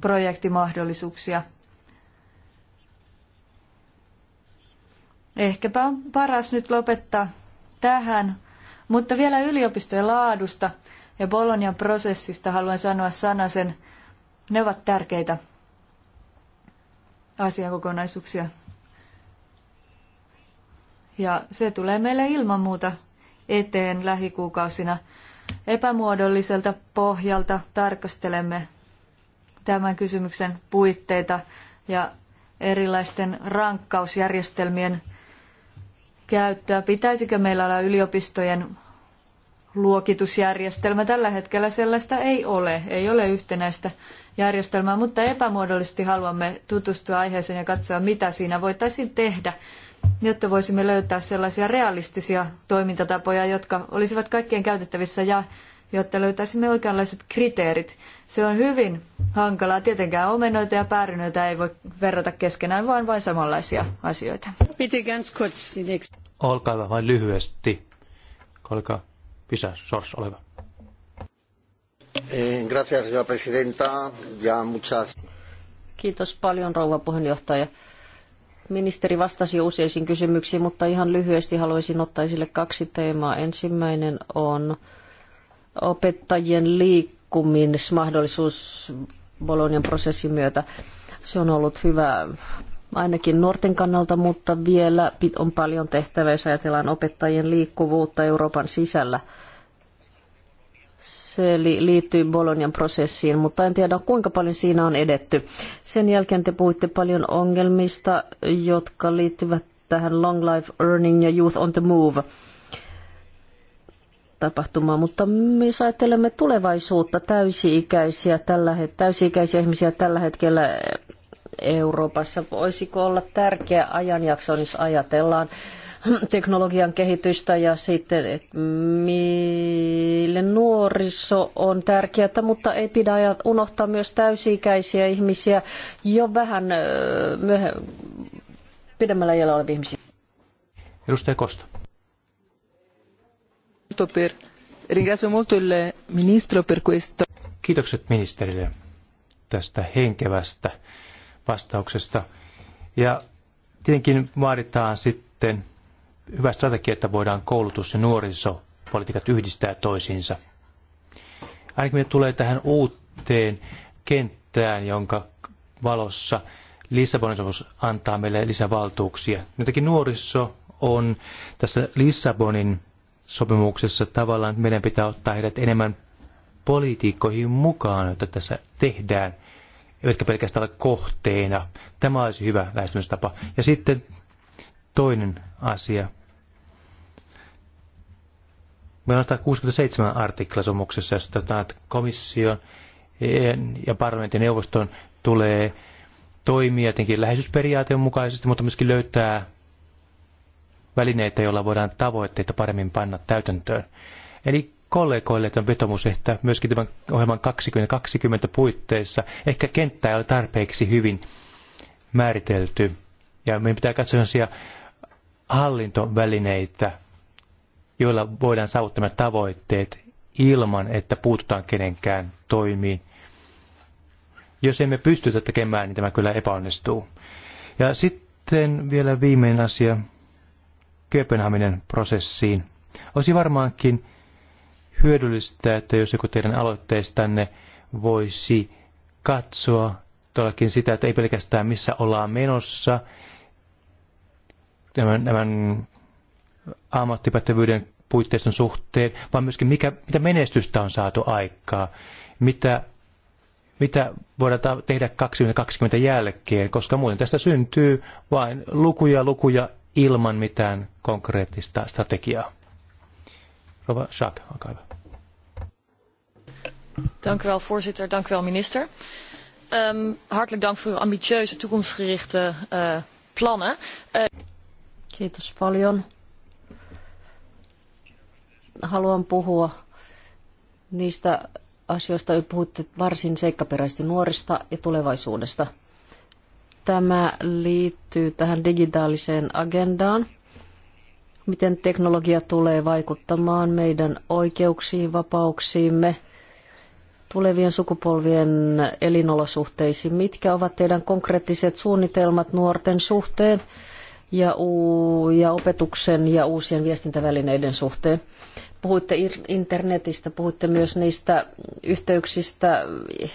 projektimahdollisuuksia. Ehkäpä on paras nyt lopettaa tähän, mutta vielä yliopistojen laadusta ja Bolonian prosessista haluan sanoa sanasen. Ne ovat tärkeitä asiakokonaisuuksia. Ja se tulee meille ilman muuta eteen lähikuukausina. Epämuodolliselta pohjalta tarkastelemme tämän kysymyksen puitteita ja erilaisten rankkausjärjestelmien käyttöä. Pitäisikö meillä olla yliopistojen luokitusjärjestelmä. Tällä hetkellä sellaista ei ole, ei ole yhtenäistä järjestelmää, mutta epämuodollisesti haluamme tutustua aiheeseen ja katsoa, mitä siinä voitaisiin tehdä, jotta voisimme löytää sellaisia realistisia toimintatapoja, jotka olisivat kaikkien käytettävissä ja jotta löytäisimme oikeanlaiset kriteerit. Se on hyvin hankalaa. Tietenkään omenoita ja päärynöitä ei voi verrata keskenään, vaan vain samanlaisia asioita. Olkaa vain lyhyesti. Kolka Pisa Sors, eh, Gracias, señora presidenta. Ja muchas... Kiitos paljon, rouva puheenjohtaja. Ministeri vastasi useisiin kysymyksiin, mutta ihan lyhyesti haluaisin ottaa esille kaksi teemaa. Ensimmäinen on opettajien liikkumismahdollisuus Bolognan prosessin myötä. Se on ollut hyvä ainakin nuorten kannalta, mutta vielä on paljon tehtävää, jos ajatellaan opettajien liikkuvuutta Euroopan sisällä. Se liittyy Bolonian prosessiin, mutta en tiedä kuinka paljon siinä on edetty. Sen jälkeen te puhuitte paljon ongelmista, jotka liittyvät tähän Long Life Earning ja Youth on the Move tapahtumaan, mutta me ajattelemme tulevaisuutta, täysi-ikäisiä, tällä, täysi-ikäisiä ihmisiä tällä hetkellä Euroopassa. Voisiko olla tärkeä ajanjakso, jos ajatellaan teknologian kehitystä ja sitten, että meille nuoriso on tärkeää, mutta ei pidä unohtaa myös täysi-ikäisiä ihmisiä, jo vähän pidemmällä iällä olevia ihmisiä. Edustaja Kosta. per questo. Kiitokset ministerille tästä henkevästä vastauksesta. Ja tietenkin vaaditaan sitten hyvä strategia, että voidaan koulutus- ja nuorisopolitiikat yhdistää toisiinsa. Ainakin me tulee tähän uuteen kenttään, jonka valossa Lissabonin sopimus antaa meille lisävaltuuksia. Jotenkin nuoriso on tässä Lissabonin sopimuksessa tavallaan, meidän pitää ottaa heidät enemmän poliitikkoihin mukaan, joita tässä tehdään eivätkä pelkästään ole kohteena. Tämä olisi hyvä lähestymistapa. Ja sitten toinen asia. Meillä on 67 artikla sopimuksessa, jossa todetaan, että komission ja parlamentin neuvoston tulee toimia jotenkin läheisyysperiaatteen mukaisesti, mutta myöskin löytää välineitä, joilla voidaan tavoitteita paremmin panna täytäntöön. Eli kollegoille tämän vetomus, että myöskin tämän ohjelman 2020 puitteissa ehkä kenttä ei ole tarpeeksi hyvin määritelty. Ja meidän pitää katsoa sellaisia hallintovälineitä, joilla voidaan saavuttaa tavoitteet ilman, että puututaan kenenkään toimiin. Jos emme pystytä tekemään, niin tämä kyllä epäonnistuu. Ja sitten vielä viimeinen asia Kööpenhaminen prosessiin. Olisi varmaankin hyödyllistä, että jos joku teidän aloitteistanne voisi katsoa todellakin sitä, että ei pelkästään missä ollaan menossa, tämän, tämän ammattipätevyyden puitteiston suhteen, vaan myöskin mikä, mitä menestystä on saatu aikaa, mitä, mitä voidaan tehdä 2020 jälkeen, koska muuten tästä syntyy vain lukuja lukuja ilman mitään konkreettista strategiaa. Rova Schaak, olkaa hyvä. Dank u wel, voorzitter. Dank u wel, minister. Um, hartelijk dank voor uw ambitieuze, toekomstgerichte uh, plannen. Uh... Kiitos paljon. Haluan puhua niistä asioista, joita puhutte varsin seikkaperäisesti nuorista ja tulevaisuudesta. Tämä liittyy tähän digitaaliseen agendaan – miten teknologia tulee vaikuttamaan meidän oikeuksiin, vapauksiimme, tulevien sukupolvien elinolosuhteisiin. Mitkä ovat teidän konkreettiset suunnitelmat nuorten suhteen ja, u- ja opetuksen ja uusien viestintävälineiden suhteen? Puhuitte internetistä, puhuitte myös niistä yhteyksistä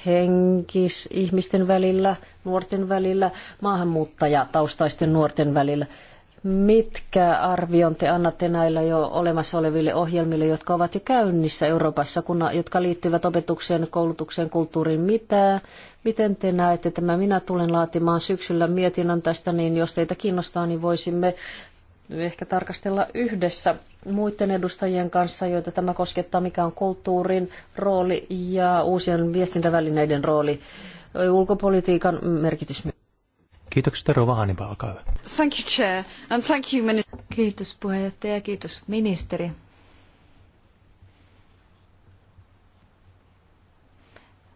henkis ihmisten välillä, nuorten välillä, maahanmuuttajataustaisten nuorten välillä – Mitkä arvion te annatte näillä jo olemassa oleville ohjelmille, jotka ovat jo käynnissä Euroopassa, kun, jotka liittyvät opetukseen, koulutukseen, kulttuuriin? Mitä, miten te näette tämä? Minä tulen laatimaan syksyllä mietinnön tästä, niin jos teitä kiinnostaa, niin voisimme ehkä tarkastella yhdessä muiden edustajien kanssa, joita tämä koskettaa, mikä on kulttuurin rooli ja uusien viestintävälineiden rooli, ulkopolitiikan merkitys myös. Kiitoksia Rova Hanipa, olkaa hyvä. Thank you, Chair, and thank you, minister. Kiitos puheenjohtaja ja kiitos ministeri.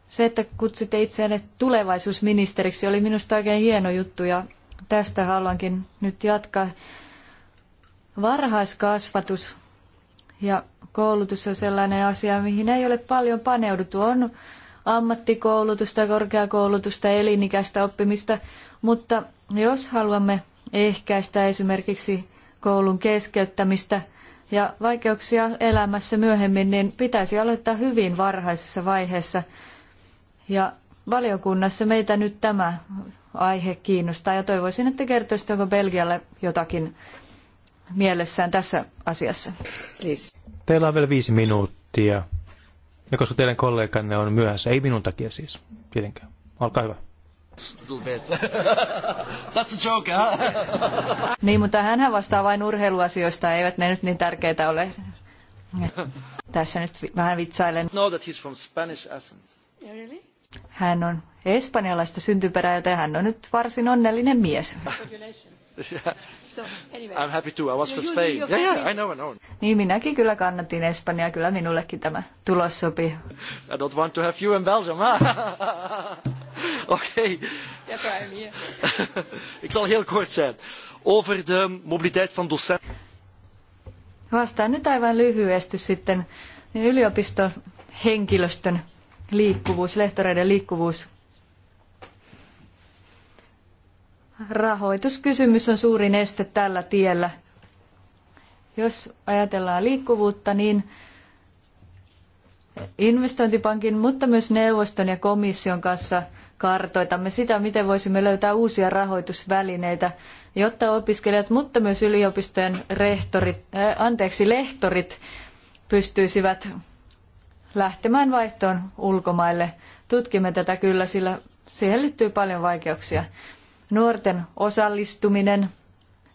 Se, että kutsutte itseänne tulevaisuusministeriksi, oli minusta oikein hieno juttu ja tästä haluankin nyt jatkaa. Varhaiskasvatus ja koulutus on sellainen asia, mihin ei ole paljon paneuduttu. On ammattikoulutusta, korkeakoulutusta, elinikäistä oppimista, mutta jos haluamme ehkäistä esimerkiksi koulun keskeyttämistä ja vaikeuksia elämässä myöhemmin, niin pitäisi aloittaa hyvin varhaisessa vaiheessa. Ja valiokunnassa meitä nyt tämä aihe kiinnostaa ja toivoisin, että kertoisitte, onko Belgialle jotakin mielessään tässä asiassa. Please. Teillä on vielä viisi minuuttia. Ja koska teidän kolleganne on myöhässä, ei minun takia siis, tietenkään. Olkaa hyvä. That's a joke, huh? niin, mutta hän vastaa vain urheiluasioista, eivät ne nyt niin tärkeitä ole. Tässä nyt vähän vitsailen. No, that he's from Spanish accent. Oh, really? Hän on espanjalaista syntyperää, joten hän on nyt varsin onnellinen mies. anyway. I'm happy too. I was for Spain. Yeah, yeah, I know, I know. Niin minäkin kyllä kannatin Espanjaa. Kyllä minullekin tämä tulos sopii. I don't want to have you in Belgium. Oké. Okei. I'm Ik zal heel kort zijn. Over de mobiliteit van docenten. Vastaan nyt aivan lyhyesti sitten yliopiston henkilöstön liikkuvuus, lehtoreiden liikkuvuus rahoituskysymys on suurin este tällä tiellä. Jos ajatellaan liikkuvuutta, niin investointipankin, mutta myös neuvoston ja komission kanssa kartoitamme sitä, miten voisimme löytää uusia rahoitusvälineitä, jotta opiskelijat, mutta myös yliopistojen rehtorit, äh, anteeksi, lehtorit pystyisivät lähtemään vaihtoon ulkomaille. Tutkimme tätä kyllä, sillä siihen liittyy paljon vaikeuksia. Nuorten osallistuminen,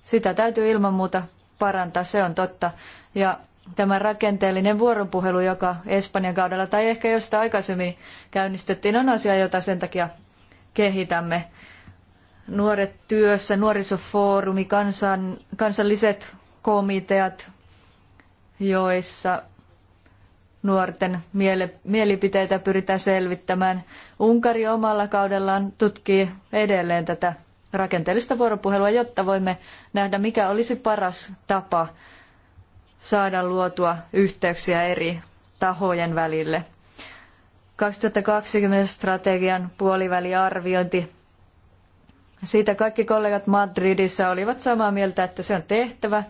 sitä täytyy ilman muuta parantaa, se on totta. Ja tämä rakenteellinen vuoropuhelu, joka Espanjan kaudella tai ehkä josta aikaisemmin käynnistettiin, on asia, jota sen takia kehitämme. Nuoret työssä, nuorisofoorumi, kansan, kansalliset komiteat, joissa nuorten miele, mielipiteitä pyritään selvittämään. Unkari omalla kaudellaan tutkii edelleen tätä rakenteellista vuoropuhelua, jotta voimme nähdä, mikä olisi paras tapa saada luotua yhteyksiä eri tahojen välille. 2020 strategian puoliväliarviointi. Siitä kaikki kollegat Madridissa olivat samaa mieltä, että se on tehtävä.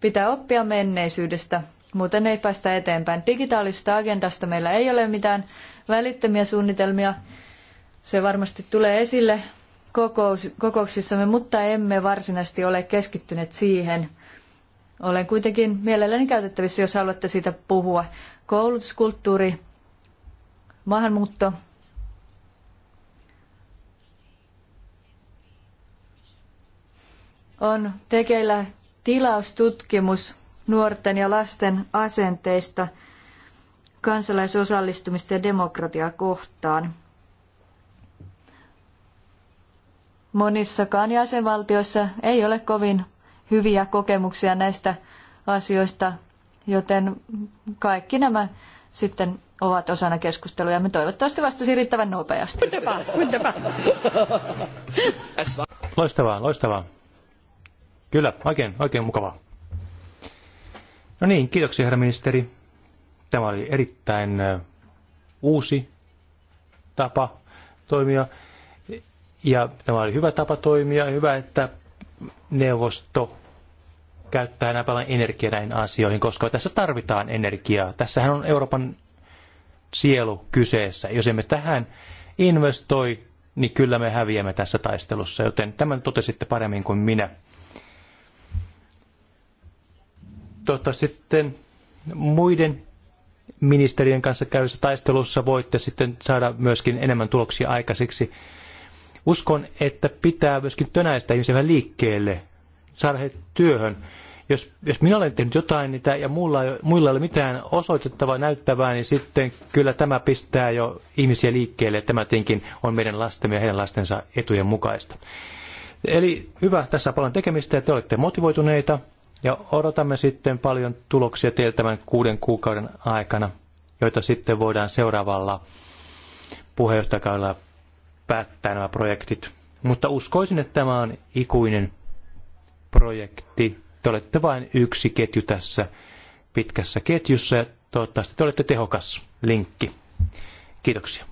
Pitää oppia menneisyydestä, muuten ei päästä eteenpäin. Digitaalista agendasta meillä ei ole mitään välittömiä suunnitelmia. Se varmasti tulee esille kokouksissamme, mutta emme varsinaisesti ole keskittyneet siihen. Olen kuitenkin mielelläni käytettävissä, jos haluatte siitä puhua. Koulutuskulttuuri, maahanmuutto. On tekeillä tilaustutkimus nuorten ja lasten asenteista kansalaisosallistumista ja demokratiaa kohtaan. Monissakaan jäsenvaltioissa ei ole kovin hyviä kokemuksia näistä asioista, joten kaikki nämä sitten ovat osana keskusteluja. Me toivottavasti vastasi riittävän nopeasti. Loistavaa, loistavaa. Kyllä, oikein, oikein mukavaa. No niin, kiitoksia herra ministeri. Tämä oli erittäin uusi tapa toimia. Ja tämä oli hyvä tapa toimia, hyvä, että neuvosto käyttää näin paljon energiaa näihin asioihin, koska tässä tarvitaan energiaa. Tässähän on Euroopan sielu kyseessä. Jos emme tähän investoi, niin kyllä me häviämme tässä taistelussa, joten tämän totesitte paremmin kuin minä. Tota, sitten muiden ministerien kanssa käydyssä taistelussa voitte sitten saada myöskin enemmän tuloksia aikaiseksi. Uskon, että pitää myöskin tönäistä ihmisiä vähän liikkeelle, saada heidät työhön. Jos, jos minä olen tehnyt jotain niitä ja muilla, muilla ei ole mitään osoitettavaa, näyttävää, niin sitten kyllä tämä pistää jo ihmisiä liikkeelle. Tämä tietenkin on meidän lastemme ja heidän lastensa etujen mukaista. Eli hyvä, tässä on paljon tekemistä ja te olette motivoituneita ja odotamme sitten paljon tuloksia teiltä tämän kuuden kuukauden aikana, joita sitten voidaan seuraavalla puheenjohtajakaudella päättää nämä projektit. Mutta uskoisin, että tämä on ikuinen projekti. Te olette vain yksi ketju tässä pitkässä ketjussa ja toivottavasti te olette tehokas linkki. Kiitoksia.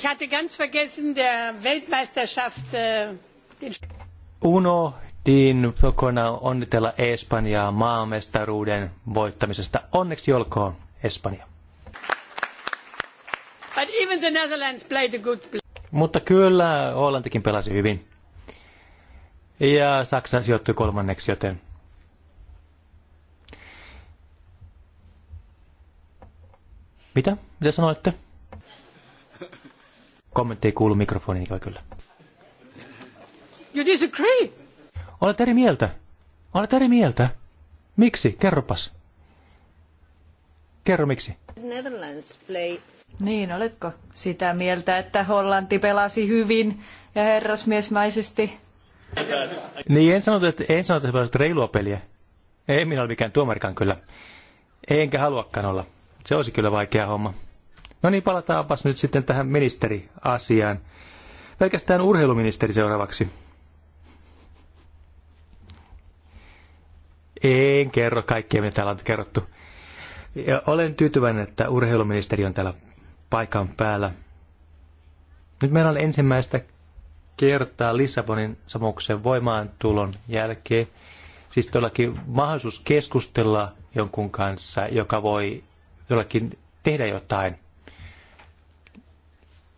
Ich hatte ganz vergessen, der Weltmeisterschaft... Äh, den... Unohdin kokonaan onnitella Espanjaa maamestaruuden voittamisesta. Onneksi olkoon, Espanja. But even the Netherlands played a good play. Mutta kyllä Hollantikin pelasi hyvin. Ja Saksa sijoittui kolmanneksi, joten... Mitä? Mitä sanoitte? Kommentti ei kuulu mikrofoniin ikävä kyllä. You disagree? Olet eri mieltä. Olet eri mieltä. Miksi? Kerropas. Kerro miksi. Netherlands play. Niin, oletko sitä mieltä, että Hollanti pelasi hyvin ja herrasmiesmäisesti? Niin, en sanonut, että, en sanonut, että pelasit reilua peliä. Ei minä ole mikään tuomarikaan kyllä. Enkä haluakaan olla. Se olisi kyllä vaikea homma. No niin, palataanpas nyt sitten tähän ministeriasiaan. Pelkästään urheiluministeri seuraavaksi. En kerro kaikkea, mitä täällä on kerrottu. Ja olen tyytyväinen, että urheiluministeri on täällä paikan päällä. Nyt meillä on ensimmäistä kertaa Lissabonin sopimuksen voimaantulon jälkeen. Siis todellakin mahdollisuus keskustella jonkun kanssa, joka voi jollakin tehdä jotain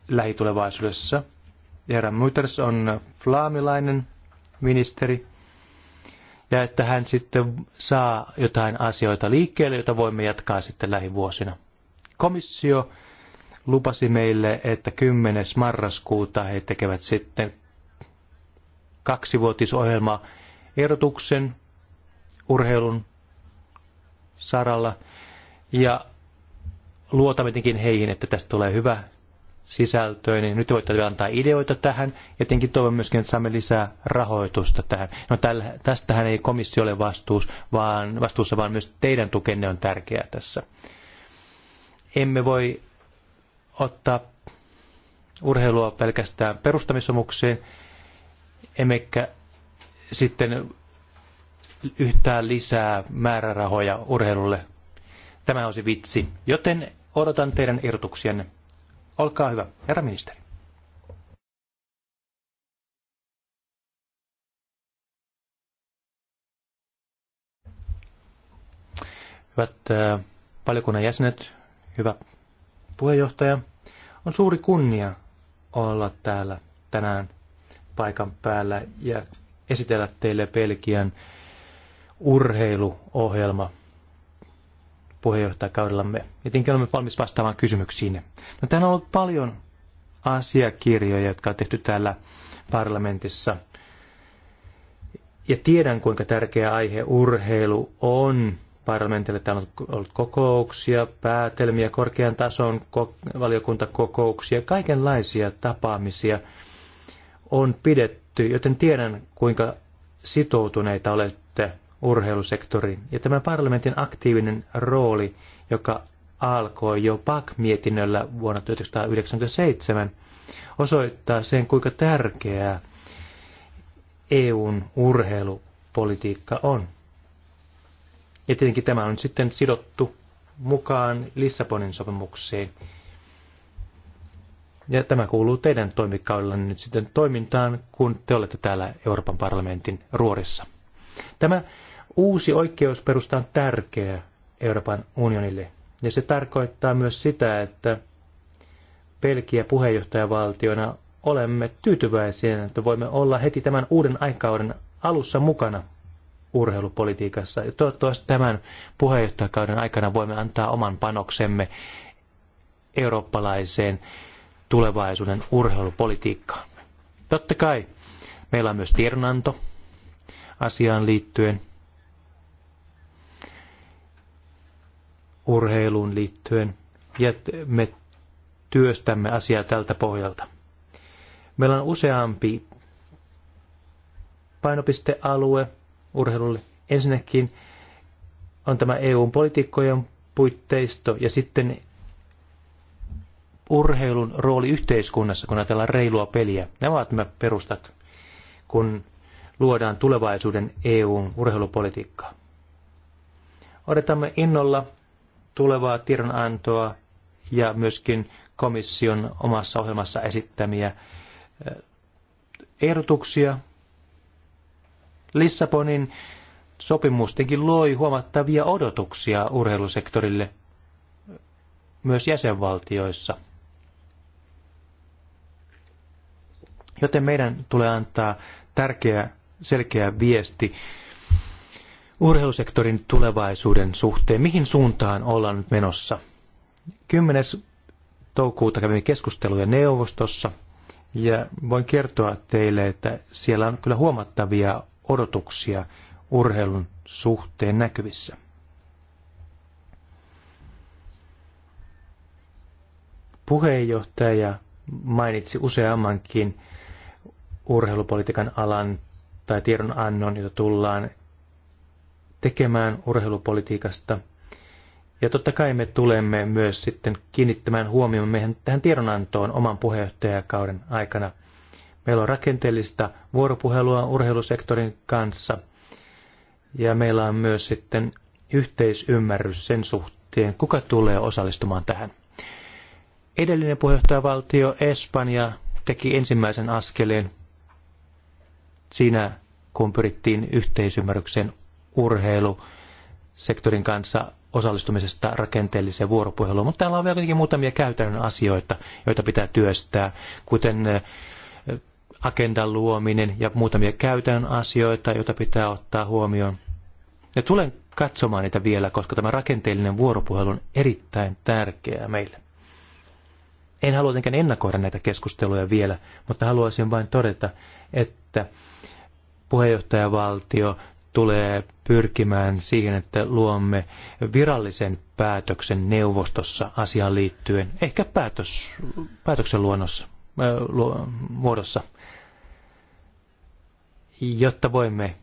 lähitulevaisuudessa. Herra Mutters on flaamilainen ministeri, ja että hän sitten saa jotain asioita liikkeelle, jota voimme jatkaa sitten lähivuosina. Komissio lupasi meille, että 10. marraskuuta he tekevät sitten kaksivuotisohjelma erotuksen urheilun saralla. Ja luotamme heihin, että tästä tulee hyvä sisältöä, niin nyt voitte antaa ideoita tähän. Ja tietenkin toivon myöskin, että saamme lisää rahoitusta tähän. No tällä, tästähän ei komissio ole vastuus, vaan, vastuussa, vaan myös teidän tukenne on tärkeää tässä. Emme voi ottaa urheilua pelkästään perustamisomukseen, emmekä sitten yhtään lisää määrärahoja urheilulle. Tämä on se vitsi. Joten odotan teidän irtuksienne. Olkaa hyvä, herra ministeri. Hyvät äh, valiokunnan jäsenet, hyvä puheenjohtaja, on suuri kunnia olla täällä tänään paikan päällä ja esitellä teille Belgian urheiluohjelma – puheenjohtajakaudellamme. Jotenkin olemme valmis vastaamaan kysymyksiin. No, täällä on ollut paljon asiakirjoja, jotka on tehty täällä parlamentissa. Ja tiedän, kuinka tärkeä aihe urheilu on parlamentille. Täällä on ollut kokouksia, päätelmiä, korkean tason valiokuntakokouksia, kaikenlaisia tapaamisia on pidetty, joten tiedän, kuinka sitoutuneita olet urheilusektoriin. Ja tämä parlamentin aktiivinen rooli, joka alkoi jo PAK-mietinnöllä vuonna 1997, osoittaa sen, kuinka tärkeää EUn urheilupolitiikka on. Ja tietenkin tämä on sitten sidottu mukaan Lissabonin sopimuksiin. Ja tämä kuuluu teidän toimikaudellanne nyt sitten toimintaan, kun te olette täällä Euroopan parlamentin ruorissa. Tämä Uusi oikeusperusta on tärkeä Euroopan unionille. Ja se tarkoittaa myös sitä, että Pelkiä puheenjohtajavaltiona olemme tyytyväisiä, että voimme olla heti tämän uuden aikauden alussa mukana urheilupolitiikassa. Ja toivottavasti tämän puheenjohtajakauden aikana voimme antaa oman panoksemme eurooppalaiseen tulevaisuuden urheilupolitiikkaan. Totta kai meillä on myös tiedonanto asiaan liittyen – urheiluun liittyen ja me työstämme asiaa tältä pohjalta. Meillä on useampi painopistealue urheilulle. Ensinnäkin on tämä EU-politiikkojen puitteisto ja sitten urheilun rooli yhteiskunnassa, kun ajatellaan reilua peliä. Nämä ovat nämä perustat, kun luodaan tulevaisuuden EUn urheilupolitiikkaa. Odotamme innolla tulevaa tiedonantoa ja myöskin komission omassa ohjelmassa esittämiä eh, ehdotuksia. Lissabonin sopimustenkin loi huomattavia odotuksia urheilusektorille myös jäsenvaltioissa. Joten meidän tulee antaa tärkeä, selkeä viesti urheilusektorin tulevaisuuden suhteen. Mihin suuntaan ollaan nyt menossa? 10. toukokuuta kävimme keskusteluja neuvostossa ja voin kertoa teille, että siellä on kyllä huomattavia odotuksia urheilun suhteen näkyvissä. Puheenjohtaja mainitsi useammankin urheilupolitiikan alan tai tiedonannon, jota tullaan tekemään urheilupolitiikasta. Ja totta kai me tulemme myös sitten kiinnittämään huomioon meidän tähän tiedonantoon oman puheenjohtajakauden aikana. Meillä on rakenteellista vuoropuhelua urheilusektorin kanssa ja meillä on myös sitten yhteisymmärrys sen suhteen, kuka tulee osallistumaan tähän. Edellinen puheenjohtajavaltio Espanja teki ensimmäisen askeleen siinä, kun pyrittiin yhteisymmärrykseen urheilusektorin kanssa osallistumisesta rakenteelliseen vuoropuheluun. Mutta täällä on vielä kuitenkin muutamia käytännön asioita, joita pitää työstää, kuten agendan luominen ja muutamia käytännön asioita, joita pitää ottaa huomioon. Ja tulen katsomaan niitä vielä, koska tämä rakenteellinen vuoropuhelu on erittäin tärkeää meille. En halua tietenkään ennakoida näitä keskusteluja vielä, mutta haluaisin vain todeta, että puheenjohtajavaltio tulee pyrkimään siihen, että luomme virallisen päätöksen neuvostossa asiaan liittyen, ehkä päätös, päätöksen luonnossa, äh, luo, muodossa, jotta voimme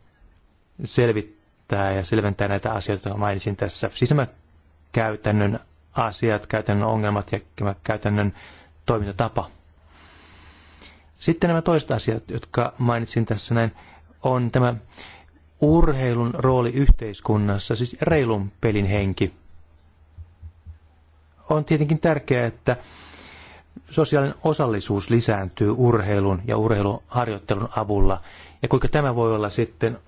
selvittää ja selventää näitä asioita, joita mainitsin tässä. Sisämäkäytännön asiat, käytännön ongelmat ja käytännön toimintatapa. Sitten nämä toiset asiat, jotka mainitsin tässä näin, on tämä urheilun rooli yhteiskunnassa, siis reilun pelin henki. On tietenkin tärkeää, että sosiaalinen osallisuus lisääntyy urheilun ja urheiluharjoittelun avulla, ja kuinka tämä voi olla sitten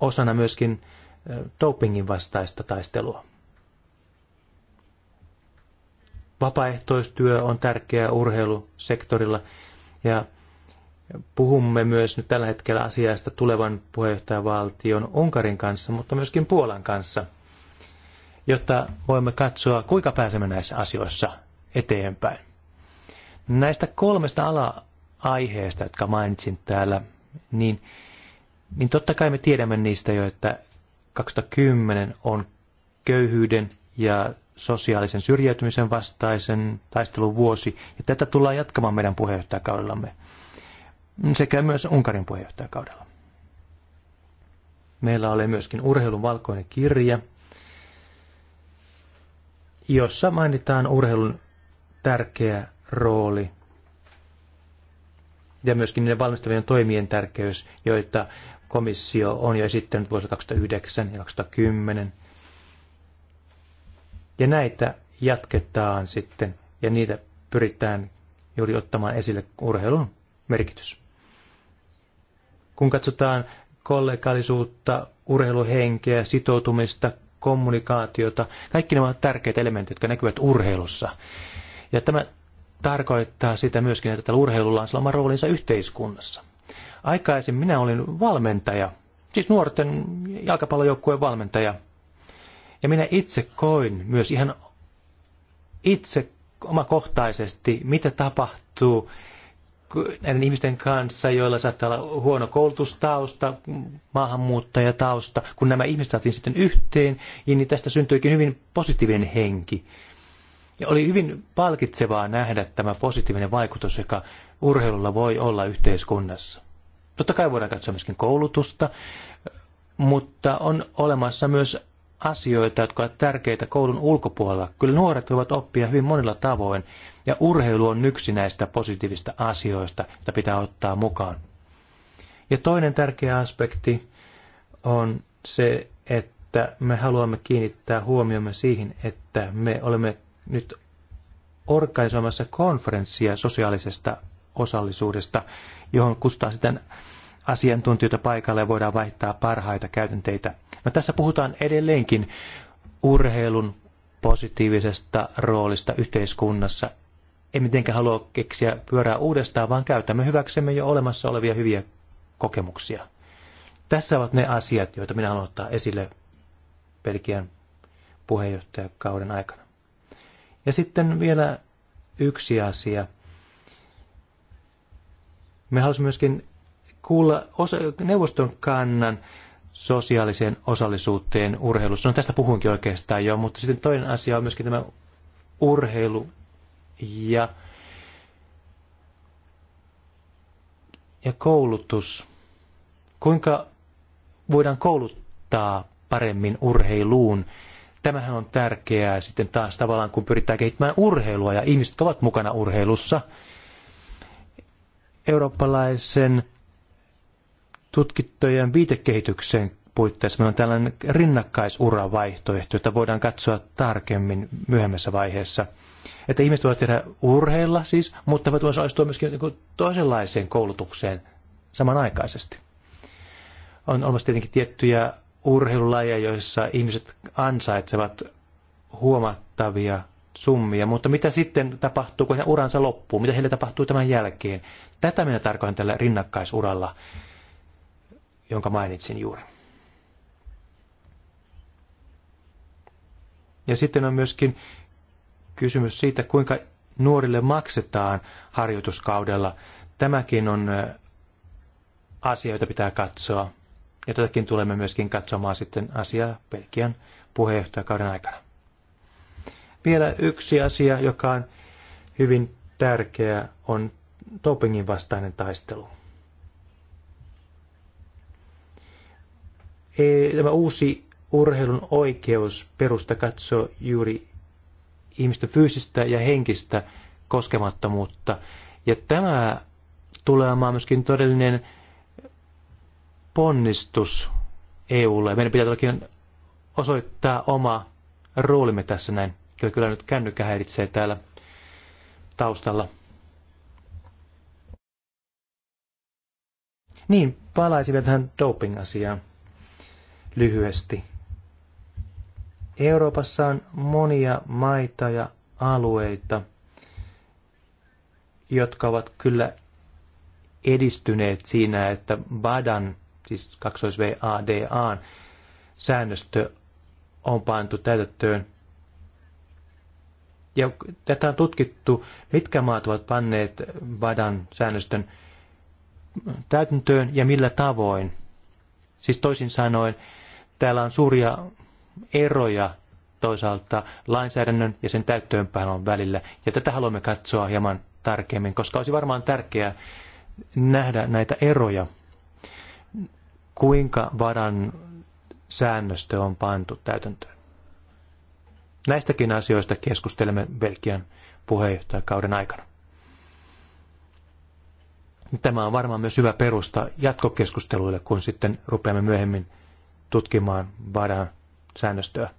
osana myöskin dopingin vastaista taistelua. Vapaaehtoistyö on tärkeää urheilusektorilla, ja Puhumme myös nyt tällä hetkellä asiasta tulevan puheenjohtajavaltion Unkarin kanssa, mutta myöskin Puolan kanssa, jotta voimme katsoa, kuinka pääsemme näissä asioissa eteenpäin. Näistä kolmesta ala-aiheesta, jotka mainitsin täällä, niin, niin totta kai me tiedämme niistä jo, että 2010 on köyhyyden ja sosiaalisen syrjäytymisen vastaisen taistelun vuosi, ja tätä tullaan jatkamaan meidän puheenjohtajakaudellamme sekä myös Unkarin puheenjohtajakaudella. Meillä oli myöskin urheilun valkoinen kirja, jossa mainitaan urheilun tärkeä rooli ja myöskin niiden valmistavien toimien tärkeys, joita komissio on jo esittänyt vuosina 2009 ja 2010. Ja näitä jatketaan sitten ja niitä pyritään juuri ottamaan esille urheilun merkitys kun katsotaan kollegaalisuutta, urheiluhenkeä, sitoutumista, kommunikaatiota, kaikki nämä ovat tärkeitä elementit, jotka näkyvät urheilussa. Ja tämä tarkoittaa sitä myöskin, että tällä urheilulla on oma roolinsa yhteiskunnassa. Aikaisin minä olin valmentaja, siis nuorten jalkapallojoukkueen valmentaja. Ja minä itse koin myös ihan itse omakohtaisesti, mitä tapahtuu näiden ihmisten kanssa, joilla saattaa olla huono koulutustausta, maahanmuuttajatausta, kun nämä ihmiset saatiin sitten yhteen, niin tästä syntyikin hyvin positiivinen henki. Ja oli hyvin palkitsevaa nähdä tämä positiivinen vaikutus, joka urheilulla voi olla yhteiskunnassa. Totta kai voidaan katsoa myöskin koulutusta, mutta on olemassa myös asioita, jotka ovat tärkeitä koulun ulkopuolella. Kyllä nuoret voivat oppia hyvin monilla tavoin ja urheilu on yksi näistä positiivista asioista, joita pitää ottaa mukaan. Ja toinen tärkeä aspekti on se, että me haluamme kiinnittää huomiomme siihen, että me olemme nyt organisoimassa konferenssia sosiaalisesta osallisuudesta, johon kutsutaan sitten asiantuntijoita paikalle ja voidaan vaihtaa parhaita käytänteitä. No, tässä puhutaan edelleenkin urheilun positiivisesta roolista yhteiskunnassa ei mitenkään halua keksiä pyörää uudestaan, vaan käytämme hyväksemme jo olemassa olevia hyviä kokemuksia. Tässä ovat ne asiat, joita minä haluan ottaa esille Belgian puheenjohtajakauden aikana. Ja sitten vielä yksi asia. Me halusimme myöskin kuulla osa- neuvoston kannan sosiaaliseen osallisuuteen urheilussa. No tästä puhuinkin oikeastaan jo, mutta sitten toinen asia on myöskin tämä urheilu ja, ja koulutus. Kuinka voidaan kouluttaa paremmin urheiluun? Tämähän on tärkeää sitten taas tavallaan, kun pyritään kehittämään urheilua ja ihmiset, ovat mukana urheilussa. Eurooppalaisen tutkittujen viitekehityksen puitteissa meillä on tällainen rinnakkaisuravaihtoehto, vaihtoehto, jota voidaan katsoa tarkemmin myöhemmässä vaiheessa – että ihmiset voivat tehdä urheilla siis, mutta voivat osallistua myöskin niin toisenlaiseen koulutukseen samanaikaisesti. On olemassa tietenkin tiettyjä urheilulajeja, joissa ihmiset ansaitsevat huomattavia summia, mutta mitä sitten tapahtuu, kun uransa loppuu, mitä heille tapahtuu tämän jälkeen. Tätä minä tarkoitan tällä rinnakkaisuralla, jonka mainitsin juuri. Ja sitten on myöskin kysymys siitä, kuinka nuorille maksetaan harjoituskaudella. Tämäkin on asia, jota pitää katsoa. Ja tätäkin tulemme myöskin katsomaan sitten asiaa Belgian puheenjohtajakauden aikana. Vielä yksi asia, joka on hyvin tärkeä, on dopingin vastainen taistelu. E, tämä uusi urheilun oikeus perusta katsoo juuri ihmisten fyysistä ja henkistä koskemattomuutta. Ja tämä tulee olemaan myöskin todellinen ponnistus EUlle. Meidän pitää todellakin osoittaa oma roolimme tässä näin. Kyllä, kyllä nyt kännykkä häiritsee täällä taustalla. Niin, palaisin vielä tähän doping-asiaan lyhyesti. Euroopassa on monia maita ja alueita, jotka ovat kyllä edistyneet siinä, että Badan, siis 2 vada säännöstö on pantu täytettyön. Ja tätä on tutkittu, mitkä maat ovat panneet Badan säännöstön täytäntöön ja millä tavoin. Siis toisin sanoen, täällä on suuria eroja toisaalta lainsäädännön ja sen täyttöönpanon välillä. Ja tätä haluamme katsoa hieman tarkemmin, koska olisi varmaan tärkeää nähdä näitä eroja, kuinka varan säännöstö on pantu täytäntöön. Näistäkin asioista keskustelemme Belgian puheenjohtajakauden aikana. Tämä on varmaan myös hyvä perusta jatkokeskusteluille, kun sitten rupeamme myöhemmin tutkimaan varan säännöstöä.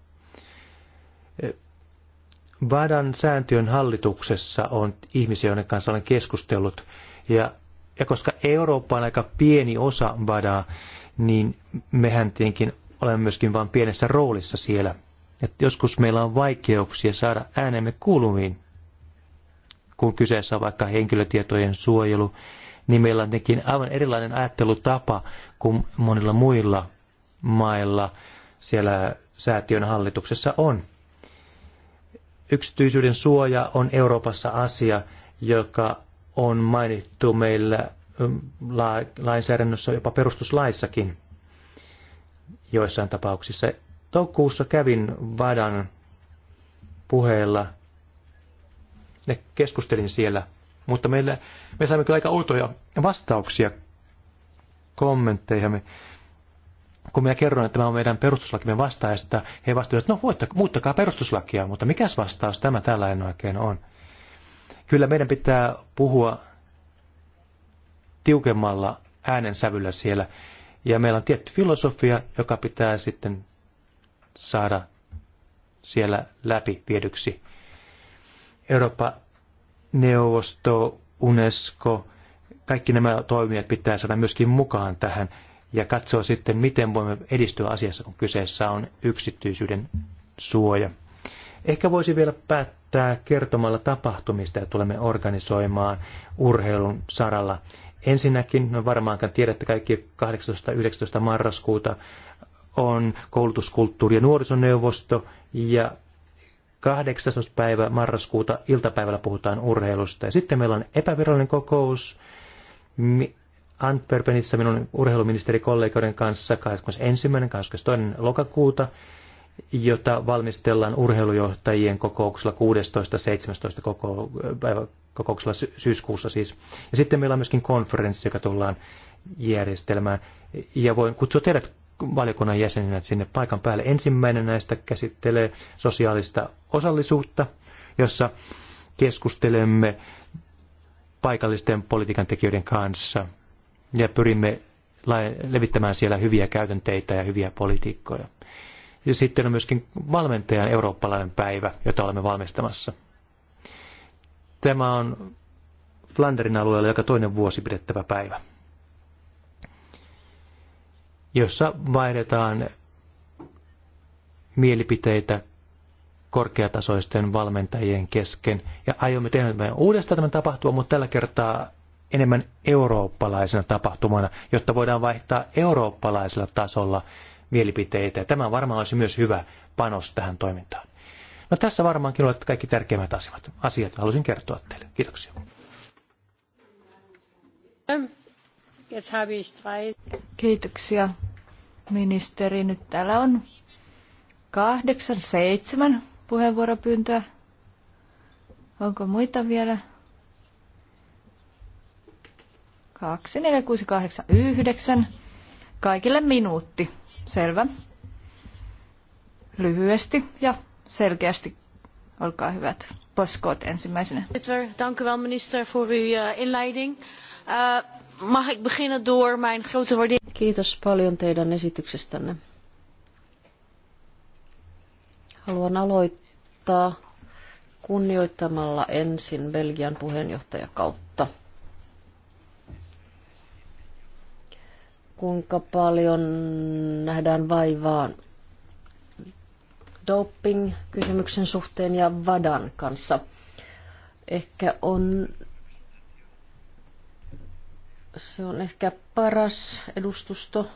Eh, Vadan sääntöjen hallituksessa on ihmisiä, joiden kanssa olen keskustellut. Ja, ja koska Eurooppa on aika pieni osa Vadaa, niin mehän tietenkin olemme myöskin vain pienessä roolissa siellä. Et joskus meillä on vaikeuksia saada äänemme kuuluviin. Kun kyseessä on vaikka henkilötietojen suojelu, niin meillä on tietenkin aivan erilainen ajattelutapa kuin monilla muilla mailla siellä säätiön hallituksessa on. Yksityisyyden suoja on Euroopassa asia, joka on mainittu meillä mm, lainsäädännössä, jopa perustuslaissakin joissain tapauksissa. Toukokuussa kävin Vadan puheella ja keskustelin siellä, mutta meillä, me saimme kyllä aika outoja vastauksia kommentteihin kun minä kerron, että tämä on meidän perustuslakimme vastaista, he vastaavat, että no muuttakaa perustuslakia, mutta mikäs vastaus tämä tällainen oikein on? Kyllä meidän pitää puhua tiukemmalla äänensävyllä siellä. Ja meillä on tietty filosofia, joka pitää sitten saada siellä läpi viedyksi. Euroopan neuvosto, UNESCO, kaikki nämä toimijat pitää saada myöskin mukaan tähän ja katsoa sitten, miten voimme edistyä asiassa, kun kyseessä on yksityisyyden suoja. Ehkä voisi vielä päättää kertomalla tapahtumista, ja tulemme organisoimaan urheilun saralla. Ensinnäkin, no varmaankaan tiedätte kaikki, 18-19 marraskuuta on koulutuskulttuuri- ja nuorisoneuvosto, ja 18. päivä marraskuuta iltapäivällä puhutaan urheilusta. Ja sitten meillä on epävirallinen kokous, Antwerpenissä minun urheiluministerikollegoiden kanssa 21. lokakuuta, jota valmistellaan urheilujohtajien kokouksella 16.17. Koko, kokouksella syyskuussa siis. Ja sitten meillä on myöskin konferenssi, joka tullaan järjestelmään. Ja voin kutsua teidät valiokunnan jäseninä sinne paikan päälle. Ensimmäinen näistä käsittelee sosiaalista osallisuutta, jossa keskustelemme paikallisten politiikan tekijöiden kanssa ja pyrimme levittämään siellä hyviä käytänteitä ja hyviä politiikkoja. Ja sitten on myöskin valmentajan eurooppalainen päivä, jota olemme valmistamassa. Tämä on Flanderin alueella joka toinen vuosi pidettävä päivä, jossa vaihdetaan mielipiteitä korkeatasoisten valmentajien kesken. Ja aiomme tehdä uudestaan tämän tapahtua, mutta tällä kertaa enemmän eurooppalaisena tapahtumana, jotta voidaan vaihtaa eurooppalaisella tasolla mielipiteitä. Ja tämä varmaan olisi myös hyvä panos tähän toimintaan. No tässä varmaankin olet kaikki tärkeimmät asiat, asiat halusin kertoa teille. Kiitoksia. Kiitoksia ministeri. Nyt täällä on kahdeksan, seitsemän puheenvuoropyyntöä. Onko muita vielä? Kaksi neljä, kuusi, kahdeksan, yhdeksän. Kaikille minuutti. Selvä. Lyhyesti ja selkeästi. Olkaa hyvät. Poskot ensimmäisenä. dank u wel minister voor uw eh, inleiding. Eh, mag ik beginnen door mijn grote waardering... Kiitos paljon teidän esityksestänne. Haluan aloittaa kunnioittamalla ensin Belgian puheenjohtajakautta. kautta kuinka paljon nähdään vaivaa doping-kysymyksen suhteen ja Vadan kanssa. Ehkä on, se on ehkä paras edustusto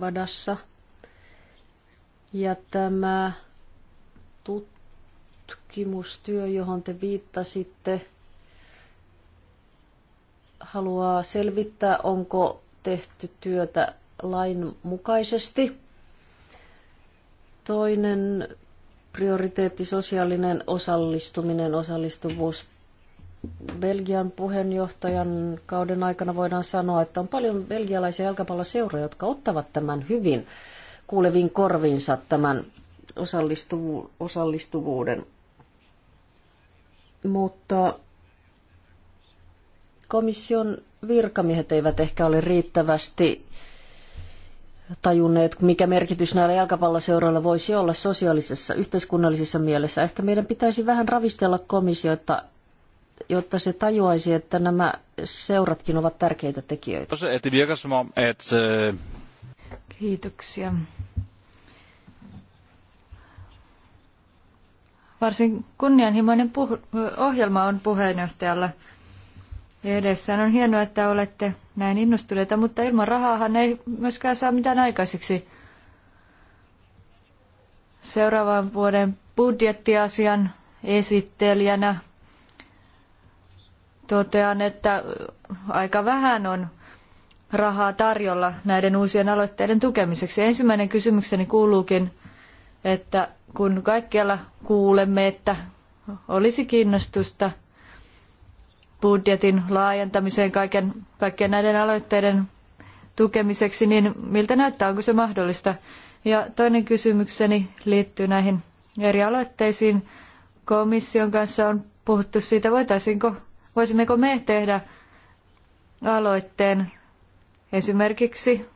Vadassa. Ja tämä tutkimustyö, johon te viittasitte, haluaa selvittää, onko tehty työtä lain mukaisesti. Toinen prioriteetti sosiaalinen osallistuminen, osallistuvuus. Belgian puheenjohtajan kauden aikana voidaan sanoa, että on paljon belgialaisia jalkapalloseuroja, jotka ottavat tämän hyvin kuuleviin korviinsa tämän osallistuvu- osallistuvuuden. Mutta komission virkamiehet eivät ehkä ole riittävästi tajunneet, mikä merkitys näillä jalkapalloseuroilla voisi olla sosiaalisessa, yhteiskunnallisessa mielessä. Ehkä meidän pitäisi vähän ravistella komissiota, jotta se tajuaisi, että nämä seuratkin ovat tärkeitä tekijöitä. Äh, Kiitoksia. Varsin kunnianhimoinen ohjelma on puheenjohtajalla edessään. On hienoa, että olette näin innostuneita, mutta ilman rahaahan ei myöskään saa mitään aikaiseksi. Seuraavan vuoden budjettiasian esittelijänä totean, että aika vähän on rahaa tarjolla näiden uusien aloitteiden tukemiseksi. Ensimmäinen kysymykseni kuuluukin, että kun kaikkialla kuulemme, että olisi kiinnostusta – budjetin laajentamiseen kaiken, kaikkien näiden aloitteiden tukemiseksi, niin miltä näyttää, onko se mahdollista? Ja toinen kysymykseni liittyy näihin eri aloitteisiin. Komission kanssa on puhuttu siitä, voisimmeko me tehdä aloitteen esimerkiksi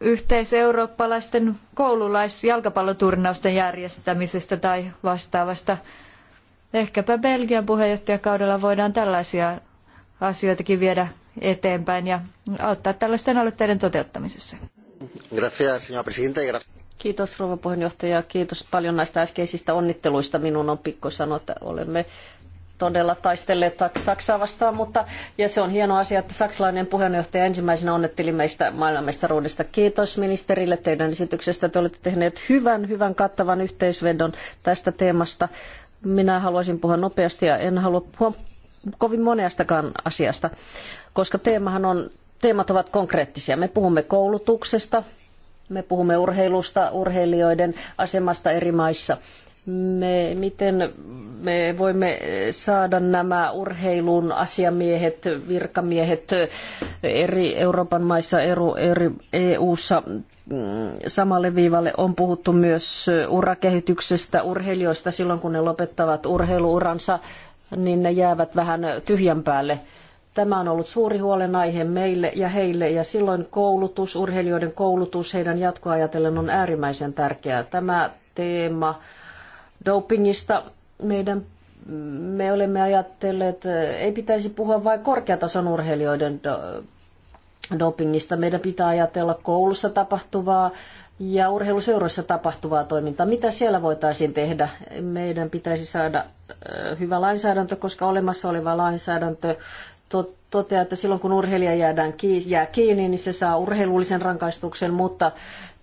yhteiseurooppalaisten koululais- jalkapalloturnausten järjestämisestä tai vastaavasta. Ehkäpä Belgian puheenjohtajakaudella voidaan tällaisia asioitakin viedä eteenpäin ja auttaa tällaisten aloitteiden toteuttamisessa. Gracias, señora Kiitos rouva puheenjohtaja. Kiitos paljon näistä äskeisistä onnitteluista. Minun on pikko sanoa, että olemme todella taistelleet Saksaa vastaan, mutta ja se on hieno asia, että saksalainen puheenjohtaja ensimmäisenä onnetteli meistä maailmanmestaruudesta. Kiitos ministerille teidän esityksestä. Te olette tehneet hyvän, hyvän kattavan yhteisvedon tästä teemasta. Minä haluaisin puhua nopeasti ja en halua puhua kovin monestakaan asiasta, koska teemahan on, teemat ovat konkreettisia. Me puhumme koulutuksesta, me puhumme urheilusta, urheilijoiden asemasta eri maissa me, miten me voimme saada nämä urheilun asiamiehet, virkamiehet eri Euroopan maissa, eri EU-ssa mm, samalle viivalle. On puhuttu myös urakehityksestä urheilijoista silloin, kun ne lopettavat urheiluuransa, niin ne jäävät vähän tyhjän päälle. Tämä on ollut suuri huolenaihe meille ja heille, ja silloin koulutus, urheilijoiden koulutus heidän jatkoajatellen on äärimmäisen tärkeää. Tämä teema dopingista meidän me olemme ajatelleet, että ei pitäisi puhua vain korkeatason urheilijoiden do- dopingista. Meidän pitää ajatella koulussa tapahtuvaa ja urheiluseuroissa tapahtuvaa toimintaa. Mitä siellä voitaisiin tehdä? Meidän pitäisi saada hyvä lainsäädäntö, koska olemassa oleva lainsäädäntö toteaa, että silloin kun urheilija jäädään kiinni, jää kiinni, niin se saa urheilullisen rankaistuksen, mutta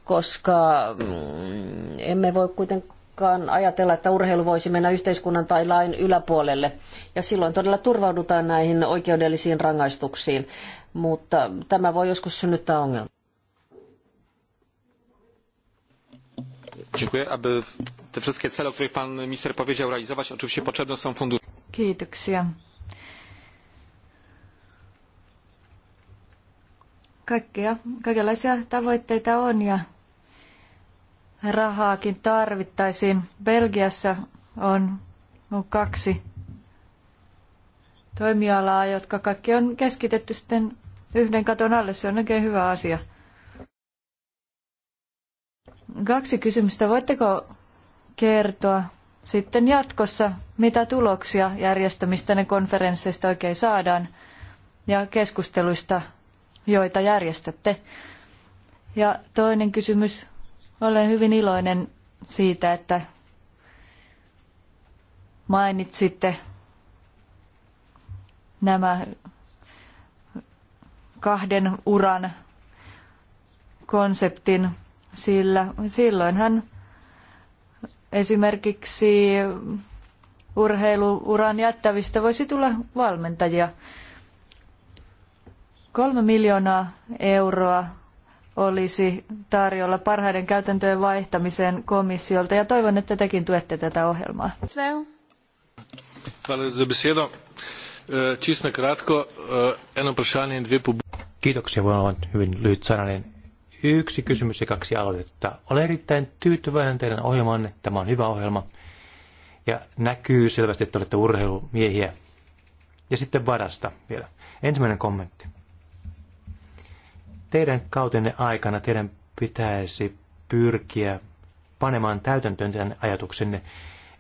koska mm, emme voi kuitenkaan koskaan ajatella, että urheilu voisi mennä yhteiskunnan tai lain yläpuolelle. Ja silloin todella turvaudutaan näihin oikeudellisiin rangaistuksiin, mutta tämä voi joskus synnyttää ongelmia. Dziękuję. Aby te wszystkie cele, o których pan minister powiedział, realizować, oczywiście potrzebne są fundusze. Kiitoksia. Kaikkea, kaikenlaisia tavoitteita on ja rahaakin tarvittaisiin. Belgiassa on, kaksi toimialaa, jotka kaikki on keskitetty sitten yhden katon alle. Se on oikein hyvä asia. Kaksi kysymystä. Voitteko kertoa sitten jatkossa, mitä tuloksia järjestämistä ne konferensseista oikein saadaan ja keskusteluista, joita järjestätte? Ja toinen kysymys, olen hyvin iloinen siitä, että mainitsitte nämä kahden uran konseptin, sillä silloinhan esimerkiksi urheiluuran jättävistä voisi tulla valmentajia. Kolme miljoonaa euroa olisi tarjolla parhaiden käytäntöjen vaihtamiseen komissiolta ja toivon, että tekin tuette tätä ohjelmaa. E, e, Kiitoksia, voin olla hyvin lyhyt sananen. Yksi kysymys ja kaksi aloitetta. Olen erittäin tyytyväinen teidän ohjelmanne. Tämä on hyvä ohjelma. Ja näkyy selvästi, että olette urheilumiehiä. Ja sitten varasta vielä. Ensimmäinen kommentti teidän kautenne aikana teidän pitäisi pyrkiä panemaan täytäntöön tämän ajatuksenne.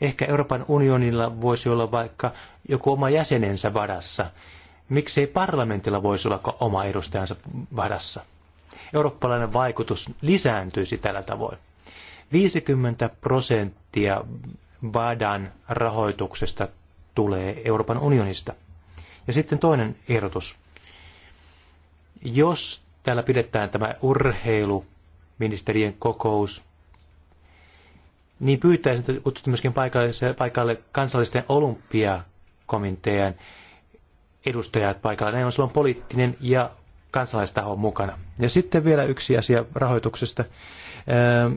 Ehkä Euroopan unionilla voisi olla vaikka joku oma jäsenensä vadassa. Miksei parlamentilla voisi olla oma edustajansa vadassa? Eurooppalainen vaikutus lisääntyisi tällä tavoin. 50 prosenttia vadan rahoituksesta tulee Euroopan unionista. Ja sitten toinen ehdotus. Jos täällä pidetään tämä urheiluministerien kokous, niin pyytäisin, että kutsutte myöskin paikalle, paikalle kansallisten olympiakomitean edustajat paikalle. Näin on silloin poliittinen ja kansalaistaho mukana. Ja sitten vielä yksi asia rahoituksesta. Öö,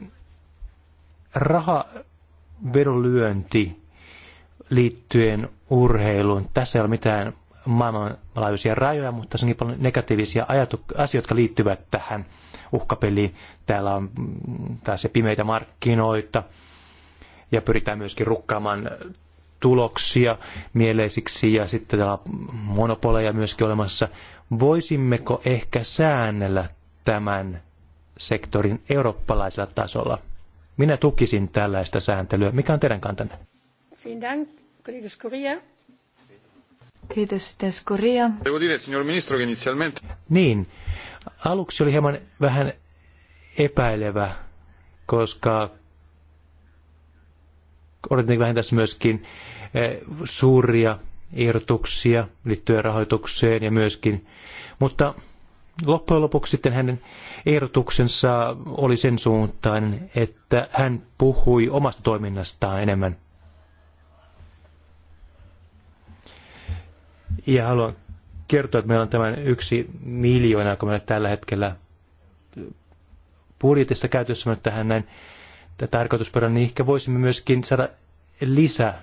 rahavedonlyönti liittyen urheiluun. Tässä ei ole mitään maailmanlaajuisia rajoja, mutta se niin paljon negatiivisia asioita, jotka liittyvät tähän uhkapeliin. Täällä on mm, taas se pimeitä markkinoita ja pyritään myöskin rukkaamaan tuloksia mieleisiksi ja sitten täällä on monopoleja myöskin olemassa. Voisimmeko ehkä säännellä tämän sektorin eurooppalaisella tasolla? Minä tukisin tällaista sääntelyä. Mikä on teidän kantanne? Vielen Dank, Kiitos, Teskuria. Niin, aluksi oli hieman vähän epäilevä, koska odotin vähän tässä myöskin eh, suuria irtuksia liittyen rahoitukseen ja myöskin, mutta loppujen lopuksi sitten hänen ehdotuksensa oli sen suuntainen, että hän puhui omasta toiminnastaan enemmän. Ja haluan kertoa, että meillä on tämän yksi miljoona, kun meillä tällä hetkellä budjetissa käytössä tähän näin tarkoitusperään, niin ehkä voisimme myöskin saada lisää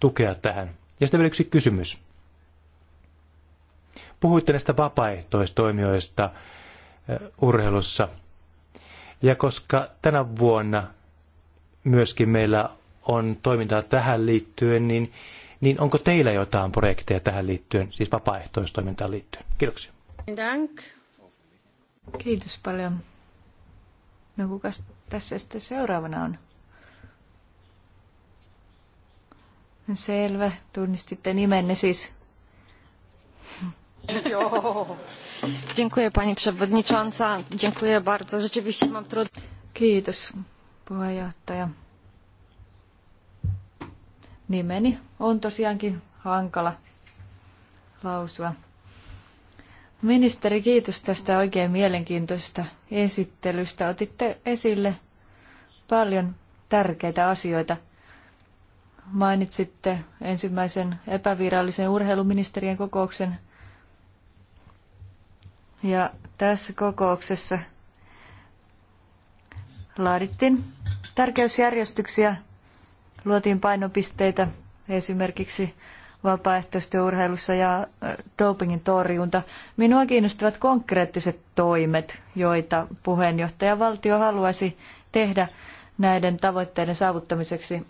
tukea tähän. Ja sitten vielä yksi kysymys. Puhuitte näistä vapaaehtoistoimijoista eh, urheilussa. Ja koska tänä vuonna myöskin meillä on toimintaa tähän liittyen, niin niin onko teillä jotain projekteja tähän liittyen, siis vapaaehtoistoimintaan liittyen? Kiitoksia. Dank. Kiitos paljon. No kukas tässä sitten seuraavana on? Selvä, tunnistitte nimenne siis. Dziękuję pani przewodnicząca. Dziękuję bardzo. Rzeczywiście mam trud. Kiitos puheenjohtaja. Nimeni on tosiaankin hankala lausua. Ministeri, kiitos tästä oikein mielenkiintoisesta esittelystä. Otitte esille paljon tärkeitä asioita. Mainitsitte ensimmäisen epävirallisen urheiluministerien kokouksen. Ja tässä kokouksessa laadittiin tärkeysjärjestyksiä luotiin painopisteitä esimerkiksi vapaaehtoistyöurheilussa ja äh, dopingin torjunta. Minua kiinnostavat konkreettiset toimet, joita puheenjohtajavaltio haluaisi tehdä näiden tavoitteiden saavuttamiseksi.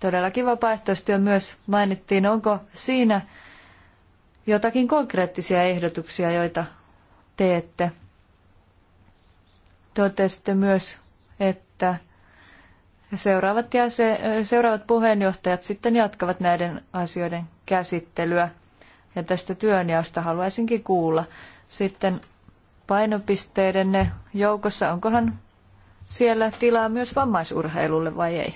Todellakin vapaaehtoistyö myös mainittiin. Onko siinä jotakin konkreettisia ehdotuksia, joita teette? Totesitte myös, että Seuraavat, ja seuraavat puheenjohtajat sitten jatkavat näiden asioiden käsittelyä. Ja tästä työnjaosta haluaisinkin kuulla sitten painopisteidenne joukossa. Onkohan siellä tilaa myös vammaisurheilulle vai ei?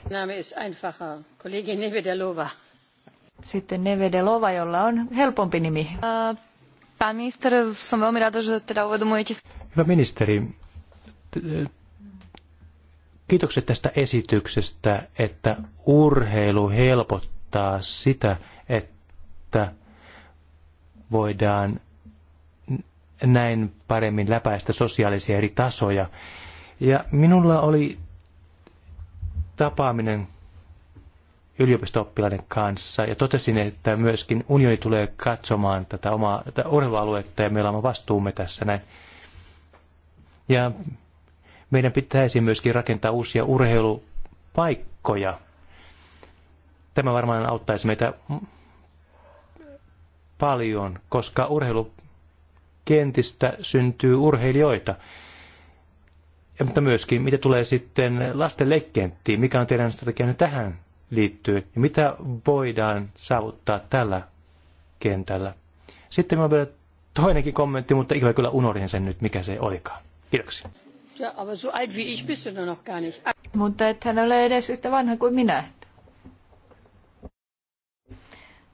Sitten Nevedelova, jolla on helpompi nimi. Pääministeri, Hyvä ministeri, Kiitokset tästä esityksestä, että urheilu helpottaa sitä, että voidaan näin paremmin läpäistä sosiaalisia eri tasoja. Ja minulla oli tapaaminen yliopisto kanssa ja totesin, että myöskin unioni tulee katsomaan tätä omaa tätä urheilualuetta ja meillä on vastuumme tässä näin. Ja meidän pitäisi myöskin rakentaa uusia urheilupaikkoja. Tämä varmaan auttaisi meitä paljon, koska urheilukentistä syntyy urheilijoita. Ja, mutta myöskin, mitä tulee sitten lasten leikkenttiin, mikä on teidän strategianne tähän liittyy ja mitä voidaan saavuttaa tällä kentällä. Sitten minulla on vielä toinenkin kommentti, mutta ikävä kyllä unohdin sen nyt, mikä se olikaan. Kiitoksia. Ja, aber so alt wie ich bist du noch gar nicht. Mutta et hän ole edes yhtä vanha kuin minä.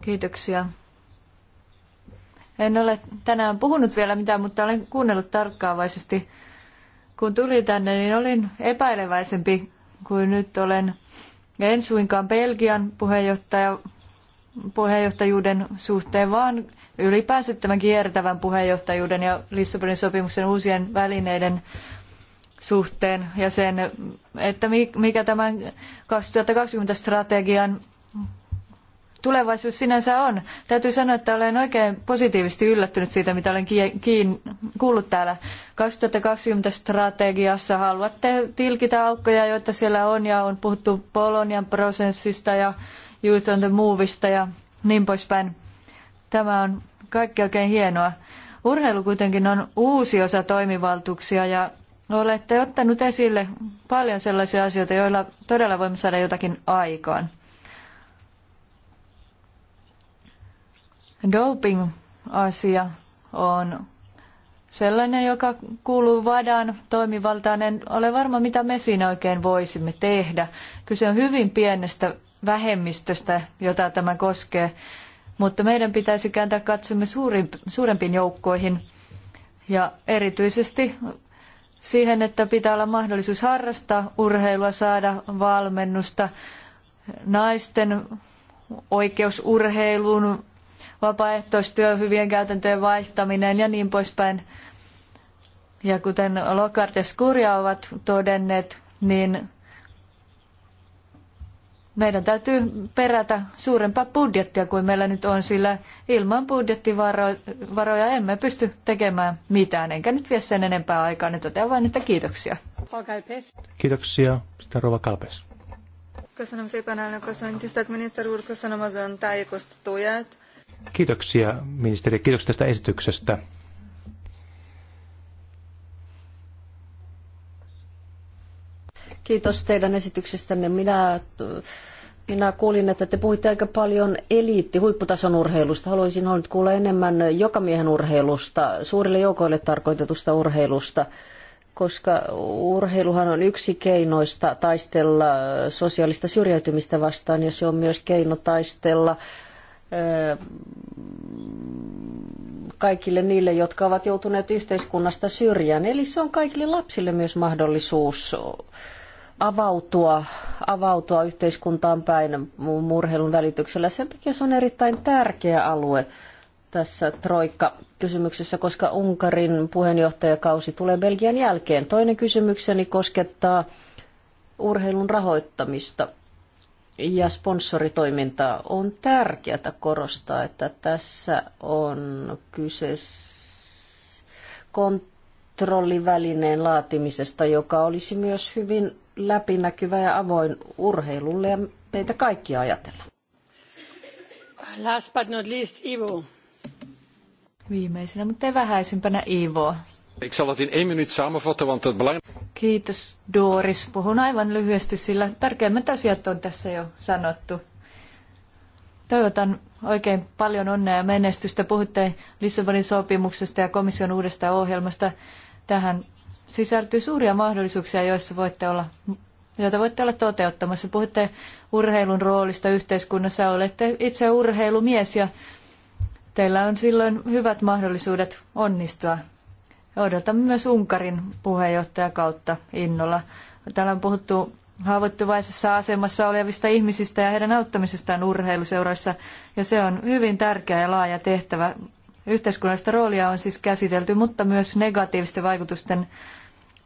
Kiitoksia. En ole tänään puhunut vielä mitään, mutta olen kuunnellut tarkkaavaisesti. Kun tuli tänne, niin olin epäileväisempi kuin nyt olen. En suinkaan Belgian puheenjohtaja, puheenjohtajuuden suhteen, vaan ylipäänsä tämän kiertävän puheenjohtajuuden ja Lissabonin sopimuksen uusien välineiden suhteen ja sen, että mikä tämän 2020 strategian tulevaisuus sinänsä on. Täytyy sanoa, että olen oikein positiivisesti yllättynyt siitä, mitä olen kiin, kuullut täällä. 2020 strategiassa haluatte tilkitä aukkoja, joita siellä on, ja on puhuttu Polonian prosessista ja Youth on the Movista ja niin poispäin. Tämä on kaikki oikein hienoa. Urheilu kuitenkin on uusi osa toimivaltuuksia ja Olette ottanut esille paljon sellaisia asioita, joilla todella voimme saada jotakin aikaan. Doping-asia on sellainen, joka kuuluu vadan toimivaltaan. En ole varma, mitä me siinä oikein voisimme tehdä. Kyse on hyvin pienestä vähemmistöstä, jota tämä koskee, mutta meidän pitäisi kääntää katsomme suurempiin joukkoihin ja erityisesti siihen, että pitää olla mahdollisuus harrastaa urheilua, saada valmennusta, naisten oikeus urheiluun, vapaaehtoistyö, hyvien käytäntöjen vaihtaminen ja niin poispäin. Ja kuten Lokard ja Skurja ovat todenneet, niin meidän täytyy perätä suurempaa budjettia kuin meillä nyt on, sillä ilman budjettivaroja emme pysty tekemään mitään, enkä nyt vie sen enempää aikaa, niin totean vain, että kiitoksia. Kiitoksia. Sitten Rova Kalpes. Köszönöm szépen, elnök asszony, tisztelt miniszter úr, köszönöm az ön tájékoztatóját. Kiitoksia ministeri, kiitoksia tästä esityksestä. Kiitos teidän esityksestänne. Minä, minä kuulin, että te puhuitte aika paljon eliitti, huipputason urheilusta. Haluaisin nyt kuulla enemmän jokamiehen urheilusta, suurille joukoille tarkoitetusta urheilusta koska urheiluhan on yksi keinoista taistella sosiaalista syrjäytymistä vastaan ja se on myös keino taistella kaikille niille, jotka ovat joutuneet yhteiskunnasta syrjään. Eli se on kaikille lapsille myös mahdollisuus avautua, avautua yhteiskuntaan päin murheilun välityksellä. Sen takia se on erittäin tärkeä alue tässä Troikka-kysymyksessä, koska Unkarin puheenjohtajakausi tulee Belgian jälkeen. Toinen kysymykseni koskettaa urheilun rahoittamista ja sponsoritoimintaa. On tärkeää korostaa, että tässä on kyse kont kontrollivälineen laatimisesta, joka olisi myös hyvin läpinäkyvä ja avoin urheilulle ja meitä kaikkia ajatella. Last but not least, Ivo. Viimeisenä, mutta ei vähäisimpänä Ivo. Ik zal in één minuut samenvatten, want het belang... Kiitos Doris. Puhun aivan lyhyesti, sillä tärkeimmät asiat on tässä jo sanottu. Toivotan oikein paljon onnea ja menestystä. Puhutte Lissabonin sopimuksesta ja komission uudesta ohjelmasta. Tähän sisältyy suuria mahdollisuuksia, joissa voitte olla, joita voitte olla toteuttamassa. Puhutte urheilun roolista yhteiskunnassa, olette itse urheilumies ja teillä on silloin hyvät mahdollisuudet onnistua. Odotamme myös Unkarin puheenjohtajakautta innolla. Täällä on puhuttu haavoittuvaisessa asemassa olevista ihmisistä ja heidän auttamisestaan urheiluseuroissa, ja se on hyvin tärkeä ja laaja tehtävä Yhteiskunnallista roolia on siis käsitelty, mutta myös negatiivisten vaikutusten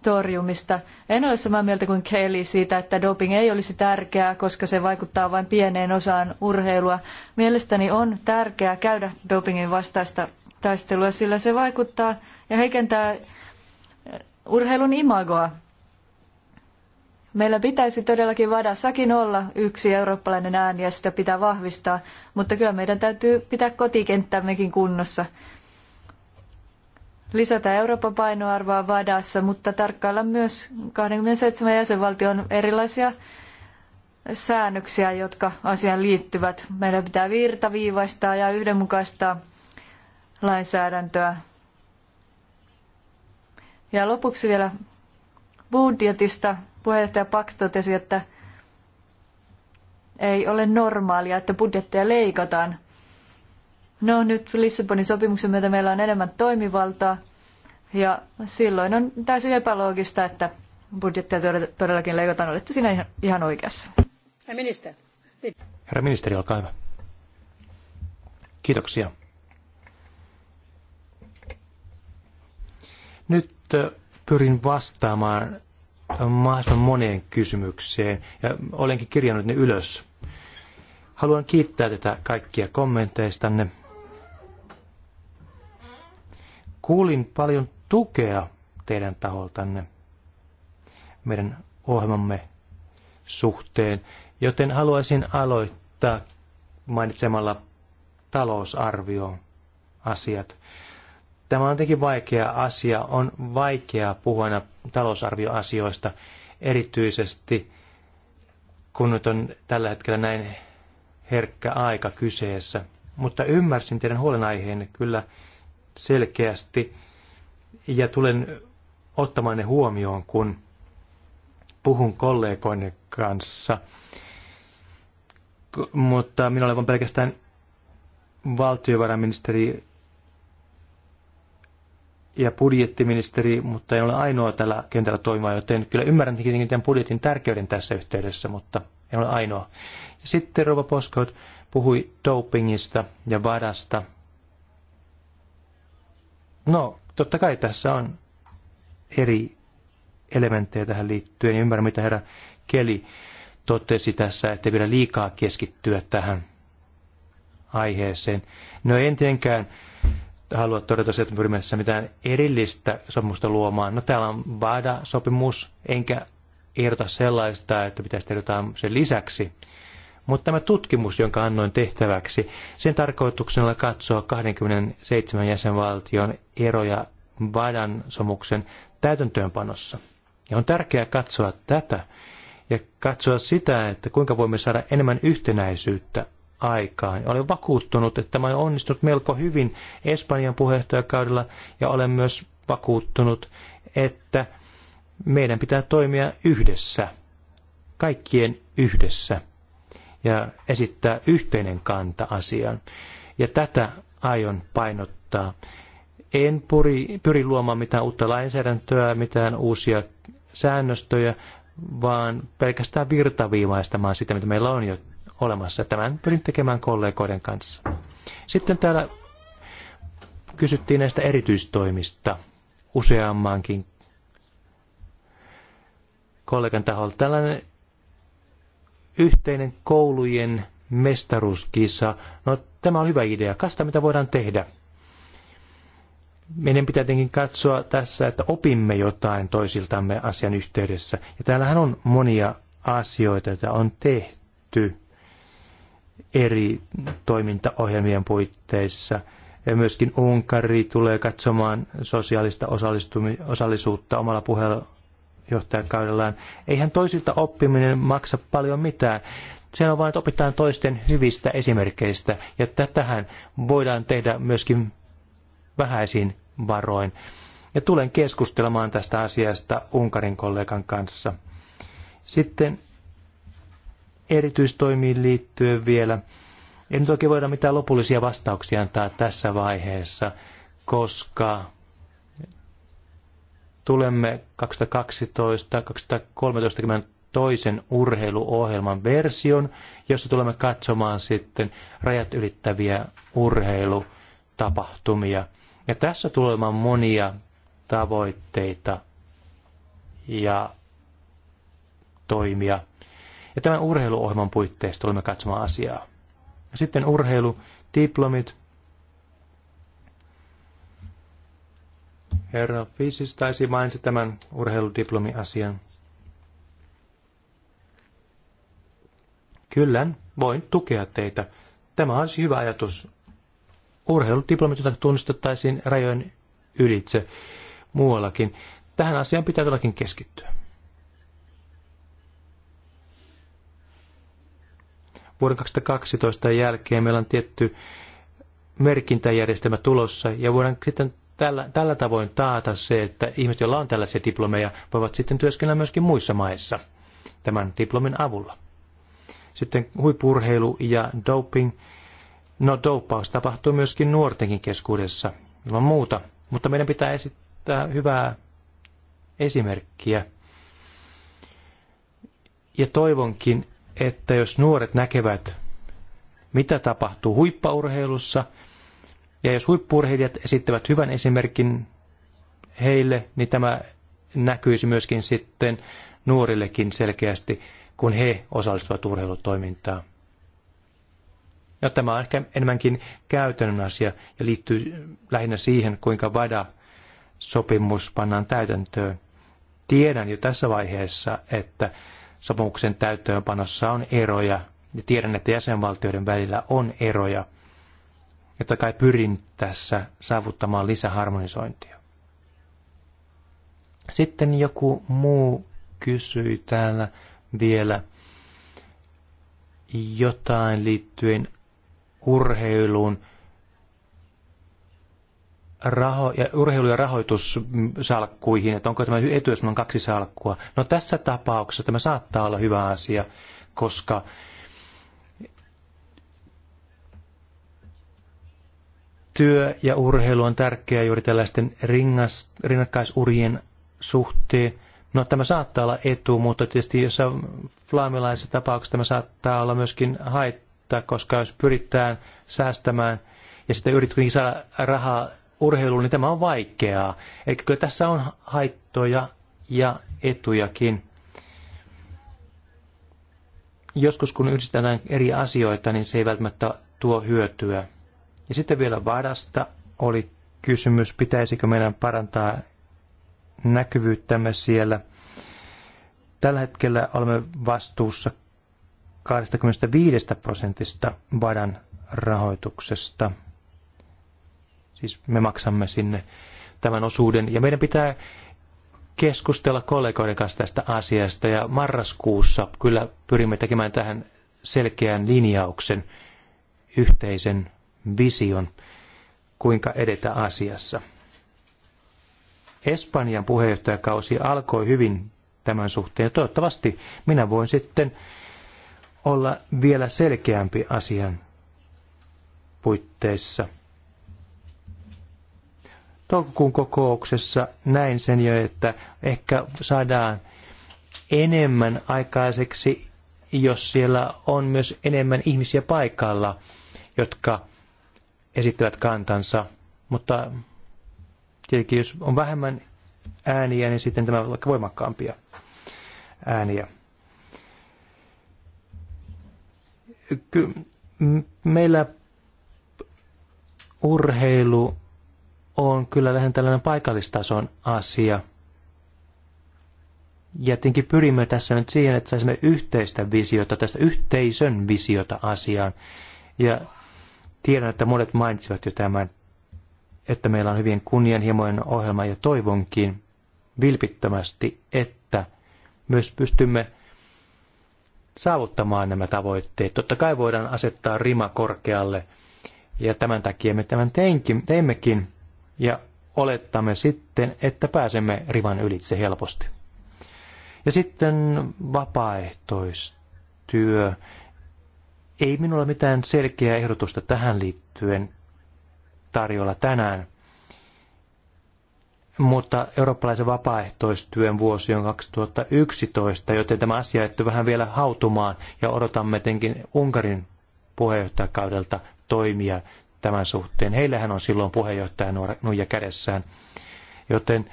torjumista. En ole samaa mieltä kuin Kelly siitä, että doping ei olisi tärkeää, koska se vaikuttaa vain pieneen osaan urheilua. Mielestäni on tärkeää käydä dopingin vastaista taistelua, sillä se vaikuttaa ja heikentää urheilun imagoa. Meillä pitäisi todellakin Vadassakin olla yksi eurooppalainen ääni ja sitä pitää vahvistaa, mutta kyllä meidän täytyy pitää kotikenttämmekin kunnossa. Lisätä Euroopan painoarvoa Vadassa, mutta tarkkailla myös 27 jäsenvaltion erilaisia säännöksiä, jotka asiaan liittyvät. Meidän pitää virtaviivaistaa ja yhdenmukaistaa lainsäädäntöä. Ja lopuksi vielä budjetista Puheenjohtaja Pak totesi, että ei ole normaalia, että budjetteja leikataan. No nyt Lissabonin sopimuksen myötä meillä on enemmän toimivaltaa ja silloin on täysin epäloogista, että budjettia todellakin leikataan. Olette siinä ihan oikeassa. Herra ministeri. Herra ministeri, olkaa hyvä. Kiitoksia. Nyt pyrin vastaamaan mahdollisimman moneen kysymykseen ja olenkin kirjannut ne ylös. Haluan kiittää tätä kaikkia kommenteistanne. Kuulin paljon tukea teidän taholtanne meidän ohjelmamme suhteen, joten haluaisin aloittaa mainitsemalla talousarvioasiat. asiat Tämä on jotenkin vaikea asia. On vaikea puhua aina talousarvioasioista, erityisesti kun nyt on tällä hetkellä näin herkkä aika kyseessä. Mutta ymmärsin teidän huolenaiheenne kyllä selkeästi ja tulen ottamaan ne huomioon, kun puhun kollegoiden kanssa. Mutta minä olen pelkästään valtiovarainministeri ja budjettiministeri, mutta ei ole ainoa tällä kentällä toimia, joten kyllä ymmärrän tietenkin tämän budjetin tärkeyden tässä yhteydessä, mutta en ole ainoa. Ja sitten Rova Poskot puhui dopingista ja vadasta. No, totta kai tässä on eri elementtejä tähän liittyen, ymmärrän mitä herra Keli totesi tässä, ei pidä liikaa keskittyä tähän aiheeseen. No ei tietenkään halua todeta se, että pyrimme tässä mitään erillistä sopimusta luomaan. No täällä on VADA-sopimus, enkä ehdota sellaista, että pitäisi tehdä jotain sen lisäksi. Mutta tämä tutkimus, jonka annoin tehtäväksi, sen tarkoituksena oli katsoa 27 jäsenvaltion eroja VADAN somuksen täytäntöönpanossa. Ja on tärkeää katsoa tätä ja katsoa sitä, että kuinka voimme saada enemmän yhtenäisyyttä aikaan. Olen vakuuttunut, että tämä on onnistunut melko hyvin Espanjan puheenjohtajakaudella ja olen myös vakuuttunut, että meidän pitää toimia yhdessä, kaikkien yhdessä ja esittää yhteinen kanta asiaan. Ja tätä aion painottaa. En pyri, pyri luomaan mitään uutta lainsäädäntöä, mitään uusia säännöstöjä, vaan pelkästään virtaviivaistamaan sitä, mitä meillä on jo olemassa. Tämän pyrin tekemään kollegoiden kanssa. Sitten täällä kysyttiin näistä erityistoimista useammankin kollegan taholta. Tällainen yhteinen koulujen mestaruuskisa. No tämä on hyvä idea. Kasta mitä voidaan tehdä. Meidän pitää tietenkin katsoa tässä, että opimme jotain toisiltamme asian yhteydessä. Ja täällähän on monia asioita, joita on tehty eri toimintaohjelmien puitteissa. Ja myöskin Unkari tulee katsomaan sosiaalista osallisuutta omalla puheenjohtajakaudellaan. Eihän toisilta oppiminen maksa paljon mitään. Se on vain, että opitaan toisten hyvistä esimerkkeistä. Ja tätähän voidaan tehdä myöskin vähäisin varoin. Ja tulen keskustelemaan tästä asiasta Unkarin kollegan kanssa. Sitten erityistoimiin liittyen vielä. En nyt oikein voida mitään lopullisia vastauksia antaa tässä vaiheessa, koska tulemme 2012-2013 toisen urheiluohjelman version, jossa tulemme katsomaan sitten rajat ylittäviä urheilutapahtumia. Ja tässä tulee monia tavoitteita ja toimia ja tämän urheiluohjelman puitteissa tulemme katsomaan asiaa. Ja sitten urheilu, diplomit. Herra Fisis taisi mainita tämän urheiludiplomi-asian. Kyllä, voin tukea teitä. Tämä olisi hyvä ajatus. Urheiludiplomit, joita tunnistettaisiin rajojen ylitse muuallakin. Tähän asiaan pitää todellakin keskittyä. vuoden 2012 jälkeen meillä on tietty merkintäjärjestelmä tulossa ja voidaan sitten tällä, tällä tavoin taata se, että ihmiset, joilla on tällaisia diplomeja, voivat sitten työskennellä myöskin muissa maissa tämän diplomin avulla. Sitten huippurheilu ja doping. No dopaus tapahtuu myöskin nuortenkin keskuudessa, ilman muuta, mutta meidän pitää esittää hyvää esimerkkiä. Ja toivonkin, että jos nuoret näkevät, mitä tapahtuu huippaurheilussa, ja jos huippurheilijat esittävät hyvän esimerkin heille, niin tämä näkyisi myöskin sitten nuorillekin selkeästi, kun he osallistuvat urheilutoimintaan. Ja tämä on ehkä enemmänkin käytännön asia ja liittyy lähinnä siihen, kuinka VADA-sopimus pannaan täytäntöön. Tiedän jo tässä vaiheessa, että sopimuksen täyttöönpanossa on eroja, ja tiedän, että jäsenvaltioiden välillä on eroja, jotta kai pyrin tässä saavuttamaan lisäharmonisointia. Sitten joku muu kysyi täällä vielä jotain liittyen urheiluun raho- ja urheilu- ja rahoitussalkkuihin, että onko tämä etu, jos on kaksi salkkua. No tässä tapauksessa tämä saattaa olla hyvä asia, koska työ ja urheilu on tärkeää juuri tällaisten ringas, rinnakkaisurien suhteen. No tämä saattaa olla etu, mutta tietysti jossain flaamilaisessa tapauksessa tämä saattaa olla myöskin haittaa, koska jos pyritään säästämään ja sitten yritetään saada rahaa urheiluun, niin tämä on vaikeaa. Eli kyllä tässä on haittoja ja etujakin. Joskus kun yhdistetään eri asioita, niin se ei välttämättä tuo hyötyä. Ja sitten vielä vadasta oli kysymys, pitäisikö meidän parantaa näkyvyyttämme siellä. Tällä hetkellä olemme vastuussa 25 prosentista vadan rahoituksesta – Siis me maksamme sinne tämän osuuden. Ja meidän pitää keskustella kollegoiden kanssa tästä asiasta. Ja marraskuussa kyllä pyrimme tekemään tähän selkeän linjauksen, yhteisen vision, kuinka edetä asiassa. Espanjan puheenjohtajakausi alkoi hyvin tämän suhteen. Toivottavasti minä voin sitten olla vielä selkeämpi asian puitteissa toukokuun kokouksessa näin sen jo, että ehkä saadaan enemmän aikaiseksi, jos siellä on myös enemmän ihmisiä paikalla, jotka esittävät kantansa. Mutta tietenkin jos on vähemmän ääniä, niin sitten tämä on olla voimakkaampia ääniä. Ky- meillä urheilu on kyllä lähinnä tällainen paikallistason asia. Ja tietenkin pyrimme tässä nyt siihen, että saisimme yhteistä visiota, tästä yhteisön visiota asiaan. Ja tiedän, että monet mainitsivat jo tämän, että meillä on hyvin kunnianhimoinen ohjelma ja toivonkin vilpittömästi, että myös pystymme saavuttamaan nämä tavoitteet. Totta kai voidaan asettaa rima korkealle ja tämän takia me tämän teimmekin ja olettamme sitten, että pääsemme rivan ylitse helposti. Ja sitten vapaaehtoistyö. Ei minulla mitään selkeää ehdotusta tähän liittyen tarjolla tänään, mutta eurooppalaisen vapaaehtoistyön vuosi on 2011, joten tämä asia jätty vähän vielä hautumaan ja odotamme tietenkin Unkarin puheenjohtajakaudelta toimia tämän suhteen. Heillähän on silloin puheenjohtaja nuija kädessään, joten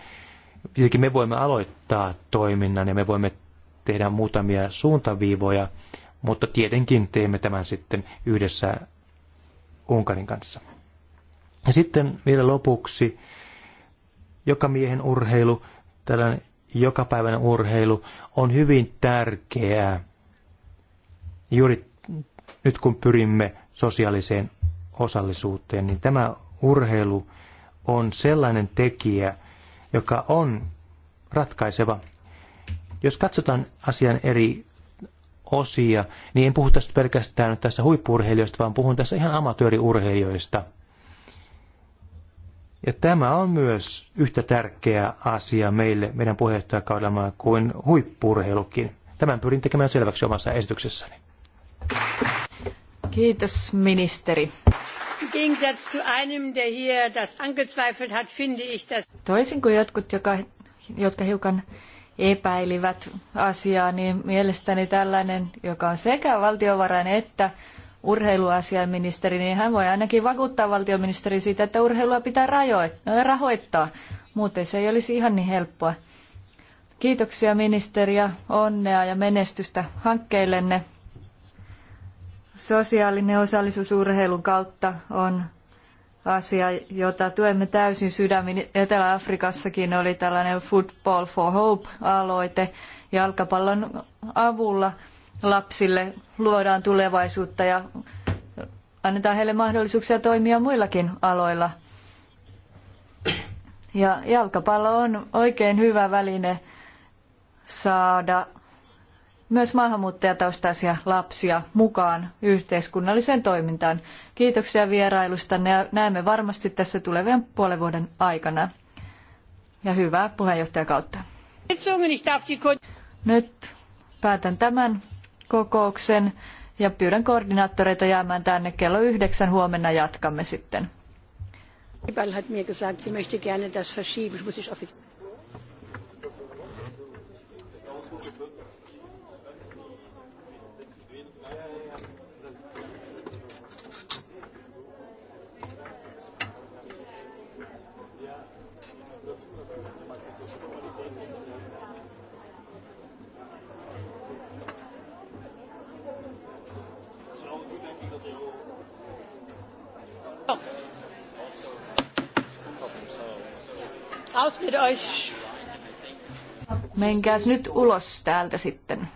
tietenkin me voimme aloittaa toiminnan ja me voimme tehdä muutamia suuntaviivoja, mutta tietenkin teemme tämän sitten yhdessä Unkarin kanssa. Ja sitten vielä lopuksi joka miehen urheilu, tällainen jokapäiväinen urheilu on hyvin tärkeää juuri nyt kun pyrimme sosiaaliseen osallisuuteen, niin tämä urheilu on sellainen tekijä, joka on ratkaiseva. Jos katsotaan asian eri osia, niin en puhu tästä pelkästään tässä huippurheilijoista, vaan puhun tässä ihan amatööriurheilijoista. Ja tämä on myös yhtä tärkeä asia meille meidän puheenjohtajakaudellamme kuin huippurheilukin. Tämän pyrin tekemään selväksi omassa esityksessäni. Kiitos ministeri. Toisin kuin jotkut, joka, jotka hiukan epäilivät asiaa, niin mielestäni tällainen, joka on sekä valtiovarain että urheiluasiaministeri, niin hän voi ainakin vakuuttaa valtioministeri siitä, että urheilua pitää rahoittaa. Muuten se ei olisi ihan niin helppoa. Kiitoksia ministeri ja onnea ja menestystä hankkeillenne. Sosiaalinen osallisuus urheilun kautta on asia, jota tuemme täysin sydämin. Etelä-Afrikassakin oli tällainen Football for Hope-aloite. Jalkapallon avulla lapsille luodaan tulevaisuutta ja annetaan heille mahdollisuuksia toimia muillakin aloilla. Ja jalkapallo on oikein hyvä väline saada myös maahanmuuttajataustaisia lapsia mukaan yhteiskunnalliseen toimintaan. Kiitoksia vierailusta. Näemme varmasti tässä tulevien puolen vuoden aikana. Ja hyvää puheenjohtajakautta. Nyt päätän tämän kokouksen ja pyydän koordinaattoreita jäämään tänne kello yhdeksän. Huomenna jatkamme sitten. Ball hat mir gesagt, sie möchte gerne das verschieben. Ich muss ich offiziell Menkääs nyt ulos täältä sitten.